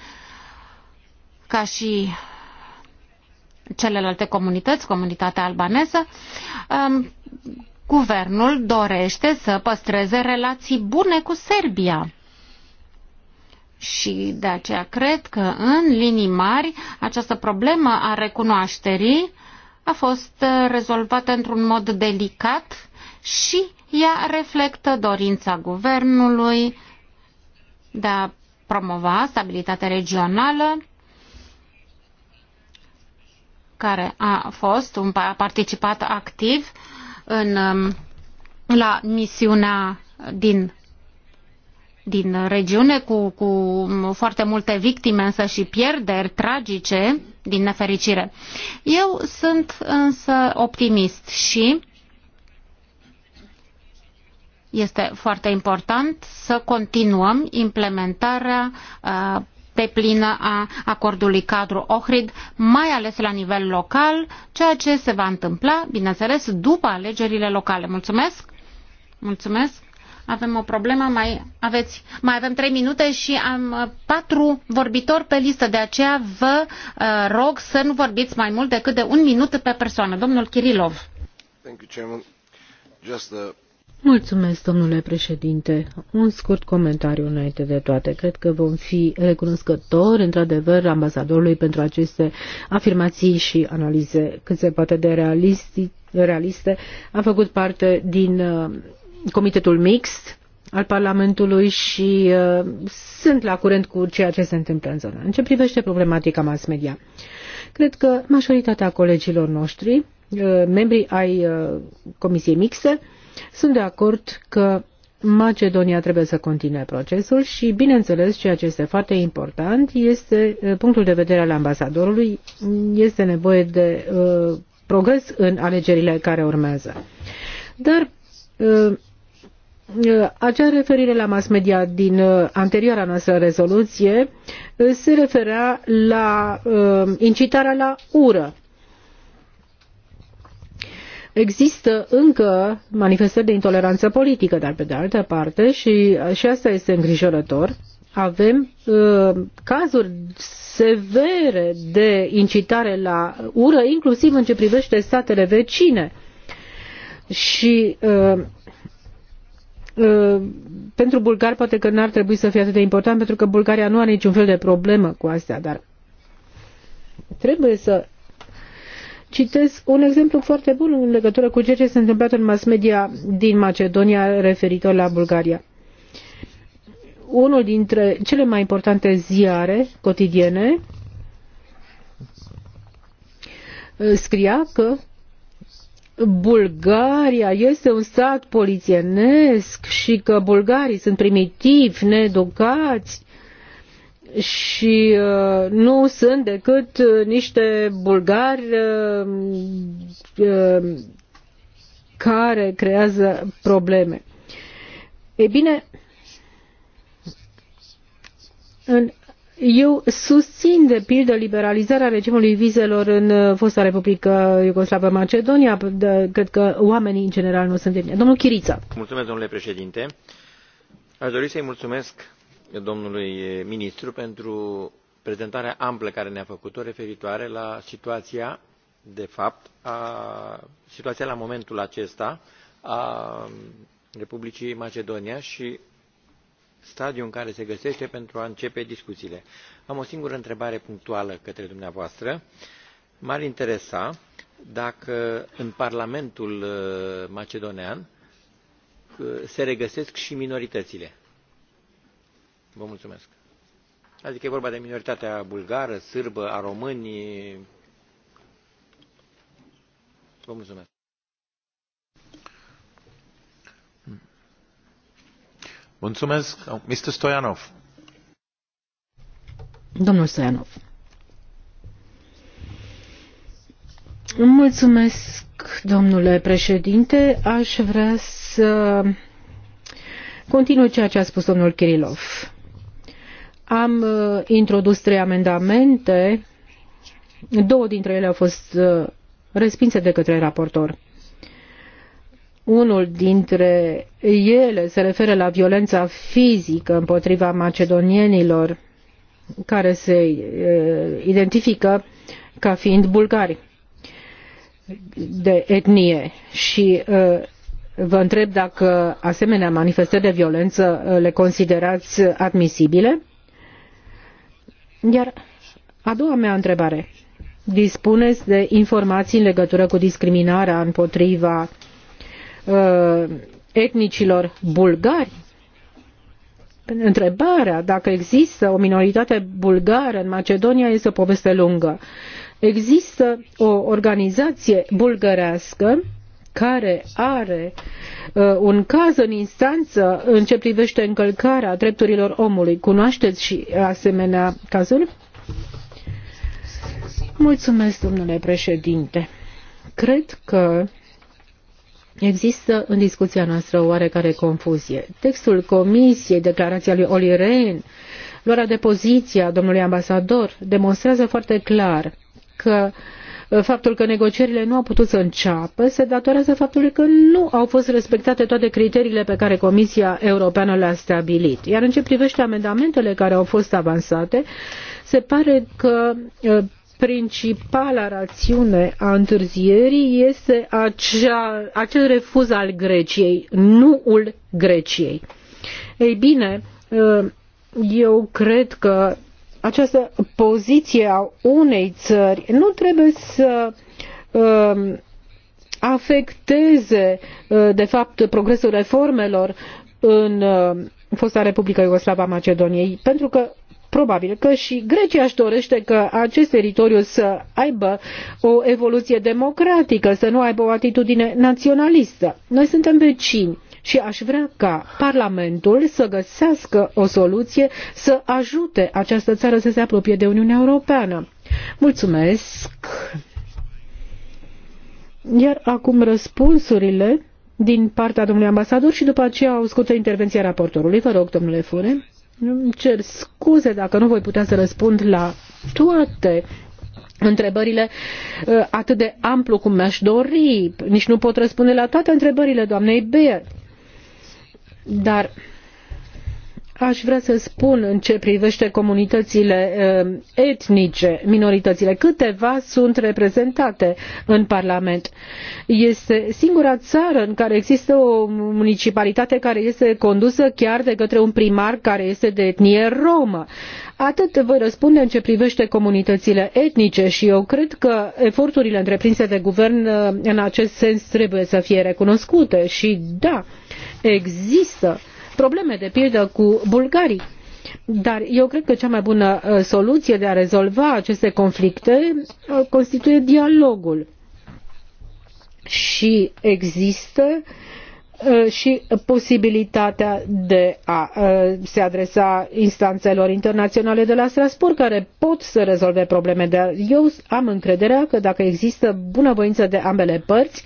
ca și celelalte comunități, comunitatea albaneză, um, Guvernul dorește să păstreze relații bune cu Serbia. Și de aceea cred că, în linii mari, această problemă a recunoașterii a fost uh, rezolvată într-un mod delicat și ea reflectă dorința guvernului de a promova stabilitatea regională care a fost, a participat activ în, um, la misiunea din din regiune cu, cu foarte multe victime însă și pierderi tragice din nefericire. Eu sunt însă optimist și este foarte important să continuăm implementarea uh, deplină a acordului cadru Ohrid, mai ales la nivel local, ceea ce se va întâmpla, bineînțeles, după alegerile locale. Mulțumesc! Mulțumesc! Avem o problemă, mai, aveți, mai avem trei minute și am uh, patru vorbitori pe listă, de aceea vă uh, rog să nu vorbiți mai mult decât de un minut pe persoană. Domnul Kirilov. Thank you, Chairman. Just Mulțumesc, domnule președinte. Un scurt comentariu înainte de toate. Cred că vom fi recunoscători, într-adevăr, ambasadorului pentru aceste afirmații și analize cât se poate de realisti, realiste. Am făcut parte din uh, comitetul mixt al Parlamentului și uh, sunt la curent cu ceea ce se întâmplă în zonă. În ce privește problematica mass media, cred că majoritatea colegilor noștri, uh, membrii ai uh, Comisiei Mixte, uh, sunt de acord că Macedonia trebuie să continue procesul și, bineînțeles, ceea ce este foarte important este uh, punctul de vedere al ambasadorului, este nevoie de uh, progres în alegerile care urmează. Dar uh, uh acea referire la mass media din uh, anterioara noastră rezoluție se referea la uh, incitarea la ură există încă manifestări de intoleranță politică, dar pe de altă parte, și, și asta este îngrijorător, avem uh, cazuri severe de incitare la ură, inclusiv în ce privește statele vecine. Și uh, uh pentru bulgari poate că n-ar trebui să fie atât de important pentru că Bulgaria nu are niciun fel de problemă cu astea, dar trebuie să citez un exemplu foarte bun în legătură cu ceea ce s-a întâmplat în mass media din Macedonia referitor la Bulgaria. Unul dintre cele mai importante ziare cotidiene uh, scria că Bulgaria este un stat polițienesc și că bulgarii sunt primitivi, needucați și uh, nu sunt decât uh, niște bulgari uh, care creează probleme. E bine, în eu susțin, de pildă, liberalizarea regimului vizelor în fosta Republică Iugoslavă Macedonia. Cred că oamenii, în general, nu sunt de bine. Domnul Chirița. Mulțumesc, domnule președinte. Aș dori să-i mulțumesc domnului ministru pentru prezentarea amplă care ne a făcut o referitoare la situația de fapt a, situația la momentul acesta a republicii macedonia și stadiul în care se găsește pentru a începe discuțiile. am o singură întrebare punctuală către dumneavoastră m ar interesa dacă în parlamentul uh, macedonean uh, se regăsesc și minoritățile Vă mulțumesc. Adică e vorba de minoritatea bulgară, sârbă, a românii. Vă mulțumesc. Mulțumesc. Mr. Stoianov. Domnul Stoianov. Mulțumesc, domnule președinte. Aș vrea să continui ceea ce a spus domnul Kirilov. Am uh, introdus trei amendamente, două dintre ele au fost uh, respinse de către raportor. Unul dintre ele se referă la violența fizică împotriva macedonienilor care se uh, identifică ca fiind bulgari de etnie și vă întreb dacă asemenea manifestări de violență le considerați admisibile iar a doua mea întrebare. Dispuneți de informații în legătură cu discriminarea împotriva uh, etnicilor bulgari? Întrebarea dacă există o minoritate bulgară în Macedonia este o poveste lungă. Există o organizație bulgărească care are uh, un caz în instanță în ce privește încălcarea drepturilor omului. Cunoașteți și asemenea cazuri? Mulțumesc, domnule președinte. Cred că există în discuția noastră o oarecare confuzie. Textul comisiei, declarația lui Oli Rehn, luarea de poziție a domnului ambasador, demonstrează foarte clar că uh, faptul că negocierile nu au putut să înceapă se datorează faptului că nu au fost respectate toate criteriile pe care Comisia Europeană le-a stabilit. Iar în ce privește amendamentele care au fost avansate, se pare că uh, principala rațiune a întârzierii este acea, acel refuz al Greciei, nuul Greciei. Ei bine, uh, eu cred că această poziție a unei țări nu trebuie să um, afecteze, uh, de fapt, progresul reformelor în uh, fosta Republică Iugoslava Macedoniei, pentru că probabil că și Grecia își dorește că acest teritoriu să aibă o evoluție democratică, să nu aibă o atitudine naționalistă. Noi suntem vecini și aș vrea ca Parlamentul să găsească o soluție să ajute această țară să se apropie de Uniunea Europeană. Mulțumesc! Iar acum răspunsurile din partea domnului ambasador și după aceea ascultă intervenția raportorului. Vă rog, domnule Fure. Îmi cer scuze dacă nu voi putea să răspund la toate întrebările uh, atât de amplu cum mi-aș dori. Nici nu pot răspunde la toate întrebările doamnei Beer. Dar aș vrea să spun în ce privește comunitățile eh, etnice, minoritățile. Câteva sunt reprezentate în Parlament. Este singura țară în care există o municipalitate care este condusă chiar de către un primar care este de etnie romă. Atât voi răspunde în ce privește comunitățile etnice și eu cred că eforturile întreprinse de guvern eh, în acest sens trebuie să fie recunoscute și da, Există probleme de pildă cu bulgarii. Dar eu cred că cea mai bună uh, soluție de a rezolva aceste conflicte uh, constituie dialogul. Și există uh, și posibilitatea de a se adresa instanțelor internaționale de la Strasbourg care pot să rezolve probleme, dar eu am încrederea că dacă există bunăvoință de ambele părți,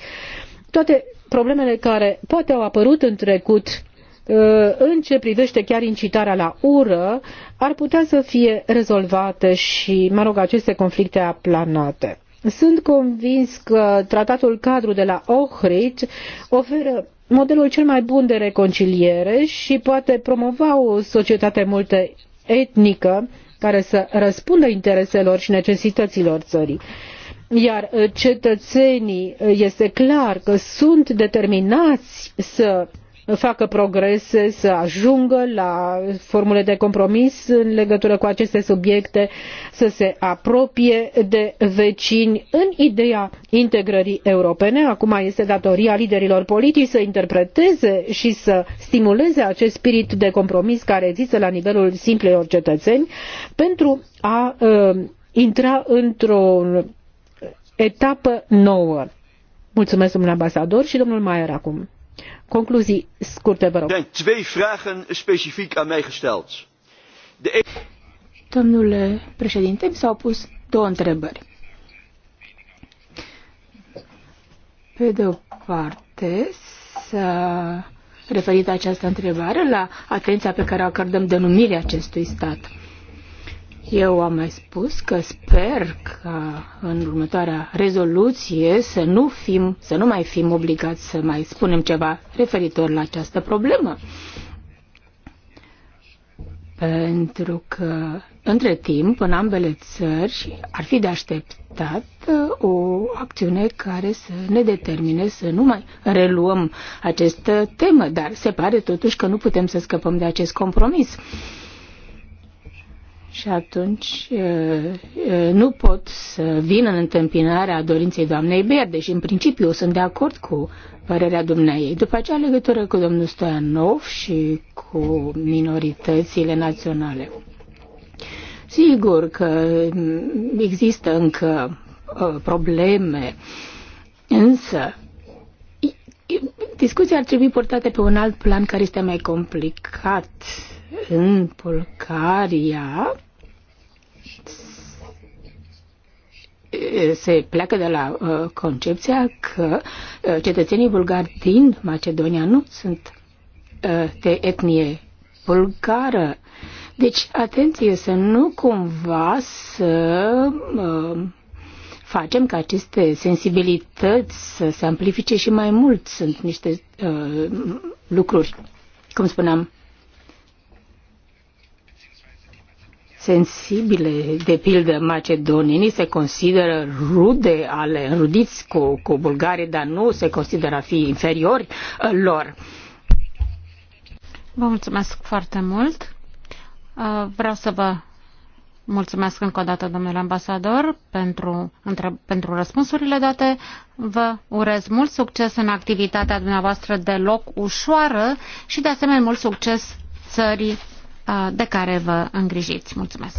toate problemele care poate au apărut în trecut uh, în ce privește chiar incitarea la ură, ar putea să fie rezolvate și, mă rog, aceste conflicte aplanate. Sunt convins că tratatul cadru de la Ohrid oferă modelul cel mai bun de reconciliere și poate promova o societate multe etnică care să răspundă intereselor și necesităților țării iar uh, cetățenii uh, este clar că sunt determinați să facă progrese, să ajungă la formule de compromis în legătură cu aceste subiecte, să se apropie de vecini în ideea integrării europene. Acum este datoria liderilor politici să interpreteze și să stimuleze acest spirit de compromis care există la nivelul simplelor cetățeni pentru a uh, intra într-un etapă nouă. Mulțumesc, domnule ambasador și domnul Maier acum. Concluzii scurte, vă rog. Twee vragen specific aan mij gesteld. De... Domnule președinte, mi s-au pus două întrebări. Pe de o parte, s-a referit această întrebare la atenția pe care o acordăm denumirii acestui stat. Eu am mai spus că sper că în următoarea rezoluție să nu, fim, să nu mai fim obligați să mai spunem ceva referitor la această problemă. Pentru că, între timp, în ambele țări ar fi de așteptat uh, o acțiune care să ne determine să nu mai reluăm această temă, dar se pare totuși că nu putem să scăpăm de acest compromis. Uh, și atunci nu pot să vin în întâmpinarea dorinței doamnei Berde și în principiu sunt de acord cu părerea dumneai. După aceea legătură cu domnul Stoianov și cu minoritățile naționale. Sigur că există încă probleme, însă discuția ar trebui portată pe un alt plan care este mai complicat în Bulgaria se pleacă de la uh, concepția că uh, cetățenii bulgari din Macedonia nu sunt uh, de etnie bulgară. Deci, atenție să nu cumva să facem ca aceste sensibilități să se amplifice și mai mult. Sunt niște lucruri, cum spuneam, sensibile, de pildă macedonienii se consideră rude ale rudiți cu, cu bulgarii, dar nu se consideră a fi inferiori uh, lor. Vă mulțumesc foarte mult. Uh, vreau să vă mulțumesc încă o dată, domnule ambasador, pentru, între, pentru răspunsurile date. Vă urez mult succes în activitatea dumneavoastră deloc ușoară și, de asemenea, mult succes țării de care vă îngrijiți. Mulțumesc!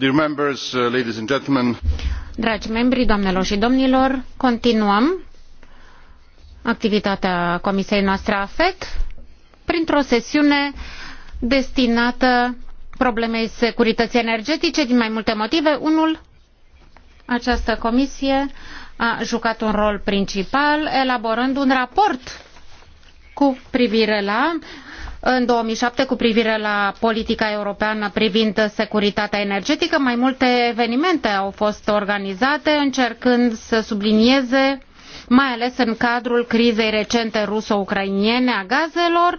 Uh, Dragi membri, doamnelor și domnilor, continuăm activitatea comisiei noastre AFET printr-o sesiune destinată problemei securității energetice din mai multe motive. Unul, această comisie a jucat un rol principal elaborând un raport cu privire la în 2007 cu privire la politica europeană privind securitatea energetică. Mai multe evenimente au fost organizate încercând să sublinieze, mai ales în cadrul crizei recente ruso-ucrainiene a gazelor,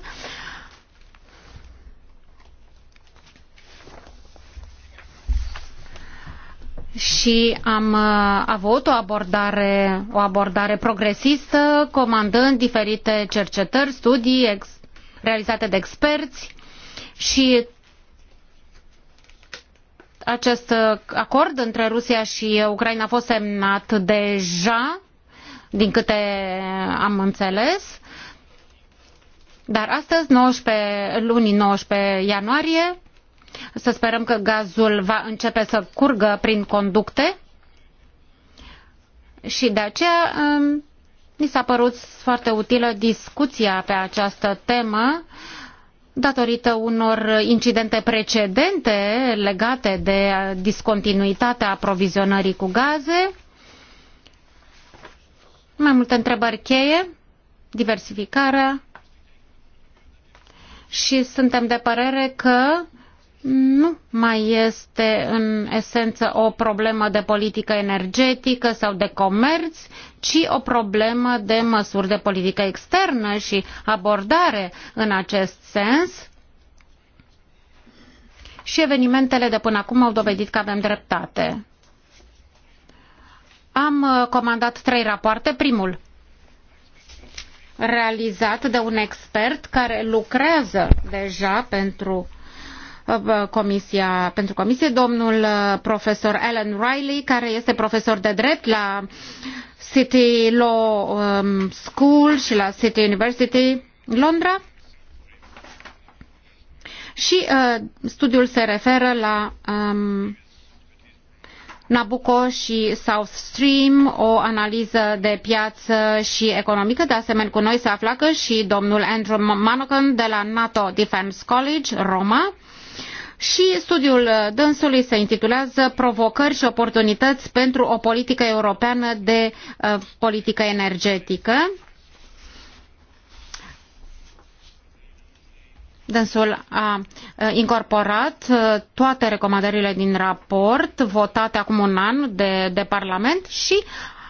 și am uh, avut o abordare, o abordare progresistă, comandând diferite cercetări, studii, ex, realizate de experți și acest acord între Rusia și Ucraina a fost semnat deja, din câte am înțeles. Dar astăzi, 19, lunii 19 ianuarie, să sperăm că gazul va începe să curgă prin conducte și de aceea um, mi s-a părut foarte utilă discuția pe această temă datorită unor incidente precedente legate de discontinuitatea aprovizionării cu gaze. Mai multe întrebări cheie, diversificarea și suntem de părere că nu mai este în esență o problemă de politică energetică sau de comerț, ci o problemă de măsuri de politică externă și abordare în acest sens. Și evenimentele de până acum au dovedit că avem dreptate. Am uh, comandat trei rapoarte. Primul, realizat de un expert care lucrează deja pentru Ă, comisia, pentru comisie, domnul ă, profesor Alan Riley, care este profesor de drept la City Law um, School și la City University Londra. Și uh, studiul se referă la um, Nabucco și South Stream, o analiză de piață și economică. De asemenea, cu noi se află și domnul Andrew Manocan de la NATO Defense College, Roma și studiul uh, dânsului se intitulează Provocări și oportunități pentru o politică europeană de uh, politică energetică. Dânsul a uh, incorporat uh, toate recomandările din raport votate acum un an de, de Parlament și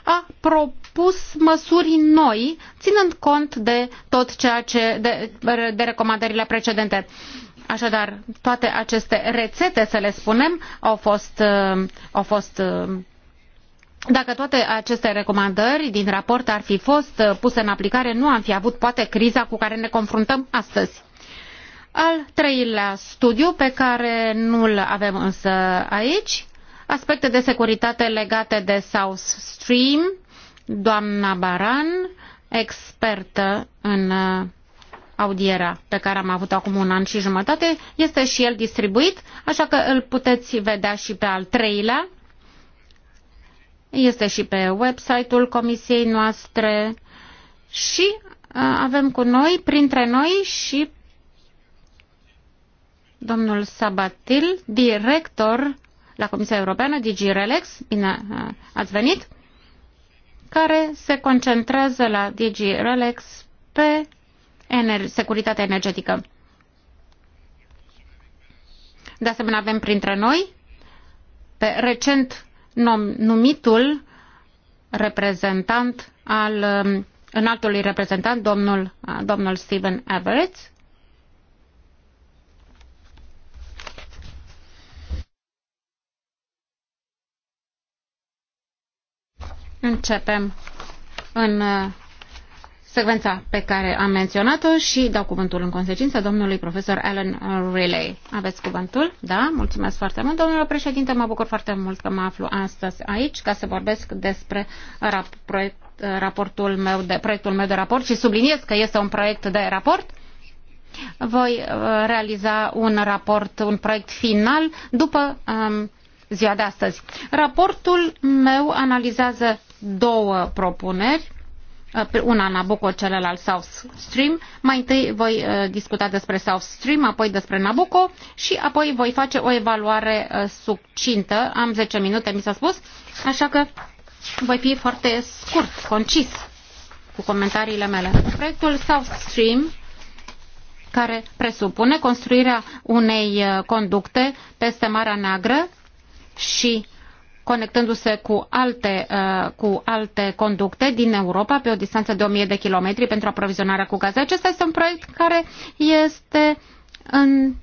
a propus măsuri noi, ținând cont de tot ceea ce de, de recomandările precedente. Uh, Așadar, toate aceste rețete, să le spunem, au fost, uh, au fost uh, dacă toate aceste recomandări din raport ar fi fost uh, puse în aplicare, nu am fi avut poate criza cu care ne confruntăm astăzi. Al treilea studiu, pe care nu-l avem însă aici, aspecte de securitate legate de South Stream, doamna Baran, expertă în audierea pe care am avut acum un an și jumătate, este și el distribuit, așa că îl puteți vedea și pe al treilea. Este și pe website-ul comisiei noastre și uh, avem cu noi, printre noi și domnul Sabatil, director la Comisia Europeană, DG Relex, bine uh, ați venit, care se concentrează la DG Relex pe ener- securitatea energetică. De asemenea, avem printre noi pe recent numitul reprezentant al um, înaltului reprezentant, domnul, uh, domnul Stephen Everett. Începem în uh, secvența pe care am menționat-o și dau cuvântul în consecință domnului profesor Alan Riley. Aveți cuvântul? Da, mulțumesc foarte mult. Domnule președinte, mă bucur foarte mult că mă aflu astăzi aici ca să vorbesc despre rap- proiect, raportul meu de, proiectul meu de raport și subliniez că este un proiect de raport. Voi uh, realiza un raport, un proiect final după um, ziua de astăzi. Raportul meu analizează două propuneri una Nabucco, celălalt South Stream. Mai întâi voi uh, discuta despre South Stream, apoi despre Nabucco și apoi voi face o evaluare uh, succintă. Am 10 minute, mi s-a spus, așa că voi fi foarte scurt, concis cu comentariile mele. Proiectul South Stream care presupune construirea unei uh, conducte peste Marea Neagră și conectându-se cu alte, uh, cu alte conducte din Europa pe o distanță de 1000 de kilometri pentru aprovizionarea cu gaze. Acesta este un proiect care este în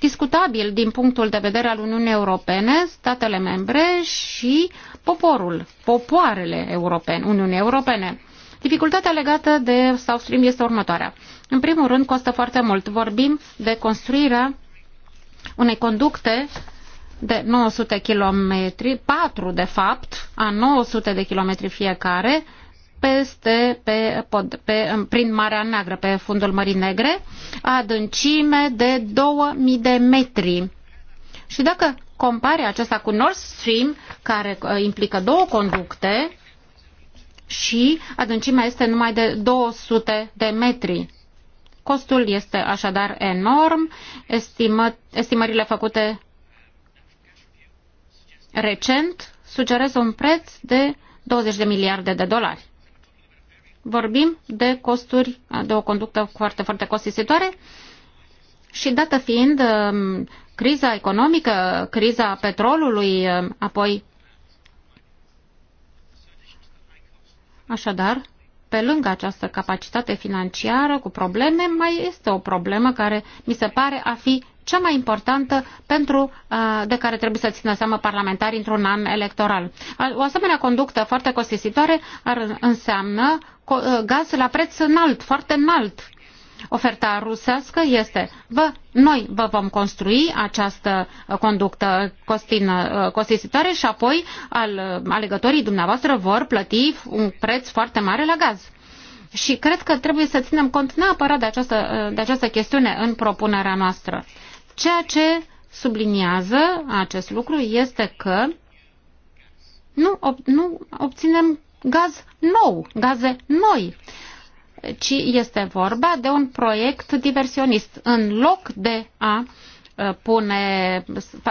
discutabil din punctul de vedere al Uniunii Europene, statele membre și poporul, popoarele europene, Uniunii Europene. Dificultatea legată de South Stream este următoarea. În primul rând, costă foarte mult. Vorbim de construirea unei conducte de 900 kilometri, 4 de fapt, a 900 de kilometri fiecare, peste, pe, pod, pe, prin Marea Neagră, pe fundul Mării Negre, adâncime de 2000 de metri. Și dacă compare acesta cu Nord Stream, care ă, implică două conducte și adâncimea este numai de 200 de metri. Costul este așadar enorm, estimă, estimările făcute recent sugerez un preț de 20 de miliarde de dolari. Vorbim de costuri, de o conductă foarte, foarte costisitoare și dată fiind um, criza economică, criza petrolului, um, apoi Așadar, pe lângă această capacitate financiară cu probleme, mai este o problemă care mi se pare a fi cea mai importantă pentru, uh, de care trebuie să țină seama parlamentarii într-un an electoral. O asemenea conductă foarte costisitoare ar înseamnă uh, gaz la preț înalt, foarte înalt. Oferta rusească este, vă, noi vă vom construi această conductă costină, uh, costisitoare și apoi al, alegătorii dumneavoastră vor plăti un preț foarte mare la gaz. Și cred că trebuie să ținem cont neapărat de această, de această chestiune în propunerea noastră. Ceea ce subliniază acest lucru este că nu, ob- nu obținem gaz nou, gaze noi, ci este vorba de un proiect diversionist. În loc de a uh, pune,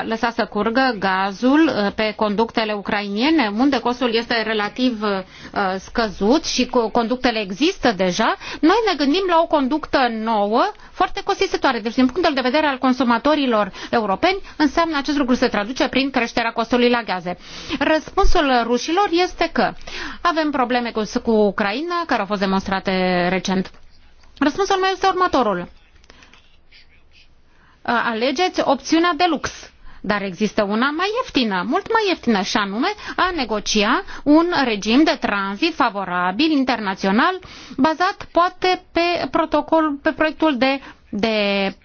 lăsa să curgă gazul uh, pe conductele ucrainiene, unde costul este relativ uh, scăzut și conductele există deja, noi ne gândim la o conductă nouă, foarte costisitoare. Deci, din punctul de vedere al consumatorilor europeni, înseamnă acest lucru se traduce prin creșterea costului la gaze. Răspunsul rușilor este că avem probleme cu, cu Ucraina, care au fost demonstrate recent. Răspunsul meu este următorul alegeți opțiunea de lux. Dar există una mai ieftină, mult mai ieftină, și anume a negocia un regim de tranzit favorabil internațional, bazat poate pe, protocol, pe proiectul, de, de,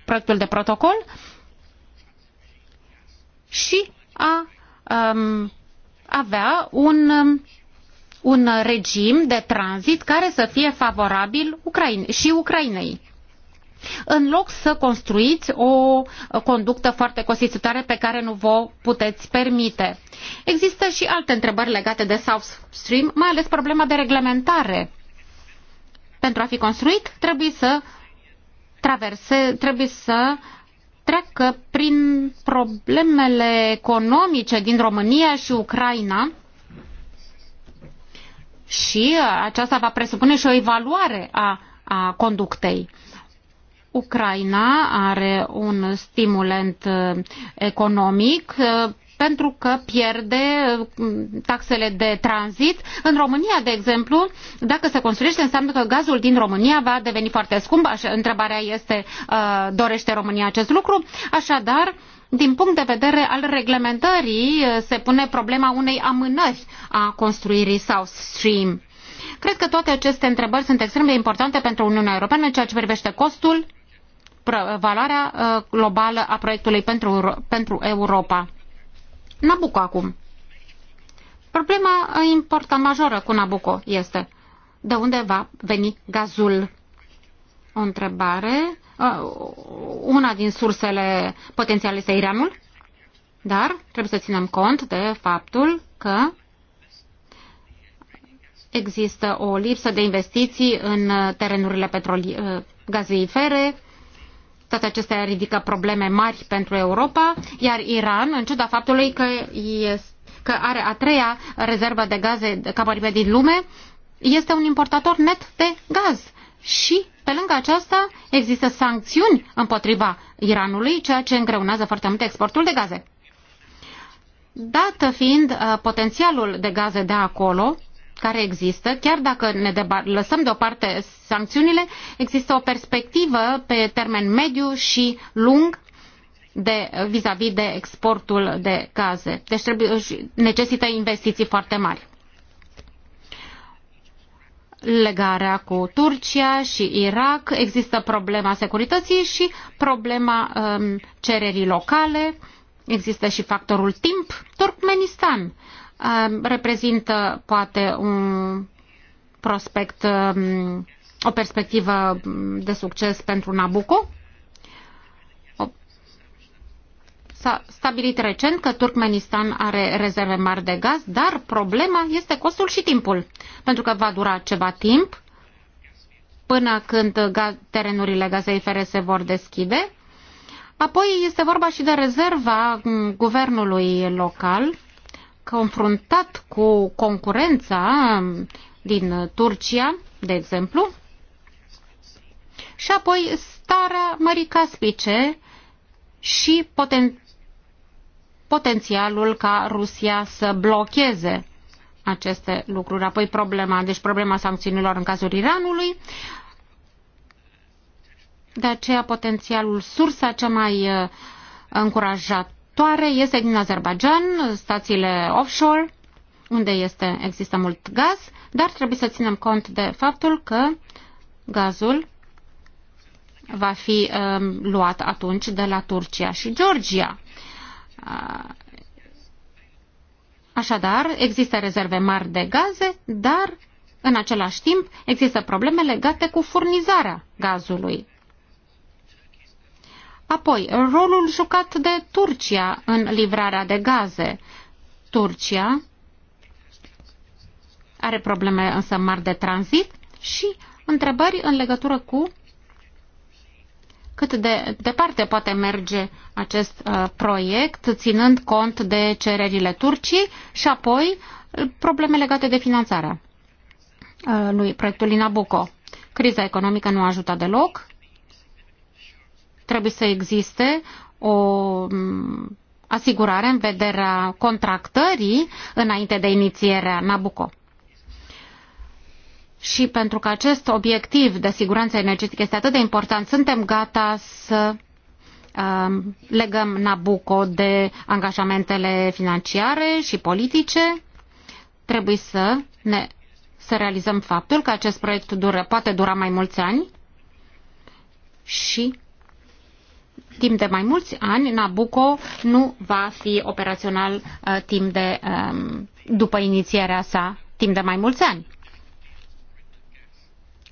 proiectul de protocol și a um, avea un, um, un regim de tranzit care să fie favorabil Ucraine, și Ucrainei în loc să construiți o conductă foarte costisitoare pe care nu vă puteți permite. Există și alte întrebări legate de South Stream, mai ales problema de reglementare. Pentru a fi construit, trebuie să traverse, trebuie să treacă prin problemele economice din România și Ucraina, și aceasta va presupune și o evaluare a, a conductei. Ucraina are un stimulent uh, economic uh, pentru că pierde uh, taxele de tranzit. În România, de exemplu, dacă se construiește, înseamnă că gazul din România va deveni foarte scump. Așa, întrebarea este, dorește România acest lucru? Așadar, din punct de vedere al reglementării, se pune problema unei amânări a construirii South Stream. Cred că toate aceste întrebări sunt extrem de importante pentru Uniunea Europeană în ceea ce privește costul, valoarea uh, globală a proiectului pentru, pentru Europa. Nabucco acum. Problema uh, importantă, majoră cu Nabucco este de unde va veni gazul. O întrebare, uh, una din sursele potențiale este Iranul, dar trebuie să ținem cont de faptul că există o lipsă de investiții în terenurile petroli- gazifere, toate acestea ridică probleme mari pentru Europa, iar Iran, în ciuda faptului că, este, că are a treia rezervă de gaze de caparibe din lume, este un importator net de gaz. Și, pe lângă aceasta, există sancțiuni împotriva Iranului, ceea ce îngreunează foarte mult exportul de gaze. Dată fiind uh, potențialul de gaze de acolo, care există, chiar dacă ne lăsăm deoparte sancțiunile, există o perspectivă pe termen mediu și lung de, vis-a-vis -vis de exportul de gaze. Deci trebuie, necesită investiții foarte mari. Legarea cu Turcia și Irak, există problema securității și problema um, cererii locale, există și factorul timp, Turkmenistan. Uh, Um, reprezintă poate un prospect, um, o perspectivă de succes pentru Nabucco. S-a stabilit recent că Turkmenistan are rezerve mari de gaz, dar problema este costul și timpul, pentru că va dura ceva timp până când terenurile gazeifere se vor deschide. Apoi este vorba și de rezerva um, guvernului local, confruntat cu concurența din Turcia, de exemplu, și apoi starea Mării Caspice și poten- potențialul ca Rusia să blocheze aceste lucruri. Apoi problema, deci problema sancțiunilor în cazul Iranului, de aceea potențialul sursa cea mai uh, încurajat producătoare este din Azerbaijan, stațiile offshore, unde este, există mult gaz, dar trebuie să ținem cont de faptul că gazul va fi um, luat atunci de la Turcia și Georgia. Uh, așadar, există rezerve mari de gaze, dar în același timp există probleme legate cu furnizarea gazului Apoi, rolul jucat de Turcia în livrarea de gaze. Turcia are probleme însă mari de tranzit și întrebări în legătură cu cât de departe poate merge acest uh, proiect, ținând cont de cererile Turcii și apoi uh, probleme legate de finanțarea uh, lui proiectului Nabucco. Criza economică nu a ajutat deloc Trebuie să existe o mm, asigurare în vederea contractării înainte de inițierea Nabucco. Și pentru că acest obiectiv de siguranță energetică este atât de important, suntem gata să um, legăm Nabucco de angajamentele financiare și politice. Trebuie să, ne, să realizăm faptul că acest proiect dură, poate dura mai mulți ani și timp de mai mulți ani Nabucco nu va fi operațional uh, timp de, um, după inițierea sa timp de mai mulți ani.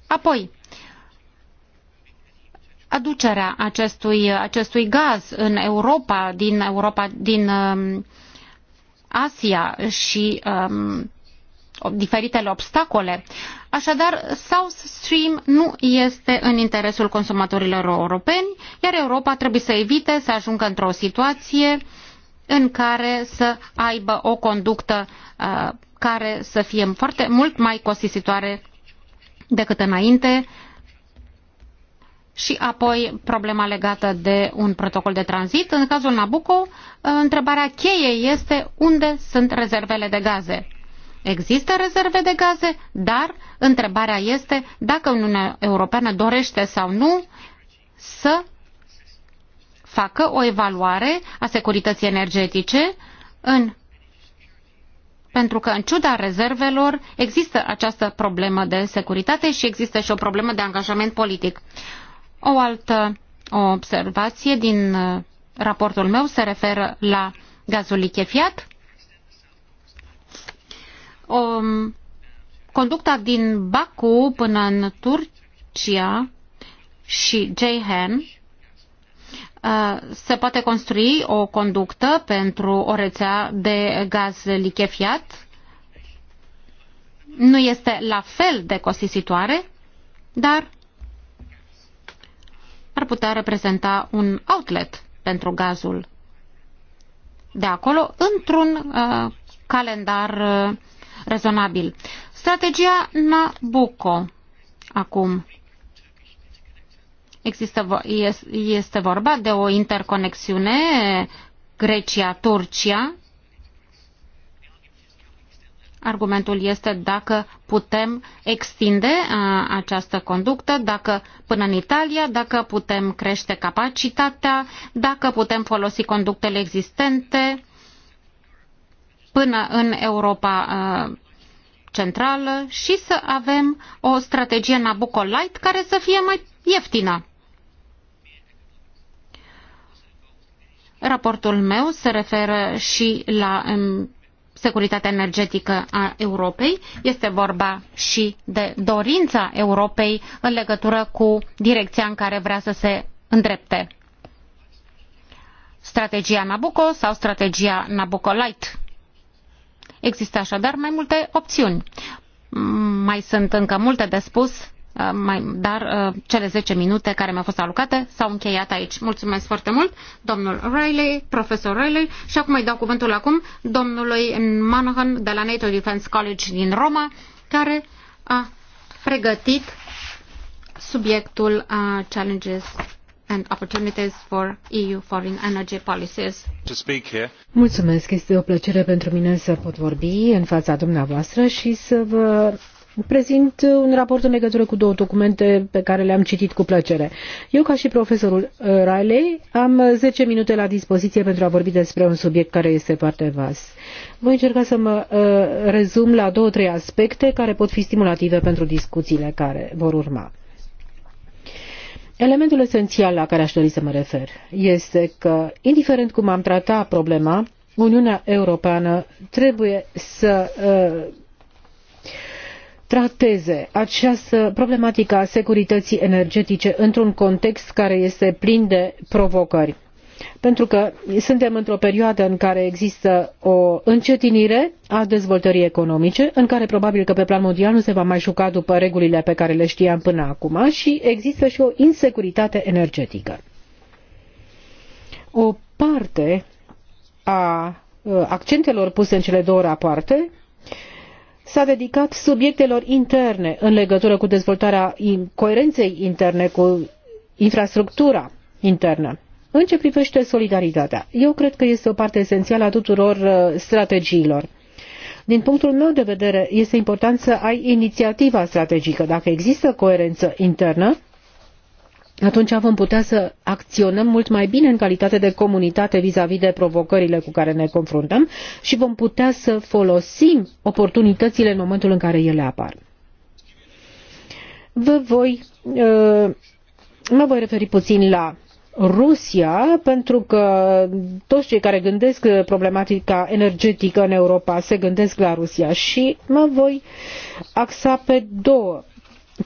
Apoi, aducerea acestui, acestui gaz în Europa, din Europa, din um, Asia și um, diferitele obstacole. Așadar, South Stream nu este în interesul consumatorilor europeni, iar Europa trebuie să evite să ajungă într-o situație în care să aibă o conductă uh, care să fie foarte mult mai costisitoare decât înainte și apoi problema legată de un protocol de tranzit. În cazul Nabucco, uh, întrebarea cheie este unde sunt rezervele de gaze. Există rezerve de gaze, dar întrebarea este dacă Uniunea Europeană dorește sau nu să facă o evaluare a securității energetice în pentru că, în ciuda rezervelor, există această problemă de securitate și există și o problemă de angajament politic. O altă observație din uh, raportul meu se referă la gazul lichefiat um, conducta din Baku până în Turcia și Jehan uh, se poate construi o conductă pentru o rețea de gaz lichefiat. Nu este la fel de costisitoare, dar ar putea reprezenta un outlet pentru gazul de acolo într-un uh, calendar uh, rezonabil. Strategia Nabucco. Acum, există, este vorba de o interconexiune Grecia-Turcia. Argumentul este dacă putem extinde această conductă, dacă până în Italia, dacă putem crește capacitatea, dacă putem folosi conductele existente până în Europa uh, centrală și să avem o strategie Nabucco Light care să fie mai ieftină. Raportul meu se referă și la um, securitatea energetică a Europei. Este vorba și de dorința Europei în legătură cu direcția în care vrea să se îndrepte. Strategia Nabucco sau strategia Nabucco Light? Există așadar mai multe opțiuni. Mai sunt încă multe de spus, uh, mai, dar uh, cele 10 minute care mi-au fost alocate s-au încheiat aici. Mulțumesc foarte mult, domnul Riley, profesor Riley, și acum îi dau cuvântul acum domnului Manohan de la NATO Defense College din Roma, care a pregătit subiectul uh, Challenges and opportunities for EU foreign energy policies. Mulțumesc, este o plăcere pentru mine să pot vorbi în fața dumneavoastră și să vă prezint un raport în legătură cu două documente pe care le-am citit cu plăcere. Eu, ca și profesorul uh, Riley, am 10 minute la dispoziție pentru a vorbi despre un subiect care este foarte vast. Voi încerca să mă uh, rezum la două, trei aspecte care pot fi stimulative pentru discuțiile care vor urma. Elementul esențial la care aș dori să mă refer este că, indiferent cum am tratat problema, Uniunea Europeană trebuie să uh, trateze această problematică a securității energetice într-un context care este plin de provocări pentru că suntem într-o perioadă în care există o încetinire a dezvoltării economice, în care probabil că pe plan mondial nu se va mai juca după regulile pe care le știam până acum și există și o insecuritate energetică. O parte a uh, accentelor puse în cele două rapoarte s-a dedicat subiectelor interne în legătură cu dezvoltarea coerenței interne cu infrastructura internă. În ce privește solidaritatea, eu cred că este o parte esențială a tuturor uh, strategiilor. Din punctul meu de vedere, este important să ai inițiativa strategică. Dacă există coerență internă, atunci vom putea să acționăm mult mai bine în calitate de comunitate vis-a-vis -vis de provocările cu care ne confruntăm și vom putea să folosim oportunitățile în momentul în care ele apar. Vă voi, uh, mă voi referi puțin la Rusia, pentru că toți cei care gândesc problematica energetică în Europa se gândesc la Rusia și mă voi axa pe două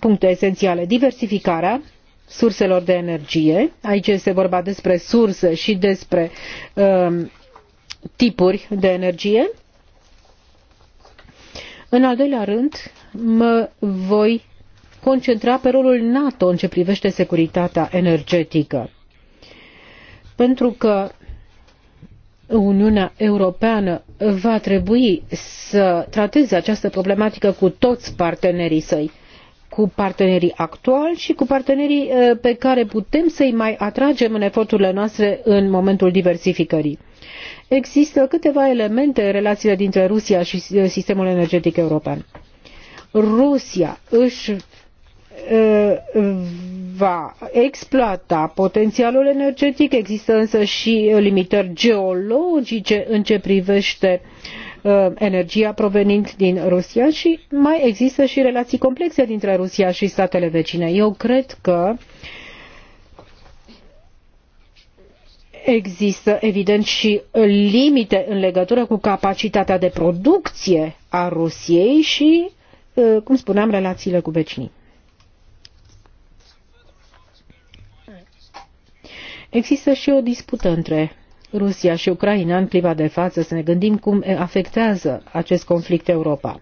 puncte esențiale. Diversificarea surselor de energie, aici este vorba despre surse și despre uh, tipuri de energie. În al doilea rând, mă voi concentra pe rolul NATO în ce privește securitatea energetică pentru că Uniunea Europeană va trebui să trateze această problematică cu toți partenerii săi, cu partenerii actuali și cu partenerii uh, pe care putem să-i mai atragem în eforturile noastre în momentul diversificării. Există câteva elemente în relațiile dintre Rusia și uh, sistemul energetic european. Rusia își Uh, va exploata potențialul energetic. Există însă și limitări geologice în ce privește uh, energia provenind din Rusia și mai există și relații complexe dintre Rusia și statele vecine. Eu cred că există evident și limite în legătură cu capacitatea de producție a Rusiei și, uh, cum spuneam, relațiile cu vecinii. Există și o dispută între Rusia și Ucraina în clipa de față, să ne gândim cum afectează acest conflict Europa.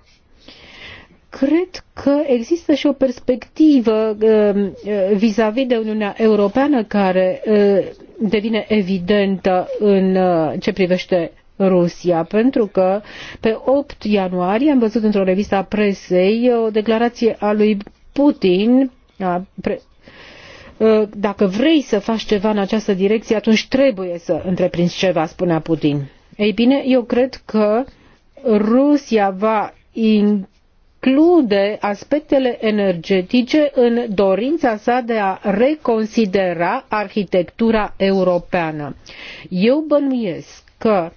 Cred că există și o perspectivă uh, uh, vis-a-vis -vis de Uniunea Europeană care uh, devine evidentă în ce privește Rusia, pentru că pe 8 ianuarie am văzut într-o revistă a presei o declarație a lui Putin, a pre- Uh, dacă vrei să faci ceva în această direcție, atunci trebuie să întreprinzi ceva, spunea Putin. Ei bine, eu cred că Rusia va include aspectele energetice în dorința sa de a reconsidera arhitectura europeană. Eu bănuiesc că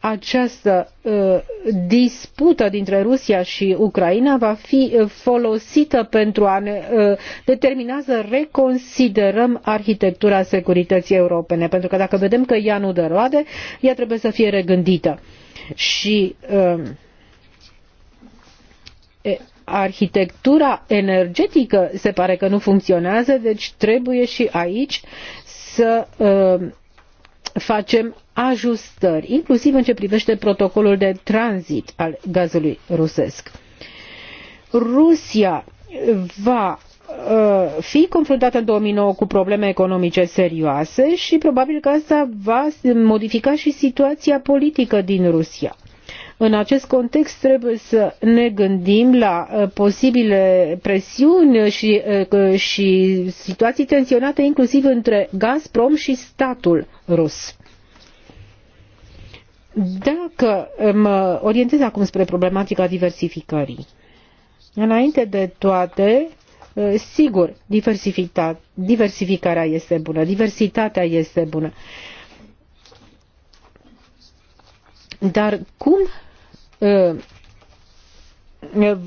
această uh, dispută dintre Rusia și Ucraina va fi uh, folosită pentru a ne uh, determina să reconsiderăm arhitectura securității europene. Pentru că dacă vedem că ea nu dă roade, ea trebuie să fie regândită. Și uh, e, arhitectura energetică se pare că nu funcționează, deci trebuie și aici să um, facem ajustări, inclusiv în ce privește protocolul de tranzit al gazului rusesc. Rusia va uh, fi confruntată în 2009 cu probleme economice serioase și probabil că asta va modifica și situația politică din Rusia. În acest context trebuie să ne gândim la uh, posibile presiuni și, uh, și situații tensionate inclusiv între Gazprom și statul rus. Dacă eh, mă orientez acum spre problematica diversificării, înainte de toate, eh, sigur, diversificarea este bună, diversitatea este bună. Dar cum eh,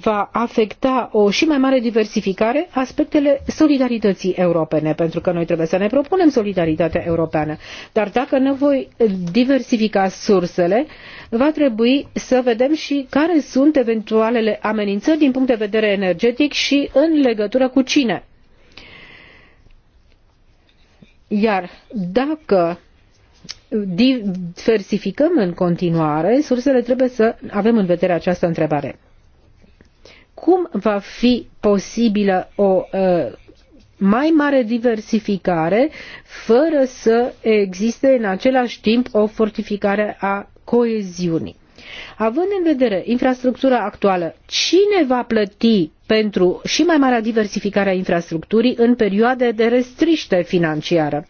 va afecta o și mai mare diversificare aspectele solidarității europene, pentru că noi trebuie să ne propunem solidaritatea europeană. Dar dacă ne voi diversifica sursele, va trebui să vedem și care sunt eventualele amenințări din punct de vedere energetic și în legătură cu cine. Iar dacă diversificăm în continuare, sursele trebuie să avem în vedere această întrebare cum va fi posibilă o uh, mai mare diversificare fără să existe în același timp o fortificare a coeziunii. Având în vedere infrastructura actuală, cine va plăti pentru și mai marea diversificare a infrastructurii în perioade de restriște financiară?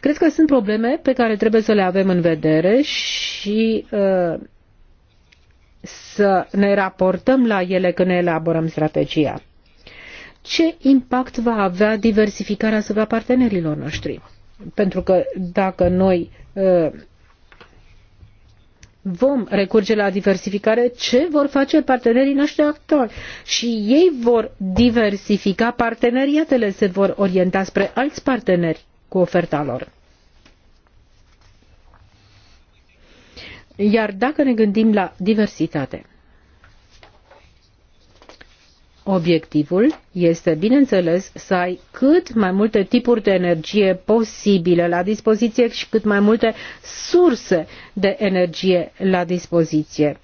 Cred că sunt probleme pe care trebuie să le avem în vedere și uh, să ne raportăm la ele când ne elaborăm strategia. Ce impact va avea diversificarea asupra partenerilor noștri? Pentru că dacă noi uh, vom recurge la diversificare, ce vor face partenerii noștri actori? Și ei vor diversifica, parteneriatele se vor orienta spre alți parteneri cu oferta lor. Iar dacă ne gândim la diversitate, Obiectivul este, bineînțeles, să ai cât mai multe tipuri de energie posibile la dispoziție și cât mai multe surse de energie la dispoziție.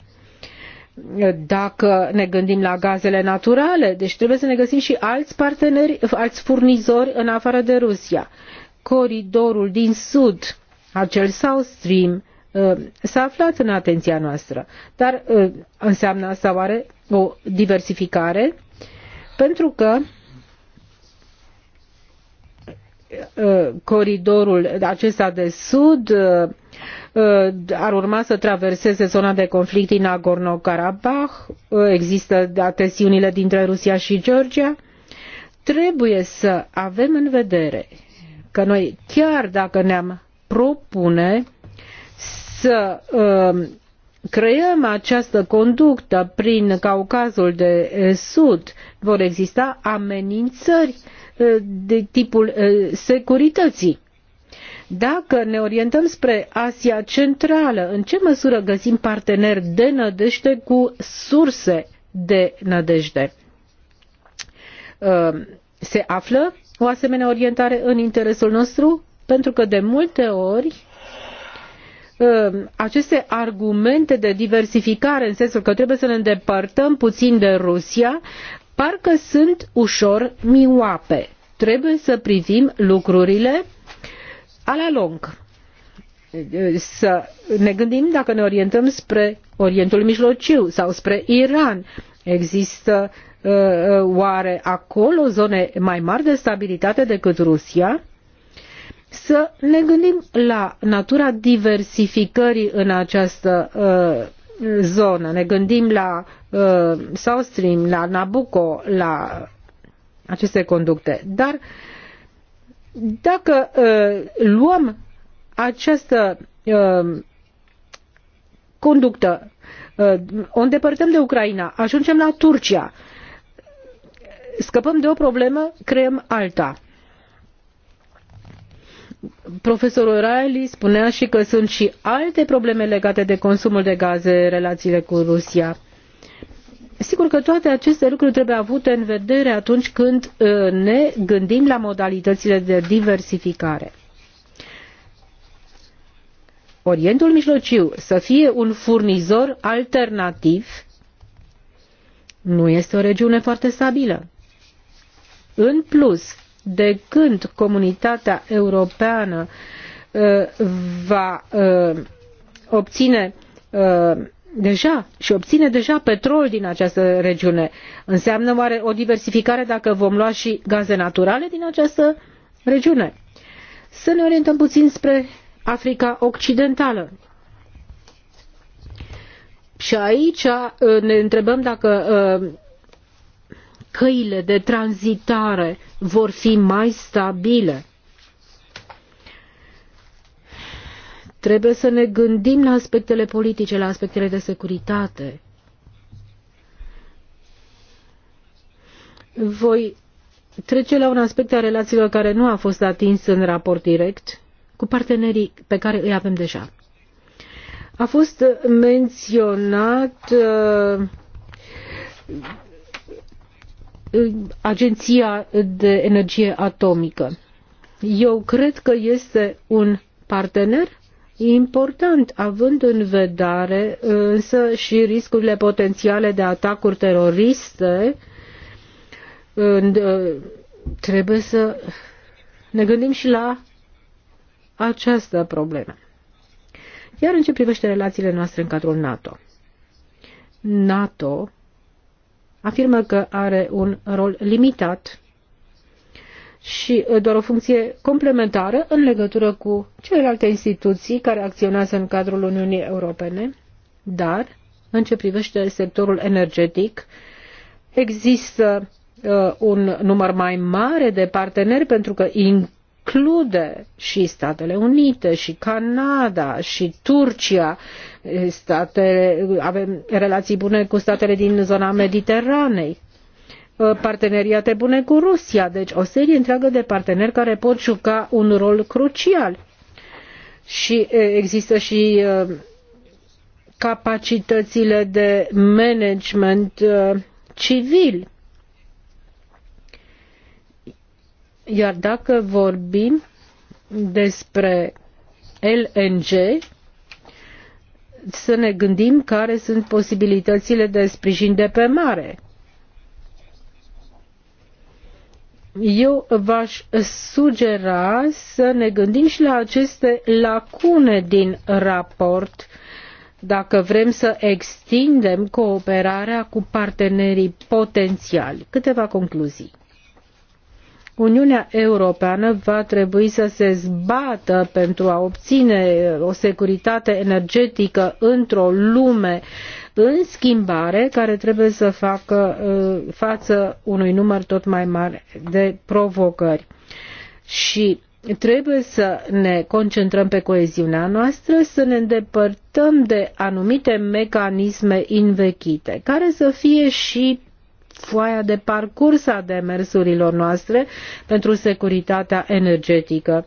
Dacă ne gândim la gazele naturale, deci trebuie să ne găsim și alți parteneri, alți furnizori în afară de Rusia. Coridorul din sud, acel South Stream, Uh, să aflați în atenția noastră. Dar uh, înseamnă asta oare o diversificare? Pentru că uh, coridorul acesta de sud ar urma să traverseze zona de conflict din Nagorno-Karabakh, există da, tensiunile dintre Rusia și Georgia. Trebuie să avem în vedere că noi, chiar dacă ne-am propune să um, creăm această conductă prin Caucazul de Sud, vor exista amenințări uh, de tipul uh, securității. Dacă ne orientăm spre Asia Centrală, în ce măsură găsim parteneri de nădejde cu surse de nădejde? Um, se află o asemenea orientare în interesul nostru? Pentru că de multe ori aceste argumente de diversificare în sensul că trebuie să ne îndepărtăm puțin de Rusia, parcă sunt ușor mioape. Trebuie să privim lucrurile a la lung. Să ne gândim dacă ne orientăm spre Orientul Mijlociu sau spre Iran. Există uh, uh, oare acolo zone mai mari de stabilitate decât Rusia? să ne gândim la natura diversificării în această uh, zonă. Ne gândim la uh, South Stream, la Nabucco, la aceste conducte. Dar dacă uh, luăm această uh, conductă, uh, o îndepărtăm de Ucraina, ajungem la Turcia, scăpăm de o problemă, creăm alta. Profesorul O'Reilly spunea și că sunt și alte probleme legate de consumul de gaze, relațiile cu Rusia. Sigur că toate aceste lucruri trebuie avute în vedere atunci când uh, ne gândim la modalitățile de diversificare. Orientul Mijlociu să fie un furnizor alternativ nu este o regiune foarte stabilă. În plus, de când comunitatea europeană uh, va uh, obține uh, deja și obține deja petrol din această regiune. Înseamnă oare o diversificare dacă vom lua și gaze naturale din această regiune? Să ne orientăm puțin spre Africa Occidentală. Și aici ne întrebăm dacă căile de tranzitare vor fi mai stabile. Trebuie să ne gândim la aspectele politice, la aspectele de securitate. Voi trece la un aspect al relațiilor care nu a fost atins în raport direct cu partenerii pe care îi avem deja. A fost menționat uh, Uh, Agenția de Energie Atomică. Eu cred că este un partener important, având în vedere uh, însă și riscurile potențiale de atacuri teroriste. Uh, trebuie să ne gândim și la această problemă. Iar în ce privește relațiile noastre în cadrul NATO? NATO afirmă că are un rol limitat și doar o funcție complementară în legătură cu celelalte instituții care acționează în cadrul Uniunii Europene, dar în ce privește sectorul energetic, există uh, un număr mai mare de parteneri pentru că include și Statele Unite, și Canada, și Turcia. Statele, avem relații bune cu statele din zona Mediteranei uh, parteneriate bune cu Rusia, deci o serie întreagă de parteneri care pot juca un rol crucial. Și uh, există și uh, capacitățile de management civil Iar dacă vorbim despre LNG, să ne gândim care sunt posibilitățile de sprijin de pe mare. Eu v-aș sugera să ne gândim și la aceste lacune din raport dacă vrem să extindem cooperarea cu partenerii potențiali. Câteva concluzii. Uniunea Europeană va trebui să se zbată pentru a obține o securitate energetică într-o lume în schimbare care trebuie să facă uh, față unui număr tot mai mare de provocări. Și trebuie să ne concentrăm pe coeziunea noastră, să ne îndepărtăm de anumite mecanisme învechite, care să fie și foaia de parcurs a demersurilor noastre pentru securitatea energetică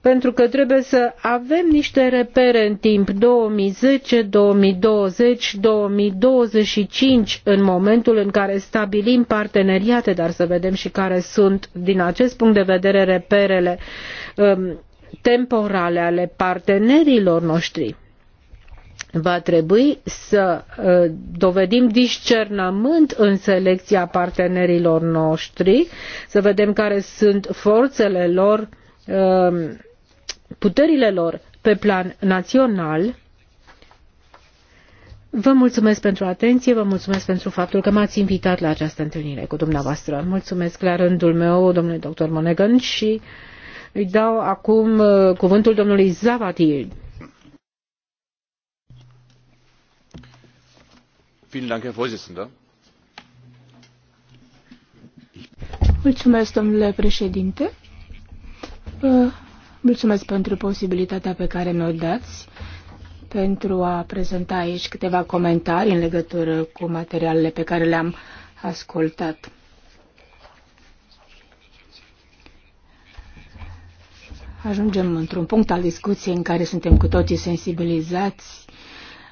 pentru că trebuie să avem niște repere în timp 2010, 2020, 2025 în momentul în care stabilim parteneriate, dar să vedem și care sunt din acest punct de vedere reperele um, temporale ale partenerilor noștri. Va trebui să uh, dovedim discernământ în selecția partenerilor noștri, să vedem care sunt forțele lor, uh, puterile lor pe plan național. Vă mulțumesc pentru atenție, vă mulțumesc pentru faptul că m-ați invitat la această întâlnire cu dumneavoastră. Mulțumesc la rândul meu, domnule doctor Monegan, și îi dau acum uh, cuvântul domnului Zavatil. Mulțumesc, domnule președinte. mulțumesc pentru posibilitatea pe care mi-o dați pentru a prezenta aici câteva comentarii în legătură cu materialele pe care le-am ascultat. Ajungem într-un punct al discuției în care suntem cu toții sensibilizați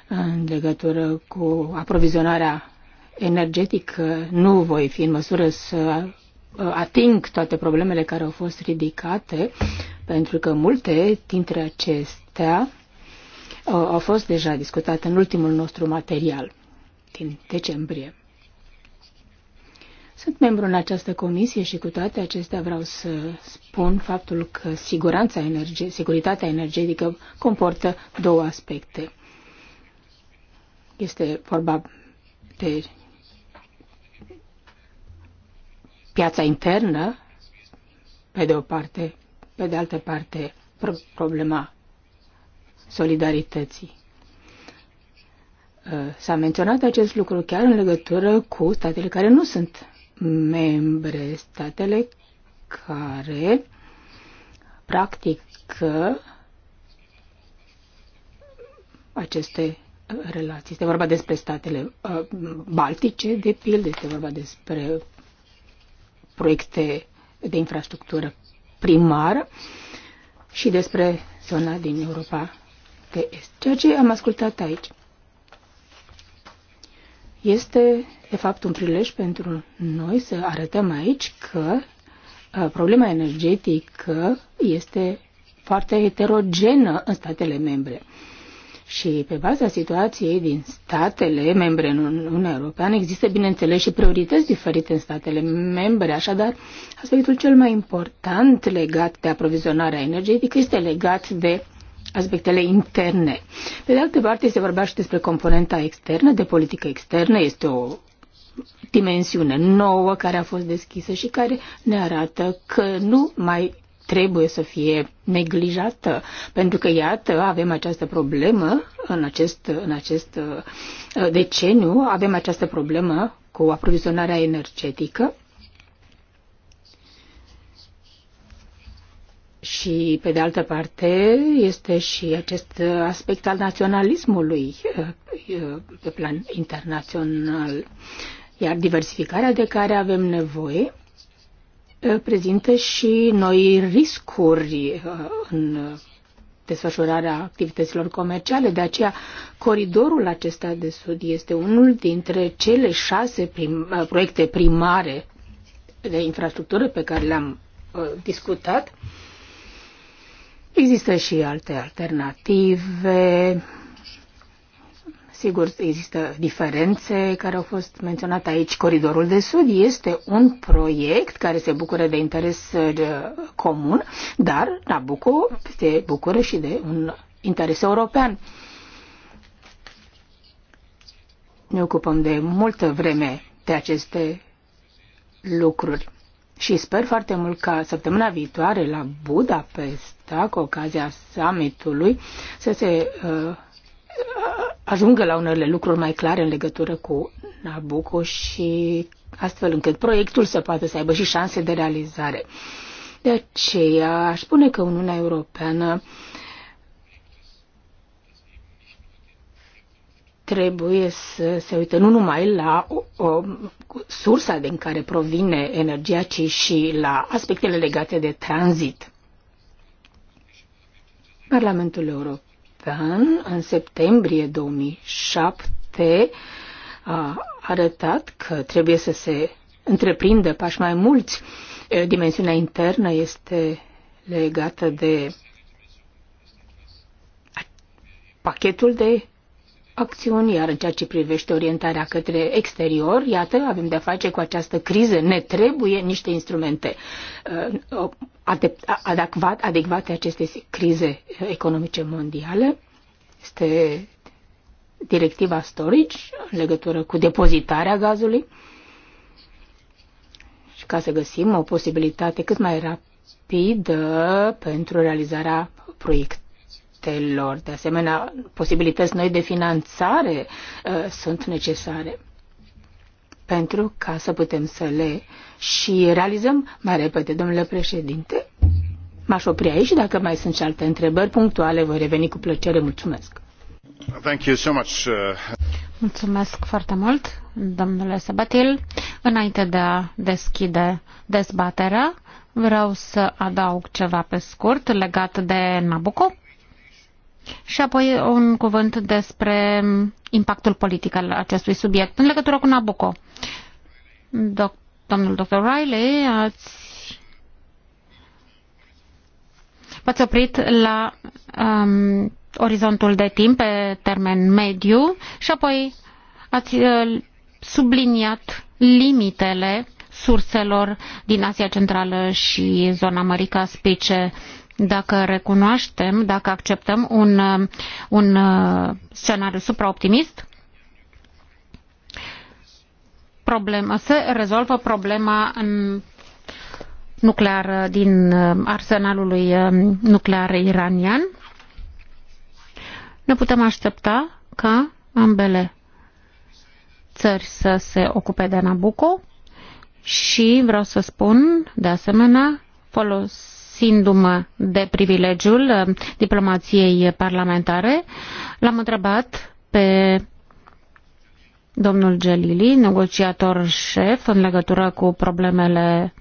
în legătură cu aprovizionarea energetică. Nu voi fi în măsură să ă, ating toate problemele care au fost ridicate, pentru că multe dintre acestea ă, au fost deja discutate în ultimul nostru material din decembrie. Sunt membru în această comisie și cu toate acestea vreau să spun faptul că siguranța energe- securitatea energetică comportă două aspecte. Este vorba de piața internă, pe de o parte, pe de altă parte, problema solidarității. Uh, s-a menționat acest lucru chiar în legătură cu statele care nu sunt membre, statele care practică aceste relații. Este vorba despre statele uh, baltice, de pildă, este vorba despre proiecte de infrastructură primară și despre zona din Europa de Est. Ceea ce am ascultat aici este, de fapt, un prilej pentru noi să arătăm aici că uh, problema energetică este foarte heterogenă în statele membre. Și pe baza situației din statele membre în Uniunea Europeană există, bineînțeles, și priorități diferite în statele membre. Așadar, aspectul cel mai important legat de aprovizionarea energetică este legat de aspectele interne. Pe de altă parte, se vorbea și despre componenta externă, de politică externă. Este o dimensiune nouă care a fost deschisă și care ne arată că nu mai trebuie să fie neglijată, pentru că, iată, avem această problemă în acest, în acest uh, deceniu, avem această problemă cu aprovizionarea energetică Și, pe de altă parte, este și acest aspect al naționalismului uh, uh, pe plan internațional. Iar diversificarea de care avem nevoie Uh, prezintă și noi riscuri uh, în desfășurarea activităților comerciale. De aceea, coridorul acesta de sud este unul dintre cele șase prim, uh, proiecte primare de infrastructură pe care le-am discutat. Există și alte alternative, Sigur, există diferențe care au fost menționate aici. Coridorul de Sud este un proiect care se bucură de interes uh, uh, comun, dar Nabucco se bucură și de un interes european. Ne ocupăm de multă vreme de aceste lucruri. Și sper foarte mult ca săptămâna viitoare la Budapesta, cu ocazia summitului, să se uh, ajungă la unele lucruri mai clare în legătură cu Nabucco și astfel încât proiectul să poată să aibă și șanse de realizare. De aceea aș spune că Uniunea Europeană trebuie să se uită nu numai la o, o, sursa din care provine energia, ci și la aspectele legate de tranzit. Parlamentul European European în septembrie 2007 a arătat că trebuie să se întreprindă pași mai mulți. Dimensiunea internă este legată de pachetul de acțiuni, iar în ceea ce privește orientarea către exterior, iată, avem de-a face cu această criză, ne trebuie niște instrumente uh, uh, adecvate, adecvate acestei crize economice mondiale. Este directiva storage în legătură cu depozitarea gazului și ca să găsim o posibilitate cât mai rapidă pentru realizarea proiect, proiectelor. De asemenea, posibilități noi de finanțare uh, sunt necesare pentru ca să putem să le și realizăm mai repede, domnule președinte. M-aș opri aici și dacă mai sunt și alte întrebări punctuale, voi reveni cu plăcere. Mulțumesc! Thank you so much. Uh, Mulțumesc foarte mult, domnule Sabatil. Înainte de a deschide dezbaterea, vreau să adaug ceva pe scurt legat de Nabucco. Și apoi un cuvânt despre impactul politic al acestui subiect în legătură cu Nabucco. Doc, domnul Dr. Riley, ați v-ați oprit la um, orizontul de timp pe termen mediu și apoi ați uh, subliniat limitele surselor din Asia Centrală și zona Mării Caspice. Uh, dacă recunoaștem, dacă acceptăm un, um, un uh, scenariu supraoptimist, problema, se rezolvă problema în um, nuclear din um, arsenalului nuclear iranian. Ne putem aștepta ca ambele țări să se ocupe de Nabucco și vreau să spun, de asemenea, folos folosindu-mă de privilegiul uh, diplomației parlamentare, l-am întrebat pe domnul Gelili, negociator șef în legătură cu problemele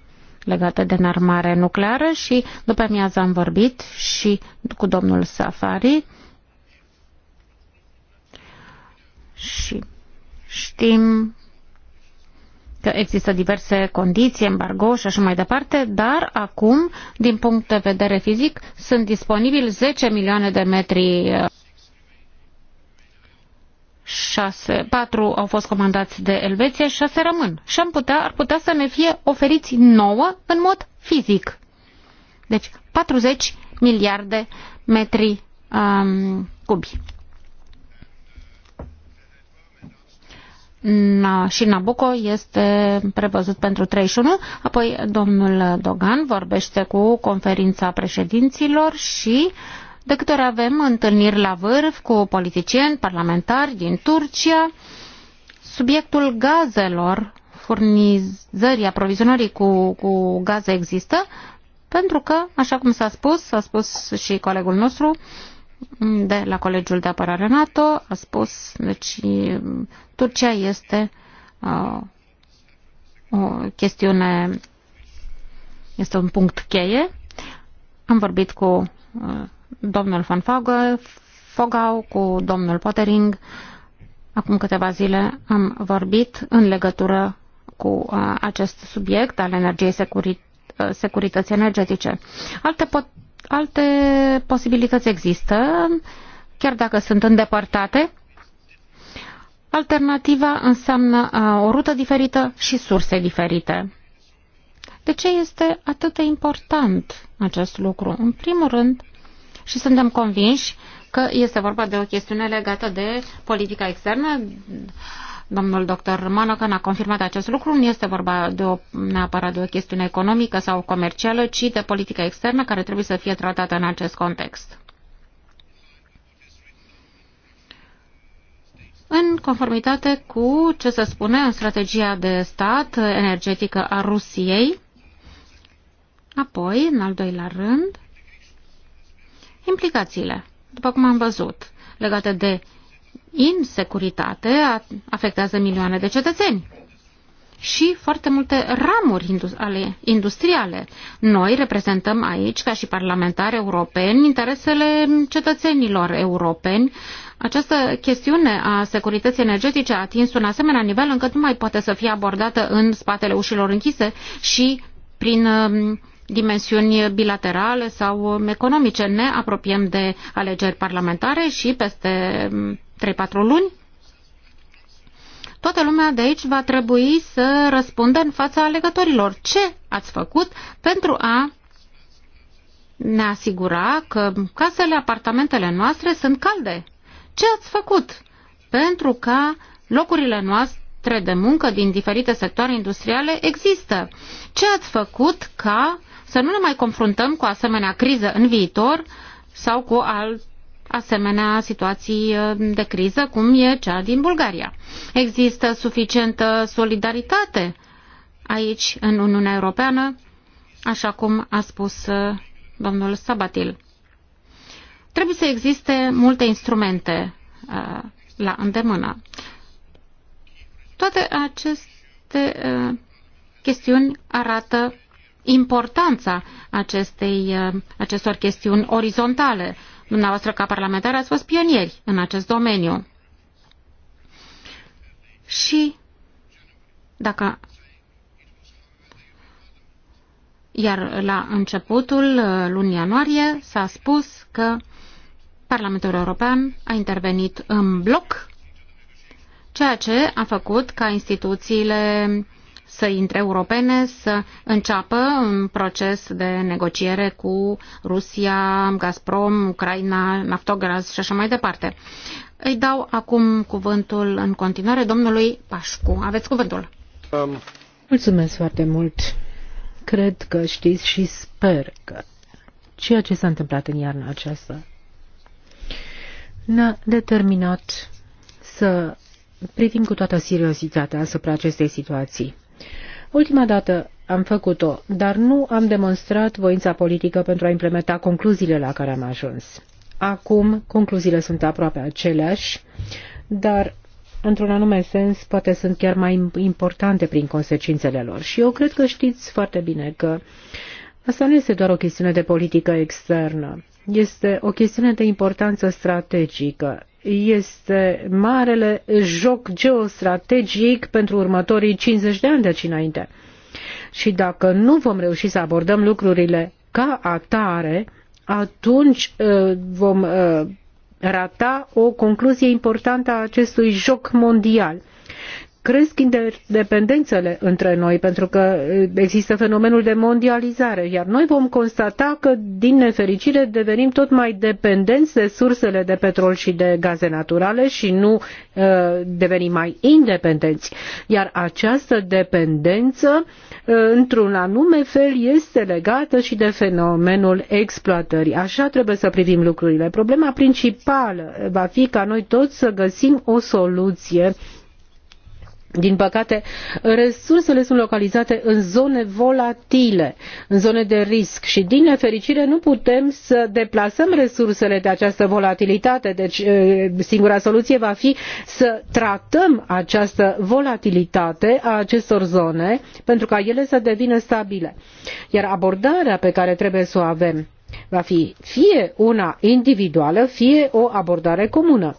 legate de înarmare nucleară și după mi am vorbit și cu domnul Safari și știm că există diverse condiții, embargo și așa mai departe, dar acum, din punct de vedere fizic, sunt disponibili 10 milioane de metri 6, 4 au fost comandați de Elveția și 6 rămân. Și am putea, ar putea să ne fie oferiți 9 în mod fizic. Deci 40 miliarde metri um, cubi. Na, și Nabucco este prevăzut pentru 31, apoi domnul Dogan vorbește cu conferința președinților și de câte ori avem întâlniri la vârf cu politicieni, parlamentari din Turcia, subiectul gazelor, furnizării, aprovizionării cu, cu gaze există, pentru că, așa cum s-a spus, s-a spus și colegul nostru, uh, de la Colegiul de Apărare NATO a spus, deci Turcia este uh, o chestiune, este un punct cheie. Am vorbit cu uh, domnul Van Fagă, Fogau, cu domnul Pottering. Acum câteva zile am vorbit în legătură cu uh, acest subiect al energiei securității securității energetice. Alte pot Alte posibilități există, chiar dacă sunt îndepărtate. Alternativa înseamnă o rută diferită și surse diferite. De ce este atât de important acest lucru? În primul rând, și suntem convinși că este vorba de o chestiune legată de politica externă, Domnul dr. Manacan a confirmat acest lucru. Nu este vorba de o, neapărat de o chestiune economică sau comercială, ci de politică externă care trebuie să fie tratată în acest context. În conformitate cu ce se spune în strategia de stat energetică a Rusiei, apoi, în al doilea rând, implicațiile, după cum am văzut, legate de insecuritate afectează milioane de cetățeni și foarte multe ramuri industriale. Noi reprezentăm aici, ca și parlamentari europeni, interesele cetățenilor europeni. Această chestiune a securității energetice a atins un asemenea nivel încât nu mai poate să fie abordată în spatele ușilor închise și prin um, dimensiuni bilaterale sau economice. Ne apropiem de alegeri parlamentare și peste um, 3-4 luni, toată lumea de aici va trebui să răspundă în fața alegătorilor. Ce ați făcut pentru a ne asigura că casele, apartamentele noastre sunt calde? Ce ați făcut pentru ca locurile noastre de muncă din diferite sectoare industriale există? Ce ați făcut ca să nu ne mai confruntăm cu asemenea criză în viitor sau cu alt asemenea situații uh, de criză cum e cea din Bulgaria. Există suficientă solidaritate aici în Uniunea Europeană, așa cum a spus uh, domnul Sabatil. Trebuie să existe multe instrumente uh, la îndemână. Toate aceste chestiuni arată importanța acestei, acestor chestiuni orizontale Dumneavoastră, ca parlamentar, ați fost pionieri în acest domeniu. Și dacă iar la începutul uh, lunii ianuarie s-a spus că Parlamentul European a intervenit în bloc, ceea ce a făcut ca instituțiile să intre europene să înceapă un proces de negociere cu Rusia, Gazprom, Ucraina, Naftogaz și așa mai departe. Îi dau acum cuvântul în continuare domnului Pașcu. Aveți cuvântul. Um. Mulțumesc foarte mult. Cred că știți și sper că ceea ce s-a întâmplat în iarna aceasta ne-a determinat să privim cu toată seriozitatea asupra acestei situații. Ultima dată am făcut-o, dar nu am demonstrat voința politică pentru a implementa concluziile la care am ajuns. Acum concluziile sunt aproape aceleași, dar într-un anume sens, poate sunt chiar mai importante prin consecințele lor. Și eu cred că știți foarte bine că asta nu este doar o chestiune de politică externă, este o chestiune de importanță strategică este marele joc geostrategic pentru următorii 50 de ani de aici înainte. Și dacă nu vom reuși să abordăm lucrurile ca atare, atunci uh, vom uh, rata o concluzie importantă a acestui joc mondial cresc interdependențele între noi, pentru că eh, există fenomenul de mondializare, iar noi vom constata că, din nefericire, devenim tot mai dependenți de sursele de petrol și de gaze naturale și nu uh, devenim mai independenți. Iar această dependență, uh, într-un anume fel, este legată și de fenomenul exploatării. Așa trebuie să privim lucrurile. Problema principală va fi ca noi toți să găsim o soluție din păcate, resursele sunt localizate în zone volatile, în zone de risc și, din nefericire, nu putem să deplasăm resursele de această volatilitate. Deci, singura soluție va fi să tratăm această volatilitate a acestor zone pentru ca ele să devină stabile. Iar abordarea pe care trebuie să o avem va fi fie una individuală, fie o abordare comună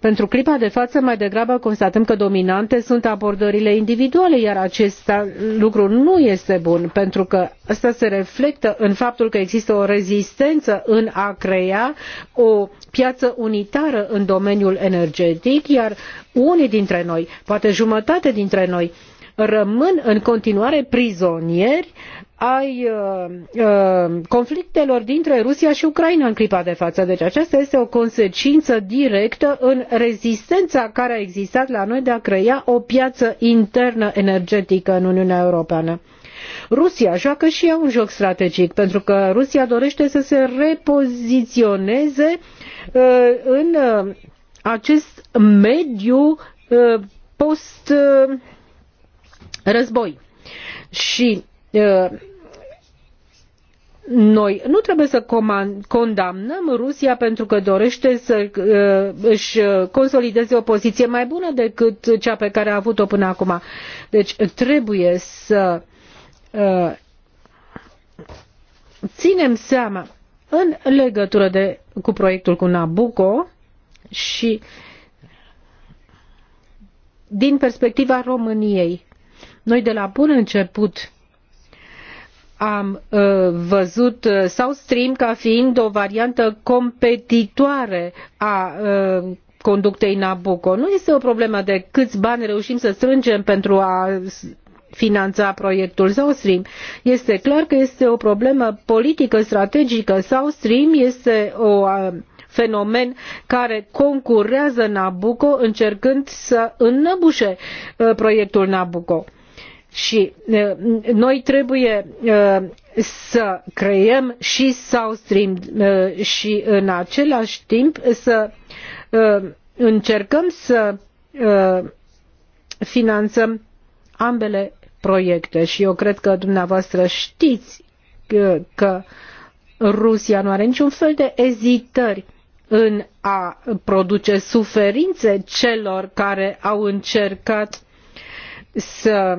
pentru clipa de față, mai degrabă constatăm că dominante sunt abordările individuale, iar acest lucru nu este bun, pentru că asta se reflectă în faptul că există o rezistență în a crea o piață unitară în domeniul energetic, iar unii dintre noi, poate jumătate dintre noi, rămân în continuare prizonieri uh, ai uh, uh, conflictelor dintre Rusia și Ucraina în clipa de față. Deci aceasta este o consecință directă în rezistența care a existat la noi de a crea o piață internă energetică în Uniunea Europeană. Rusia joacă și ea un joc strategic, pentru că Rusia dorește să se repoziționeze uh, în uh, acest mediu uh, post-război. Uh, și Uh, noi nu trebuie să condamnăm Rusia pentru că dorește să uh, își consolideze o poziție mai bună decât cea pe care a avut-o până acum. Deci trebuie să uh, ținem seama în legătură de, cu proiectul cu Nabucco și din perspectiva României. Noi de la bun început am uh, văzut South Stream ca fiind o variantă competitoare a uh, conductei Nabucco. Nu este o problemă de câți bani reușim să strângem pentru a finanța proiectul South Stream. Este clar că este o problemă politică, strategică. South Stream este o uh, fenomen care concurează Nabucco încercând să înnăbușe proiectul Nabucco. Și noi trebuie să creăm și South Stream și în același timp să încercăm să finanțăm ambele proiecte și eu cred că dumneavoastră știți că, că Rusia nu are niciun fel de ezitări în a produce suferințe celor care au încercat să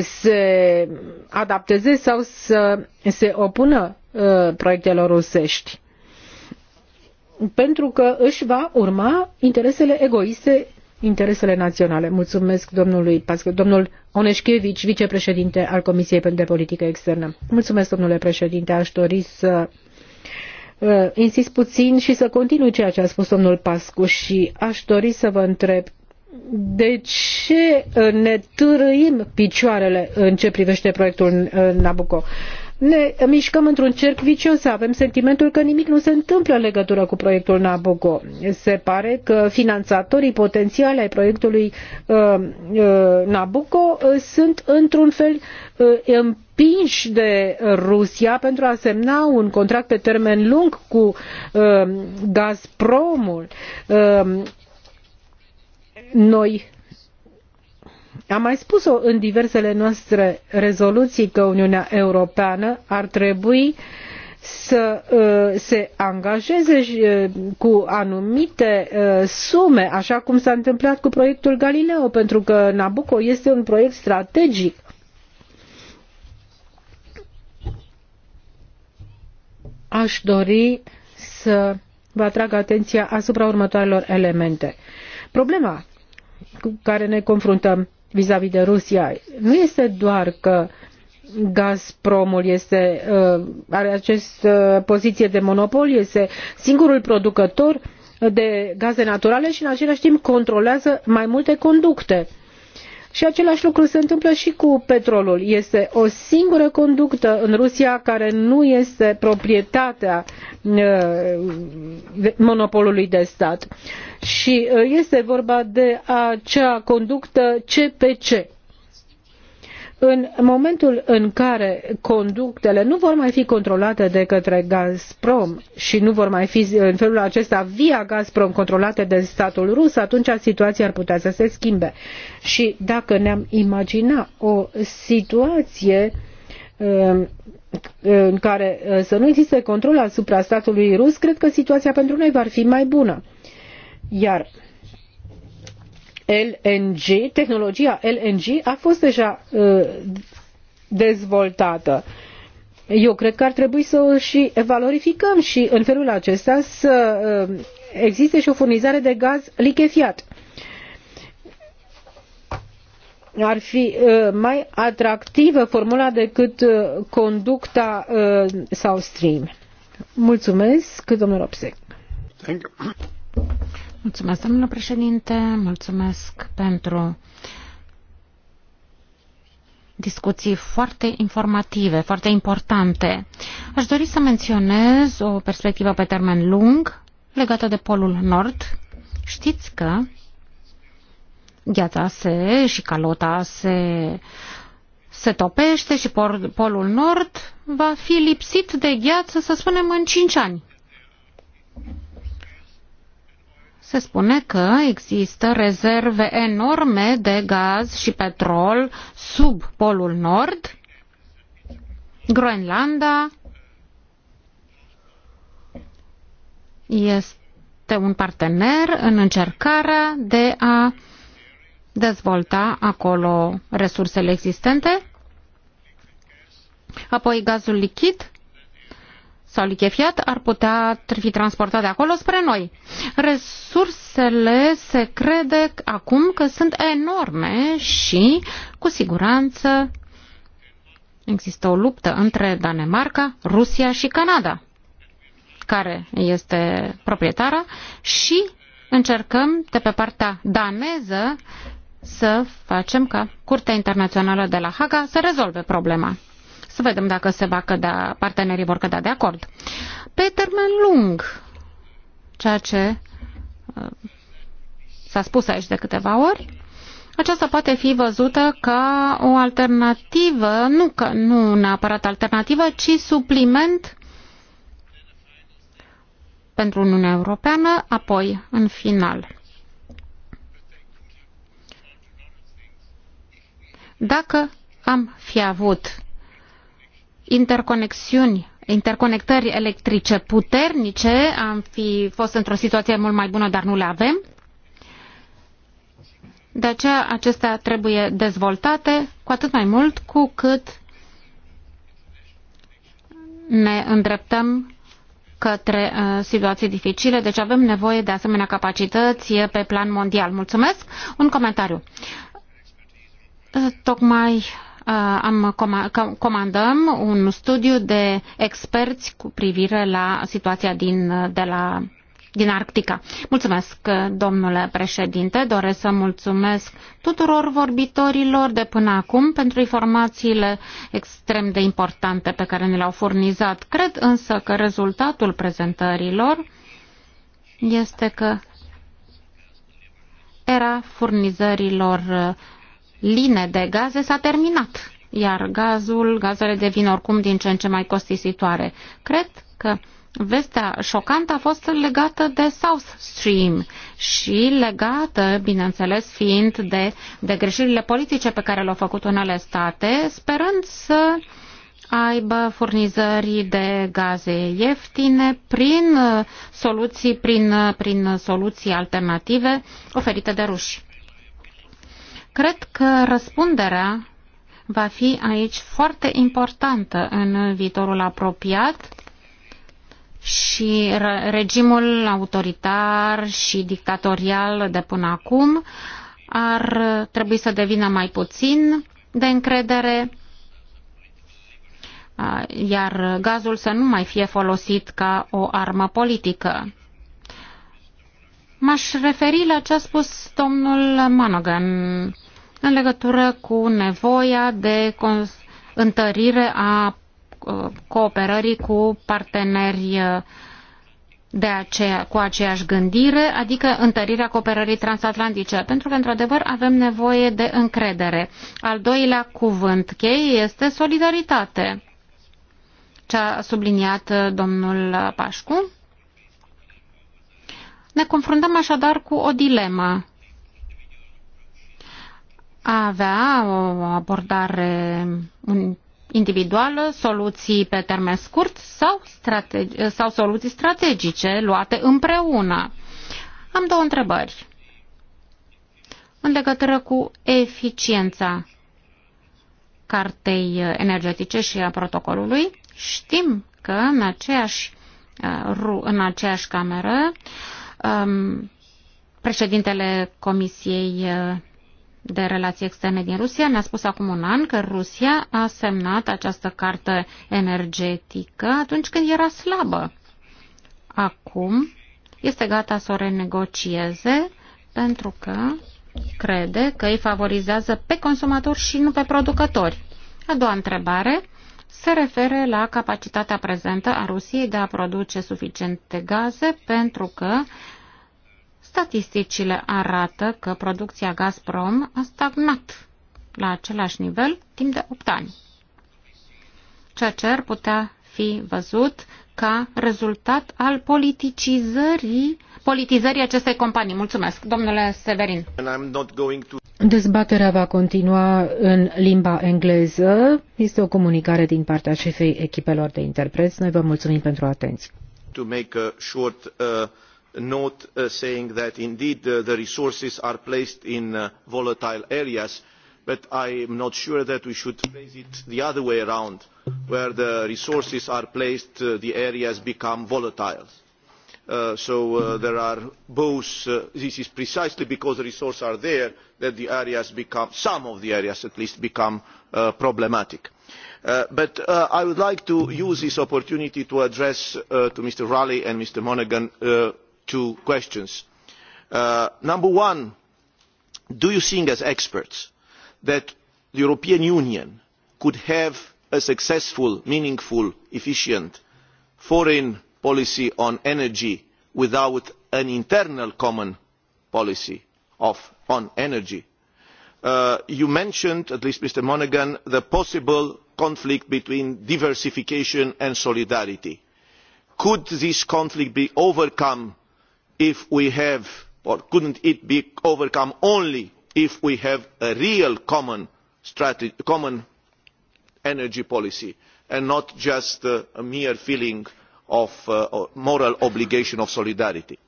se adapteze sau să se opună uh, proiectelor rusești. Pentru că își va urma interesele egoiste, interesele naționale. Mulțumesc domnului Pascu, domnul Oneșchevici, vicepreședinte al Comisiei pentru Politică Externă. Mulțumesc, domnule președinte, aș dori să uh, insist puțin și să continui ceea ce a spus domnul Pascu și aș dori să vă întreb de ce uh, ne târâim picioarele în ce privește proiectul uh, Nabucco? Ne mișcăm într-un cerc vicios, avem sentimentul că nimic nu se întâmplă în legătură cu proiectul Nabucco. Se pare că finanțatorii potențiali ai proiectului uh, uh, Nabucco uh, sunt într-un fel uh, împinși de Rusia pentru a semna un contract pe termen lung cu uh, Gazpromul. Uh, noi am mai spus-o în diversele noastre rezoluții că Uniunea Europeană ar trebui să uh, se angajeze uh, cu anumite uh, sume, așa cum s-a întâmplat cu proiectul Galileo, pentru că Nabucco este un proiect strategic. Aș dori să vă atrag atenția asupra următoarelor elemente. Problema cu care ne confruntăm vis-a-vis -vis de Rusia nu este doar că Gazpromul este, uh, are această uh, poziție de monopol, este singurul producător de gaze naturale și în același timp controlează mai multe conducte. Și același lucru se întâmplă și cu petrolul. Este o singură conductă în Rusia care nu este proprietatea uh, monopolului de stat. Și uh, este vorba de acea conductă CPC în momentul în care conductele nu vor mai fi controlate de către Gazprom și nu vor mai fi în felul acesta via Gazprom controlate de statul rus, atunci situația ar putea să se schimbe. Și dacă ne-am imagina o situație um, în care uh, să nu existe control asupra statului rus, cred că situația pentru noi va fi mai bună. Iar LNG, tehnologia LNG a fost deja uh, dezvoltată. Eu cred că ar trebui să o și valorificăm și în felul acesta să uh, existe și o furnizare de gaz lichefiat ar fi uh, mai atractivă formula decât conducta sau stream. Mulțumesc, domnul Opsec. Mulțumesc, domnule președinte, mulțumesc pentru discuții foarte informative, foarte importante. Aș dori să menționez o perspectivă pe termen lung legată de Polul Nord. Știți că gheața se și calota se, se topește și por, Polul Nord va fi lipsit de gheață, să spunem, în 5 ani se spune că există rezerve enorme de gaz și petrol sub Polul Nord, Groenlanda este un partener în încercarea de a dezvolta acolo resursele existente. Apoi gazul lichid sau lichefiat ar putea fi transportate acolo spre noi. Resursele se crede acum că sunt enorme și cu siguranță există o luptă între Danemarca, Rusia și Canada, care este proprietară și încercăm de pe partea daneză să facem ca Curtea Internațională de la Haga să rezolve problema. Să vedem dacă se va cădea, partenerii vor cădea de acord. Pe termen lung, ceea ce uh, s-a spus aici de câteva ori, aceasta poate fi văzută ca o alternativă, nu, că, nu neapărat alternativă, ci supliment pentru Uniunea Europeană, apoi în final. Dacă am fi avut interconexiuni interconectări electrice puternice, am fi fost într-o situație mult mai bună, dar nu le avem. De aceea acestea trebuie dezvoltate, cu atât mai mult cu cât ne îndreptăm către uh, situații dificile, deci avem nevoie de asemenea capacități pe plan mondial. Mulțumesc. Un comentariu. Uh, tocmai Uh, am, comandăm un studiu de experți cu privire la situația din, uh, de la, din Arctica. Mulțumesc, uh, domnule președinte. Doresc să mulțumesc tuturor vorbitorilor de până acum pentru informațiile extrem de importante pe care ne le-au furnizat. Cred însă că rezultatul prezentărilor este că era furnizărilor uh, line de gaze s-a terminat, iar gazul, gazele devin oricum din ce în ce mai costisitoare. Cred că vestea șocantă a fost legată de South Stream și legată, bineînțeles, fiind de, de greșelile politice pe care le-au făcut unele state, sperând să aibă furnizări de gaze ieftine prin uh, soluții, prin, uh, prin soluții alternative oferite de ruși. Cred că răspunderea va fi aici foarte importantă în viitorul apropiat și regimul autoritar și dictatorial de până acum ar trebui să devină mai puțin de încredere, iar gazul să nu mai fie folosit ca o armă politică. M-aș referi la ce a spus domnul Monaghan în legătură cu nevoia de întărire a uh, cooperării cu parteneri uh, de aceea, cu aceeași gândire, adică întărirea cooperării transatlantice, pentru că, într-adevăr, avem nevoie de încredere. Al doilea cuvânt cheie este solidaritate, ce a subliniat uh, domnul Pașcu. Ne confruntăm așadar cu o dilemă a avea o abordare individuală, soluții pe termen scurt sau, strategi- sau soluții strategice luate împreună. Am două întrebări. În legătură cu eficiența cartei energetice și a protocolului, știm că în aceeași, uh, în aceeași cameră um, președintele Comisiei uh, de relații externe din Rusia ne-a spus acum un an că Rusia a semnat această carte energetică atunci când era slabă. Acum este gata să o renegocieze pentru că crede că îi favorizează pe consumatori și nu pe producători. A doua întrebare se referă la capacitatea prezentă a Rusiei de a produce suficiente gaze pentru că Statisticile arată că producția Gazprom a stagnat la același nivel timp de 8 ani, ceea ce ar putea fi văzut ca rezultat al politicizării, politizării acestei companii. Mulțumesc, domnule Severin. Dezbaterea va continua în limba engleză. Este o comunicare din partea șefei echipelor de interpreți. Noi vă mulțumim pentru atenție. To make a short, uh note uh, saying that indeed uh, the resources are placed in uh, volatile areas but i am not sure that we should phrase it the other way around where the resources are placed the areas become volatile. so there are both this is precisely because the resources are there that the areas become some of the areas at least become problematic. but i would like to use this opportunity to address to mr Rally and mr monaghan two questions. Uh, number one do you think as experts that the european union could have a successful meaningful efficient foreign policy on energy without an internal common policy of, on energy? Uh, you mentioned at least mr monaghan the possible conflict between diversification and solidarity. could this conflict be overcome if we have or couldn't it be overcome only if we have a real common, energy policy and not just a mere feeling of uh, moral obligation of solidarity?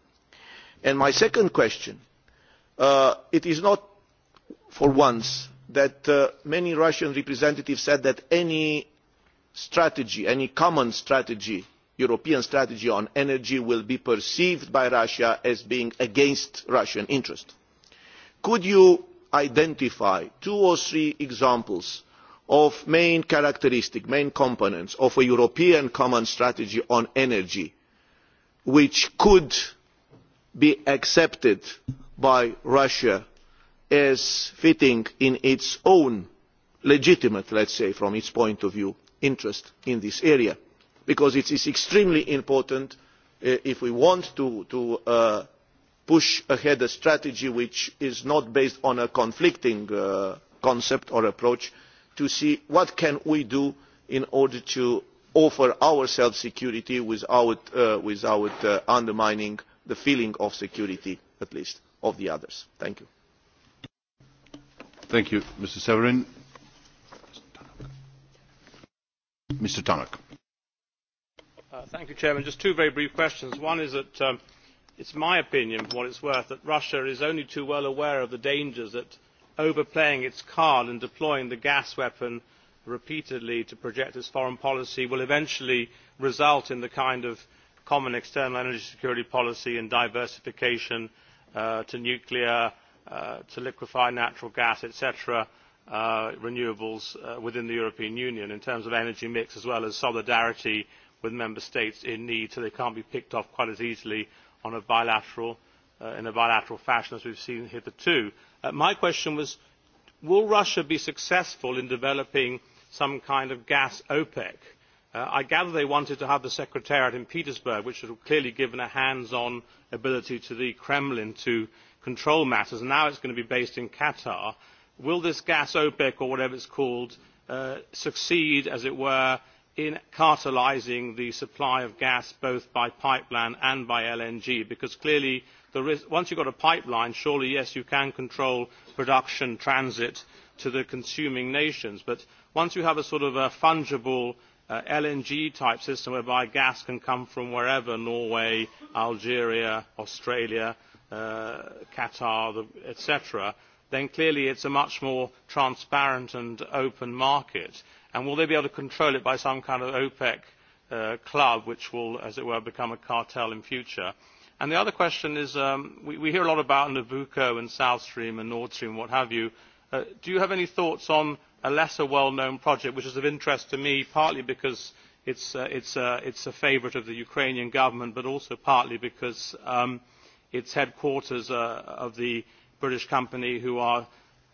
And my second question, uh, it is not for once that uh, many Russian representatives said that any strategy, any common strategy european strategy on energy will be perceived by russia as being against russian interests. could you identify two or three examples of main characteristics main components of a european common strategy on energy which could be accepted by russia as fitting in its own legitimate let us say from its point of view interest in this area? because it is extremely important uh, if we want to, uh, push ahead a strategy which is not based on a conflicting uh, concept or approach to see what can we can do in order to offer ourselves security without, undermining the feeling of security at least of the others. thank you. thank you mr severin. mr mr president just two very brief questions. one is that um, it is my opinion for what it is worth that russia is only too well aware of the dangers that overplaying its card and deploying the gas weapon repeatedly to project its foreign policy will eventually result in the kind of common external energy security policy and diversification uh, to nuclear uh, to liquefied natural gas etc. Uh, renewables within the european union in terms of energy mix as well as solidarity with member states in need so they cannot be picked off quite as easily uh, in a bilateral fashion as we have seen hitherto. Uh, my question was will russia be successful in developing some kind of gas opec? Uh, i gather they wanted to have the secretariat in petersburg which would have clearly given a hands on ability to the kremlin to control matters and now it is going to be based in qatar. will this gas opec or whatever it is called succeed as it were in cartelising the supply of gas both by pipeline and by lng because clearly once you have got a pipeline surely yes you can control production transit to the consuming nations but once you have a sort of fungible uh, lng type system whereby gas can come from wherever norway algeria australia uh, qatar etc then clearly it is a much more transparent and open market and will they be able to control it by some kind of opec uh, club which will as it were become a cartel in future? And the other question is um, we, hear a lot about nabucco and south stream and nord stream and what have you. Uh, do you have any thoughts on a lesser well known project which is of interest to me partly because it uh, is a favourite of the ukrainian government but also partly because um, its headquarters are of the british company who are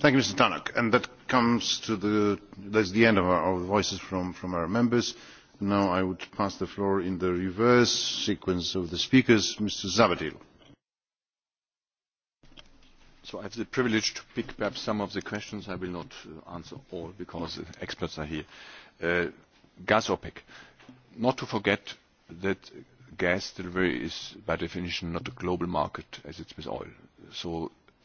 Thank you, Mr. Tannock. And that comes to the, that's the end of our, our voices from, from our members. Now I would pass the floor in the reverse sequence of the speakers, Mr. Zavadil. So I have the privilege to pick up some of the questions. I will not uh, answer all because the experts are here. Uh, gas OPEC. Not to forget that gas delivery is by definition not a global market as it's with oil. So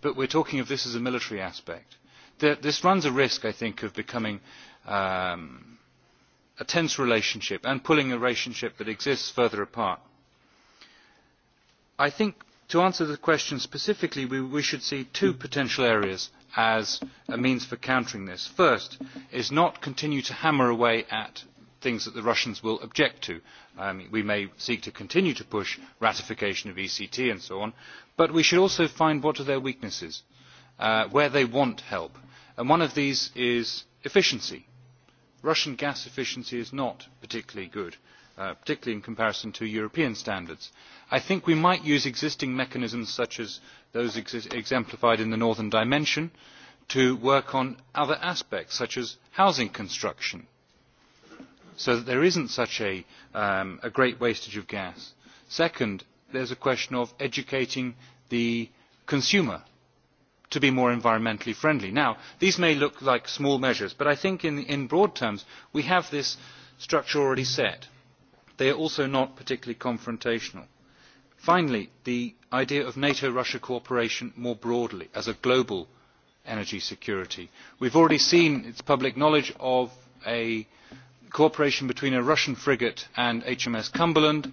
but we are talking of this as a military aspect. this runs a risk, I think, of becoming um, a tense relationship and pulling a relationship that exists further apart. I think to answer the question specifically, we, we should see two potential areas as a means for countering this. First is not continue to hammer away at things that the Russians will object to. Um, we may seek to continue to push ratification of ECT and so on, but we should also find what their weaknesses uh, where they want help and one of these is efficiency. russian gas efficiency is not particularly good uh, particularly in comparison to european standards. i think we might use existing mechanisms such as those exemplified in the northern dimension to work on other aspects such as housing construction so that there is not such um, a great wastage of gas. secondly there is a question of educating the consumer to be more environmentally friendly. Now, these may look like small measures, but I think in, in broad terms we have this structure already set. They are also not particularly confrontational. Finally, the idea of NATO-Russia cooperation more broadly as a global energy security. We've already seen, it's public knowledge, of a cooperation between a Russian frigate and HMS Cumberland,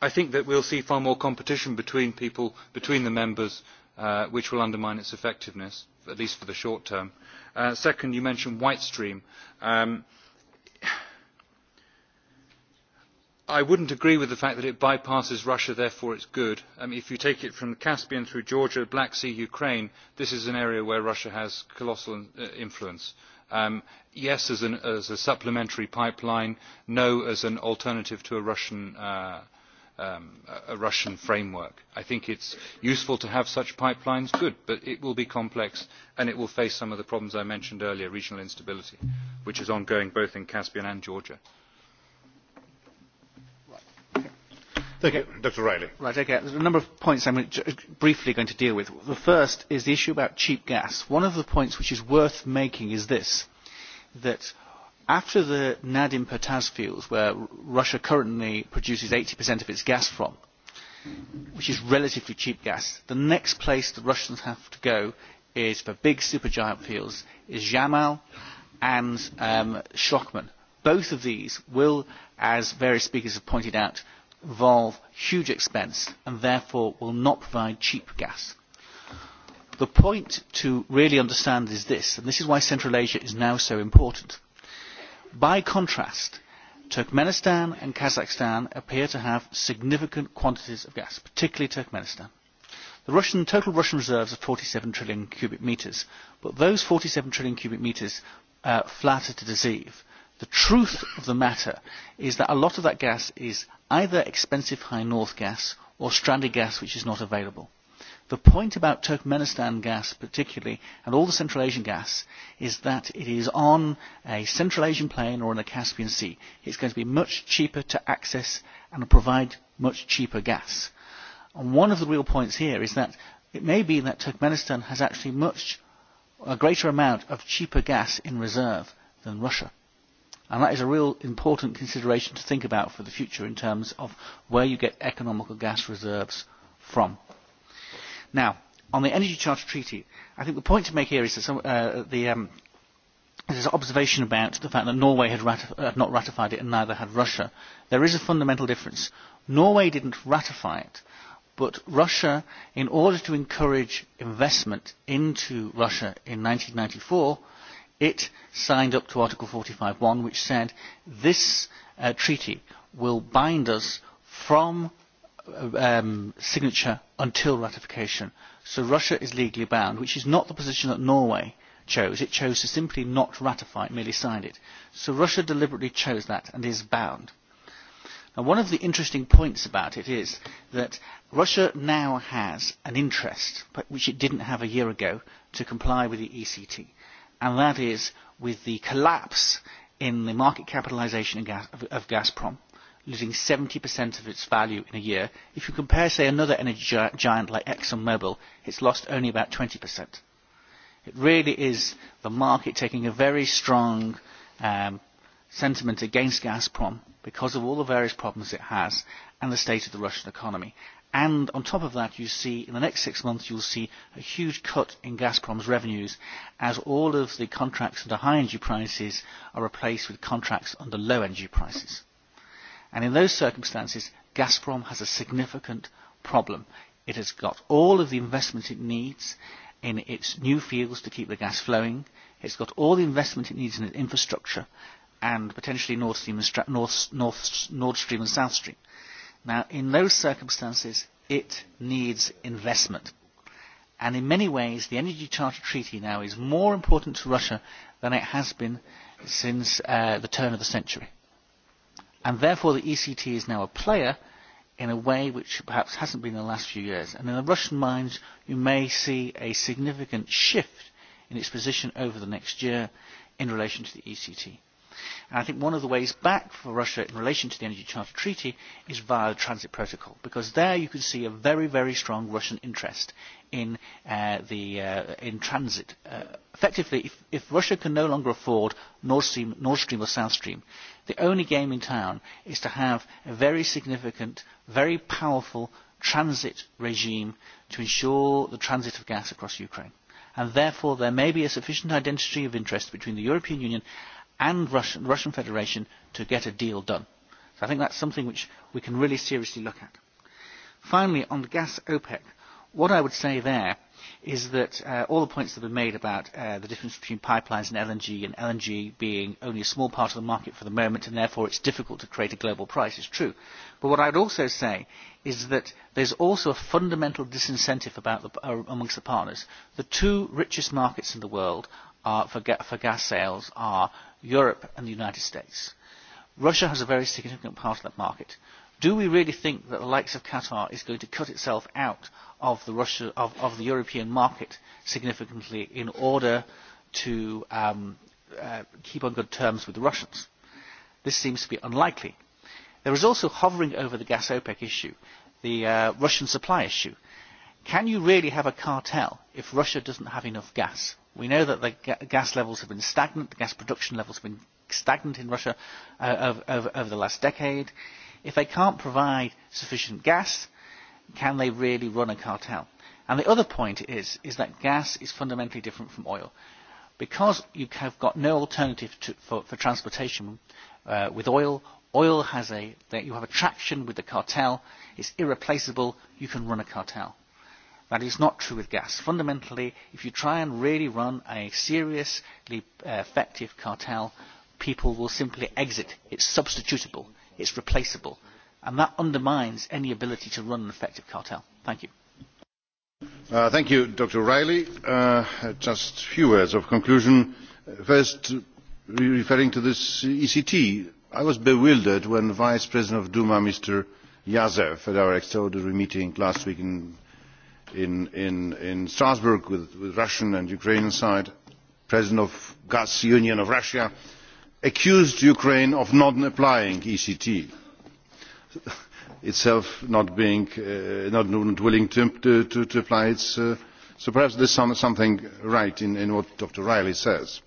I think that we will see far more competition between people, between the members, uh, which will undermine its effectiveness, at least for the short term. Uh, second, you mentioned White Stream. Um, I wouldn't agree with the fact that it bypasses Russia, therefore it's good. Um, if you take it from the Caspian through Georgia, Black Sea, Ukraine, this is an area where Russia has colossal uh, influence. Um, yes as, a supplementary pipeline, no as an alternative to a Russian um, a Russian framework. I think it's useful to have such pipelines, good, but it will be complex and it will face some of the problems I mentioned earlier, regional instability, which is ongoing both in Caspian and Georgia. Thank you. Dr. Riley. Right, okay. There's a number of points I'm briefly going to deal with. The first is the issue about cheap gas. One of the points which is worth making is this, that after the Nadim Pertas fields, where Russia currently produces 80% of its gas from, which is relatively cheap gas, the next place the Russians have to go is for big supergiant fields is Yamal and um, Shokman. Both of these will, as various speakers have pointed out, involve huge expense and therefore will not provide cheap gas. The point to really understand is this, and this is why Central Asia is now so important By contrast, Turkmenistan and Kazakhstan appear to have significant quantities of gas, particularly Turkmenistan. The Russian, total Russian reserves are 47 trillion cubic metres, but those 47 trillion cubic metres uh, flatter to deceive. The truth of the matter is that a lot of that gas is either expensive high north gas or stranded gas which is not available. The point about Turkmenistan gas particularly, and all the Central Asian gas, is that it is on a Central Asian plain or in the Caspian Sea. It's going to be much cheaper to access and provide much cheaper gas. And one of the real points here is that it may be that Turkmenistan has actually much a greater amount of cheaper gas in reserve than Russia. And that is a real important consideration to think about for the future in terms of where you get economical gas reserves from. Now, on the Energy Charter Treaty, I think the point to make here is that some, uh, the, um, there's an observation about the fact that Norway had, ratif- uh, had not ratified it and neither had Russia. There is a fundamental difference. Norway didn't ratify it, but Russia, in order to encourage investment into Russia in 1994, it signed up to Article 45.1, which said this uh, treaty will bind us from um, signature until ratification. So Russia is legally bound, which is not the position that Norway chose. It chose to simply not ratify it, merely sign it. So Russia deliberately chose that and is bound. Now, one of the interesting points about it is that Russia now has an interest, which it didn't have a year ago, to comply with the ECT. And that is with the collapse in the market capitalisation of Gazprom losing 70% of its value in a year. If you compare, say, another energy giant like ExxonMobil, it's lost only about 20%. It really is the market taking a very strong um, sentiment against Gazprom because of all the various problems it has and the state of the Russian economy. And on top of that, you see in the next six months, you'll see a huge cut in Gazprom's revenues as all of the contracts under high energy prices are replaced with contracts under low energy prices. And in those circumstances, Gazprom has a significant problem. It has got all of the investment it needs in its new fields to keep the gas flowing. It's got all the investment it needs in its infrastructure and potentially Nord Stream and, North, North, Nord Stream and South Stream. Now, in those circumstances, it needs investment. And in many ways, the Energy Charter Treaty now is more important to Russia than it has been since uh, the turn of the century and therefore the ECT is now a player in a way which perhaps hasn't been in the last few years. And in the Russian minds, you may see a significant shift in its position over the next year in relation to the ECT. And I think one of the ways back for Russia in relation to the Energy Charter Treaty is via the Transit Protocol, because there you can see a very, very strong Russian interest in, uh, the, uh, in transit. Uh, effectively, if, if Russia can no longer afford Nord Stream, Nord Stream or South Stream, The only game in town is to have a very significant, very powerful transit regime to ensure the transit of gas across Ukraine. And therefore, there may be a sufficient identity of interest between the European Union and the Russian Federation to get a deal done. So I think that's something which we can really seriously look at. Finally, on the gas OPEC, what I would say there is that uh, all the points that were made about uh, the difference between pipelines and LNG and LNG being only a small part of the market for the moment and therefore it's difficult to create a global price is true. But what I would also say is that there's also a fundamental disincentive about the, uh, amongst the partners. The two richest markets in the world are, for, ga for gas sales are Europe and the United States. Russia has a very significant part of that market do we really think that the likes of Qatar is going to cut itself out of the, Russia, of, of the European market significantly in order to um, uh, keep on good terms with the Russians? This seems to be unlikely. There is also hovering over the gas OPEC issue, the uh, Russian supply issue. Can you really have a cartel if Russia doesn't have enough gas? We know that the ga gas levels have been stagnant, the gas production levels have been stagnant in Russia uh, over, over, over the last decade. If they can't provide sufficient gas, can they really run a cartel? And the other point is, is that gas is fundamentally different from oil. Because you have got no alternative to, for, for transportation uh, with oil, oil has a, that you have a traction with the cartel, it's irreplaceable, you can run a cartel. That is not true with gas. Fundamentally, if you try and really run a seriously effective cartel, people will simply exit. It's substitutable it's replaceable. And that undermines any ability to run an effective cartel. Thank you. Uh, thank you, Dr. Riley. Uh, just a few words of conclusion. First, referring to this ECT, I was bewildered when Vice President of Duma, Mr. Yazev, at our extraordinary meeting last week in, in, in, in Strasbourg with, with Russian and Ukrainian side, President of Gas Union of Russia, uh, accused ukraine of not applying ect itself not being uh, not willing to, apply it uh, so perhaps there is something right in, what dr reilly says.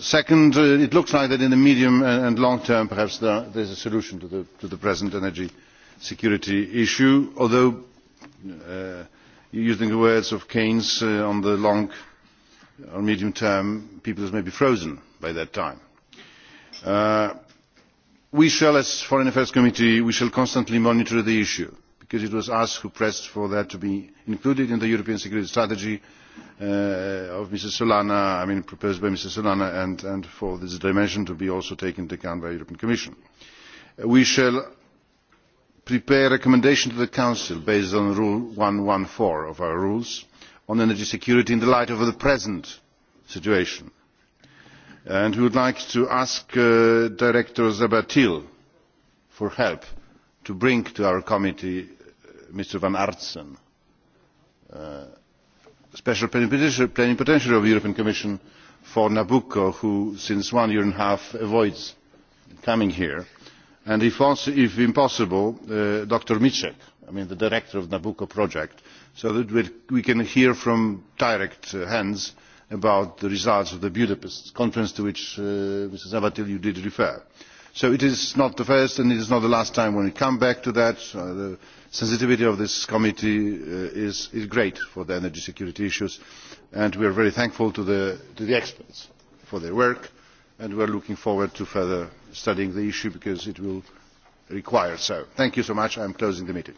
second uh, it looks like that in the medium and long term perhaps there is a solution to the, to the present energy security issue although using the words of keynes on the long or medium term people may be frozen by that time Uh, we shall as the foreign affairs committee constantly monitor the issue because it was us who pressed for that to be included in the european security strategy uh, of Mrs. Solana, I mean proposed by Mrs. Solana, and, and for this dimension to be also taken into account by the European Commission. Uh, we shall prepare a recommendation to the Council based on Rule 114 of our rules on energy security in the light of the present situation and we would like to ask uh, director zebatil for help to bring to our committee uh, mr van artsen uh, special plenipotentiary of the european commission for nabucco who since one year and a half avoids coming here and if, impossible, possible dr miek I mean the director of the nabucco project so that we can hear from direct hands about the results of the budapest conference to which uh, mr sabatel you did refer. so it is not the first and it is not the last time when we come back to that. the sensitivity of this committee uh, is great for the energy security issues and we are very thankful to the, to the experts for their work and we are looking forward to further studying the issue because it will require so. thank you so much i am closing the meeting.